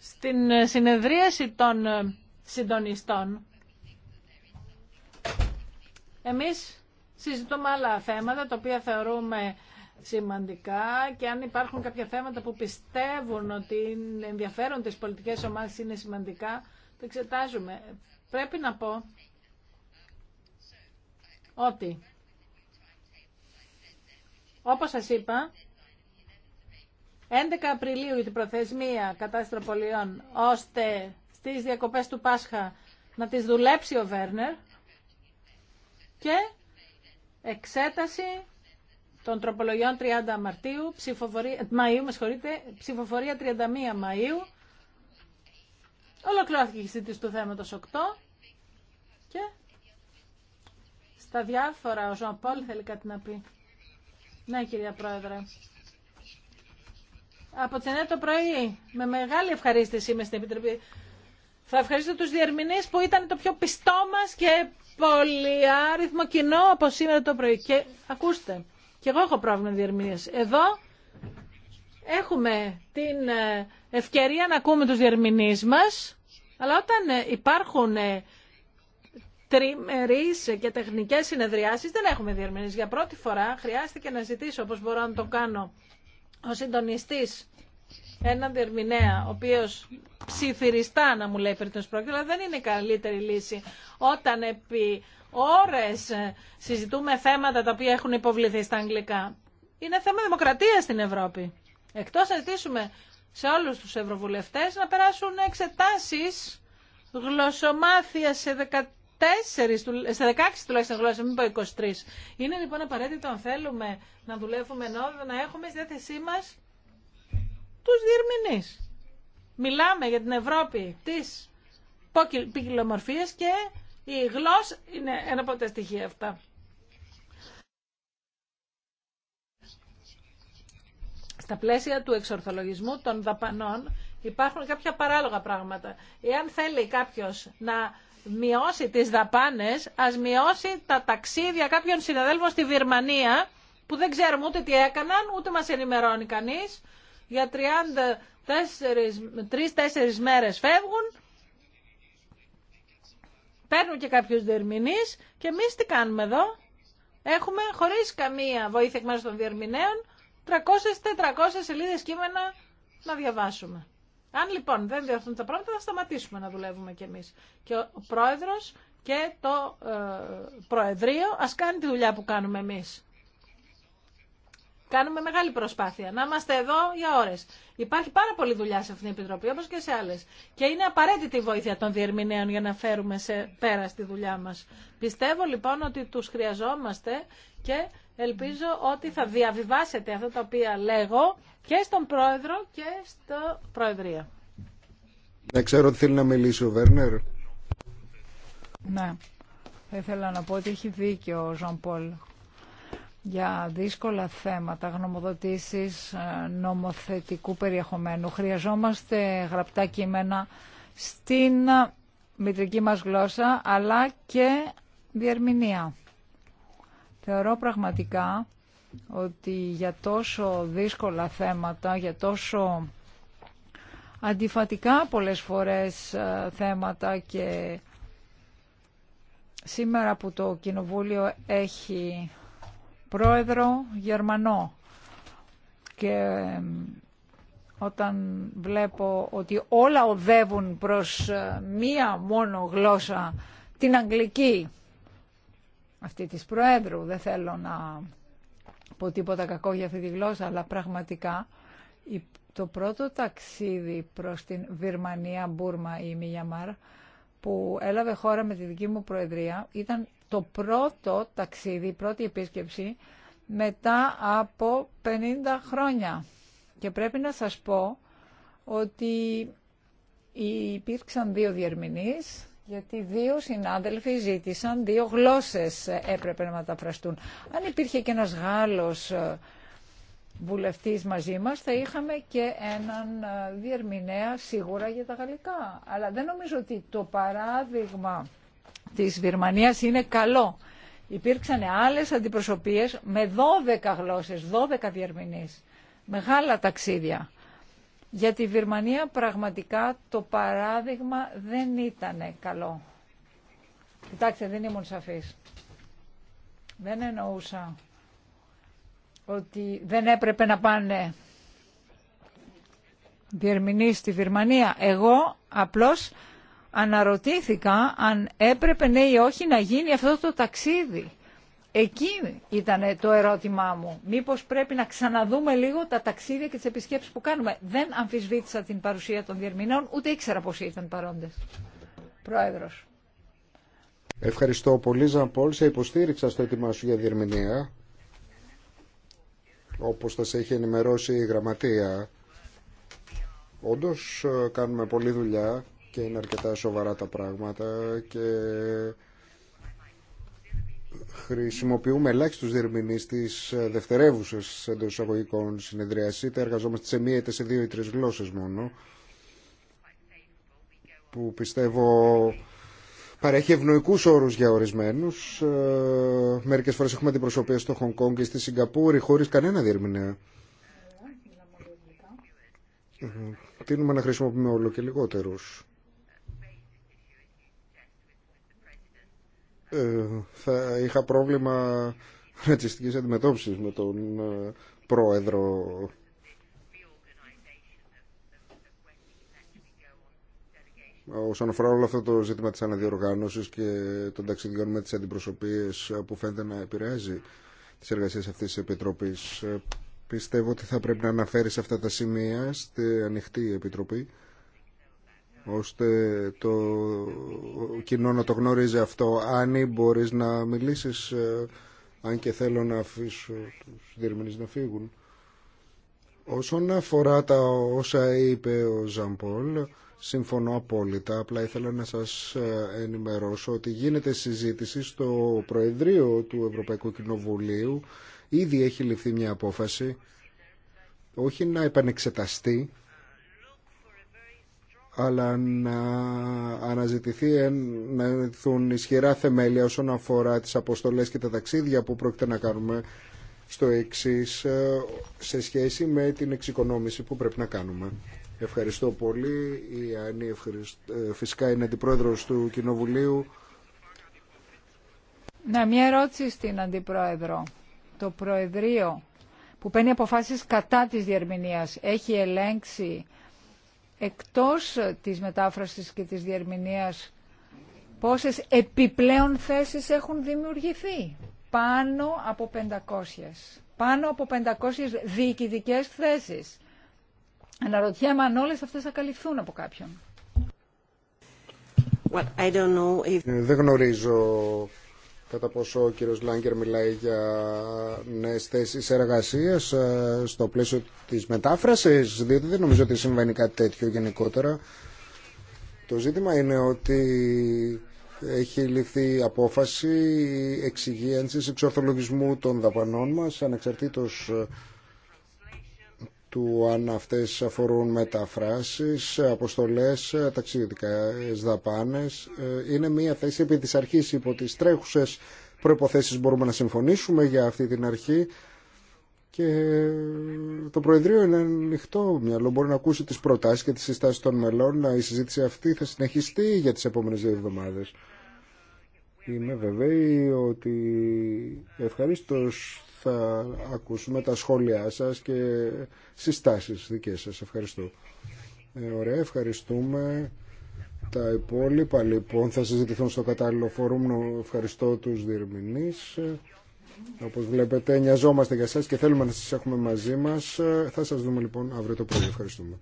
B: στην συνεδρίαση των συντονιστών. Εμείς συζητούμε άλλα θέματα τα οποία θεωρούμε σημαντικά και αν υπάρχουν κάποια θέματα που πιστεύουν ότι ενδιαφέρον τις πολιτικές ομάδες είναι σημαντικά, τα εξετάζουμε. Πρέπει να πω ότι, όπως σας είπα, 11 Απριλίου η προθεσμία κατάστροπολιών, ώστε τις διακοπές του Πάσχα να τις δουλέψει ο Βέρνερ και εξέταση των τροπολογιών 30 Μαρτίου, ψηφοφορία, Μαΐου, ψηφοφορία 31 Μαΐου. Ολοκληρώθηκε η συζήτηση του θέματος 8 και στα διάφορα ο Ζωαπόλ θέλει κάτι να πει. Ναι, κυρία Πρόεδρε. Από τις 9 το πρωί, με μεγάλη ευχαρίστηση είμαι στην Επιτροπή θα ευχαριστώ τους διερμηνείς που ήταν το πιο πιστό μας και πολύ άριθμο κοινό από σήμερα το πρωί. Και ακούστε, και εγώ έχω πρόβλημα διερμηνείς. Εδώ έχουμε την ε, ευκαιρία να ακούμε τους διερμηνείς μας, αλλά όταν ε, υπάρχουν ε, τριμερείς και τεχνικές συνεδριάσεις δεν έχουμε διερμηνείς. Για πρώτη φορά χρειάστηκε να ζητήσω, όπως μπορώ να το κάνω, ο συντονιστής έναν διερμηνέα, ο οποίο ψιθυριστά να μου λέει πριν τον αλλά δεν είναι η καλύτερη λύση. Όταν επί ώρες συζητούμε θέματα τα οποία έχουν υποβληθεί στα αγγλικά. Είναι θέμα δημοκρατία στην Ευρώπη. Εκτό να ζητήσουμε σε όλου του ευρωβουλευτέ να περάσουν εξετάσει γλωσσομάθεια σε 14 σε 16 τουλάχιστον γλώσσα, μην πω 23. Είναι λοιπόν απαραίτητο αν θέλουμε να δουλεύουμε ενώ να έχουμε στη διάθεσή μας τους διερμηνείς. Μιλάμε για την Ευρώπη της ποικιλομορφίας και η γλώσσα είναι ένα από τα στοιχεία αυτά. Στα πλαίσια του εξορθολογισμού των δαπανών υπάρχουν κάποια παράλογα πράγματα. Εάν θέλει κάποιος να μειώσει τις δαπάνες, ας μειώσει τα ταξίδια κάποιων συναδέλφων στη Βυρμανία, που δεν ξέρουμε ούτε τι έκαναν, ούτε μας ενημερώνει κανείς, για 3-4 μέρες φεύγουν, παίρνουν και κάποιους διερμηνείς και εμεί τι κάνουμε εδώ. Έχουμε χωρίς καμία βοήθεια εκ μέρους των διερμηνέων 300-400 σελίδες κείμενα να διαβάσουμε. Αν λοιπόν δεν διορθούν τα πράγματα θα σταματήσουμε να δουλεύουμε κι εμείς. Και ο πρόεδρος και το ε, Προεδρείο ας κάνει τη δουλειά που κάνουμε εμείς. Κάνουμε μεγάλη προσπάθεια να είμαστε εδώ για ώρε. Υπάρχει πάρα πολλή δουλειά σε αυτήν την Επιτροπή, όπω και σε άλλε. Και είναι απαραίτητη η βοήθεια των διερμηνέων για να φέρουμε σε πέρα στη δουλειά μα. Πιστεύω λοιπόν ότι του χρειαζόμαστε και ελπίζω ότι θα διαβιβάσετε αυτά τα οποία λέγω και στον Πρόεδρο και στο
D: Προεδρία. Ναι,
C: Δεν ξέρω ότι θέλει να μιλήσει ο Βέρνερ.
D: Ναι, θα ήθελα να πω ότι έχει δίκιο ο Ζαν Πολ για δύσκολα θέματα, γνωμοδοτήσεις ε, νομοθετικού περιεχομένου. Χρειαζόμαστε γραπτά κείμενα στην ε, μητρική μας γλώσσα, αλλά και διερμηνία. Θεωρώ πραγματικά ότι για τόσο δύσκολα θέματα, για τόσο αντιφατικά πολλές φορές ε, θέματα και σήμερα που το Κοινοβούλιο έχει πρόεδρο Γερμανό και όταν βλέπω ότι όλα οδεύουν προς ε, μία μόνο γλώσσα, την αγγλική, αυτή της Προέδρου, δεν θέλω να πω τίποτα κακό για αυτή τη γλώσσα, αλλά πραγματικά το πρώτο ταξίδι προς την Βυρμανία, Μπούρμα ή Μιαμάρ, που έλαβε χώρα με τη δική μου Προεδρία, ήταν το πρώτο ταξίδι, η πρώτη επίσκεψη μετά από 50 χρόνια. Και πρέπει να σας πω ότι υπήρξαν δύο διερμηνείς, γιατί δύο συνάδελφοι ζήτησαν, δύο γλώσσες έπρεπε να μεταφραστούν. Αν υπήρχε και ένας Γάλλος ε, βουλευτής μαζί μας, θα είχαμε και έναν ε, διερμηνέα σίγουρα για τα γαλλικά. Αλλά δεν νομίζω ότι το παράδειγμα της Βυρμανίας είναι καλό. Υπήρξαν άλλες αντιπροσωπείες με 12 γλώσσες, 12 διερμηνείς, μεγάλα ταξίδια. Για τη Βυρμανία πραγματικά το παράδειγμα δεν ήταν καλό. Κοιτάξτε, δεν ήμουν σαφής. Δεν εννοούσα ότι δεν έπρεπε να πάνε διερμηνείς στη Βυρμανία. Εγώ απλώς αναρωτήθηκα αν έπρεπε ναι ή όχι να γίνει αυτό το ταξίδι. Εκεί ήταν το ερώτημά μου. Μήπως πρέπει να ξαναδούμε λίγο τα ταξίδια και τις επισκέψεις που κάνουμε. Δεν αμφισβήτησα την παρουσία των διερμηνών, ούτε ήξερα πώς ήταν παρόντες. Πρόεδρος.
C: Ευχαριστώ πολύ, Ζαν Πολ. Σε υποστήριξα στο έτοιμά σου για διερμηνία, όπως θα σε έχει ενημερώσει η γραμματεία. Όντως ε, κάνουμε πολλή δουλειά και είναι αρκετά σοβαρά τα πράγματα και χρησιμοποιούμε ελάχιστου διερμηνεί τη δευτερεύουσε εντό εισαγωγικών συνεδρία εργαζόμαστε σε μία είτε σε δύο ή τρει γλώσσε μόνο. Που πιστεύω παρέχει ευνοϊκού όρου για ορισμένου. Ε, Μερικέ φορέ έχουμε αντιπροσωπεία στο Χονγκ Κόνγκ και στη Σιγκαπούρη χωρί κανένα διερμηνέα. Τίνουμε να χρησιμοποιούμε όλο και λιγότερους. Ε, θα είχα πρόβλημα ρατσιστική αντιμετώπιση με τον ε, πρόεδρο όσον αφορά όλο αυτό το ζήτημα της αναδιοργάνωσης και των ταξιδιών με τις αντιπροσωπείες ε, που φαίνεται να επηρεάζει τις εργασίες αυτής της Επιτροπής. Πιστεύω ότι θα πρέπει να αναφέρει σε αυτά τα σημεία στη ανοιχτή Επιτροπή ώστε το κοινό να το γνωρίζει αυτό. Άνι, μπορείς να μιλήσεις, ε, αν και θέλω να αφήσω τους διερμηνείς να φύγουν. Όσον αφορά τα όσα είπε ο Ζαμπόλ, συμφωνώ απόλυτα. Απλά ήθελα να σας ε, ενημερώσω ότι γίνεται συζήτηση στο Προεδρείο του Ευρωπαϊκού Κοινοβουλίου. Ήδη έχει ληφθεί μια απόφαση, όχι να επανεξεταστεί, αλλά να αναζητηθεί να αναζητηθούν ισχυρά θεμέλια όσον αφορά τις αποστολές και τα ταξίδια που πρόκειται να κάνουμε στο εξή ε, σε σχέση με την εξοικονόμηση που πρέπει να κάνουμε. Ευχαριστώ πολύ. Η Άννη ε, φυσικά είναι αντιπρόεδρος του Κοινοβουλίου.
D: Να, μια ερώτηση στην Αντιπρόεδρο. Το Προεδρείο που παίρνει αποφάσεις κατά της διερμηνίας έχει ελέγξει εκτός της μετάφρασης και της διερμηνίας πόσες επιπλέον θέσεις έχουν δημιουργηθεί. Πάνω από 500. Πάνω από 500 διοικητικές θέσεις. Αναρωτιέμαι αν όλες αυτές θα καλυφθούν από κάποιον.
E: Ε,
C: δεν γνωρίζω κατά πόσο ο κύριος Λάγκερ μιλάει για νέες θέσεις εργασίας ε, στο πλαίσιο της μετάφρασης, διότι δεν νομίζω ότι συμβαίνει κάτι τέτοιο γενικότερα. Το ζήτημα είναι ότι έχει ληφθεί απόφαση εξυγίανσης εξορθολογισμού των δαπανών μας, ανεξαρτήτως ε, του αν αυτές αφορούν μεταφράσεις, αποστολές, ταξιδιωτικές δαπάνες. Ε, είναι μια θέση επί της αρχής υπό τις τρέχουσες προϋποθέσεις μπορούμε να συμφωνήσουμε για αυτή την αρχή και το Προεδρείο είναι ανοιχτό μυαλό, μπορεί να ακούσει τις προτάσεις και τις συστάσεις των μελών. Η συζήτηση αυτή θα συνεχιστεί για τις επόμενες δύο εβδομάδες. Είμαι βέβαιη ότι ευχαρίστως θα ακούσουμε τα σχόλιά σας και συστάσεις δικές σας. Ευχαριστώ. Ε, ωραία, ευχαριστούμε. Τα υπόλοιπα λοιπόν θα συζητηθούν στο κατάλληλο φόρουμ. Ευχαριστώ τους διερμηνείς. Όπως βλέπετε, νοιαζόμαστε για σας και θέλουμε να σας έχουμε μαζί μας. Ε, θα σας δούμε λοιπόν αύριο το πρωί. Ευχαριστούμε.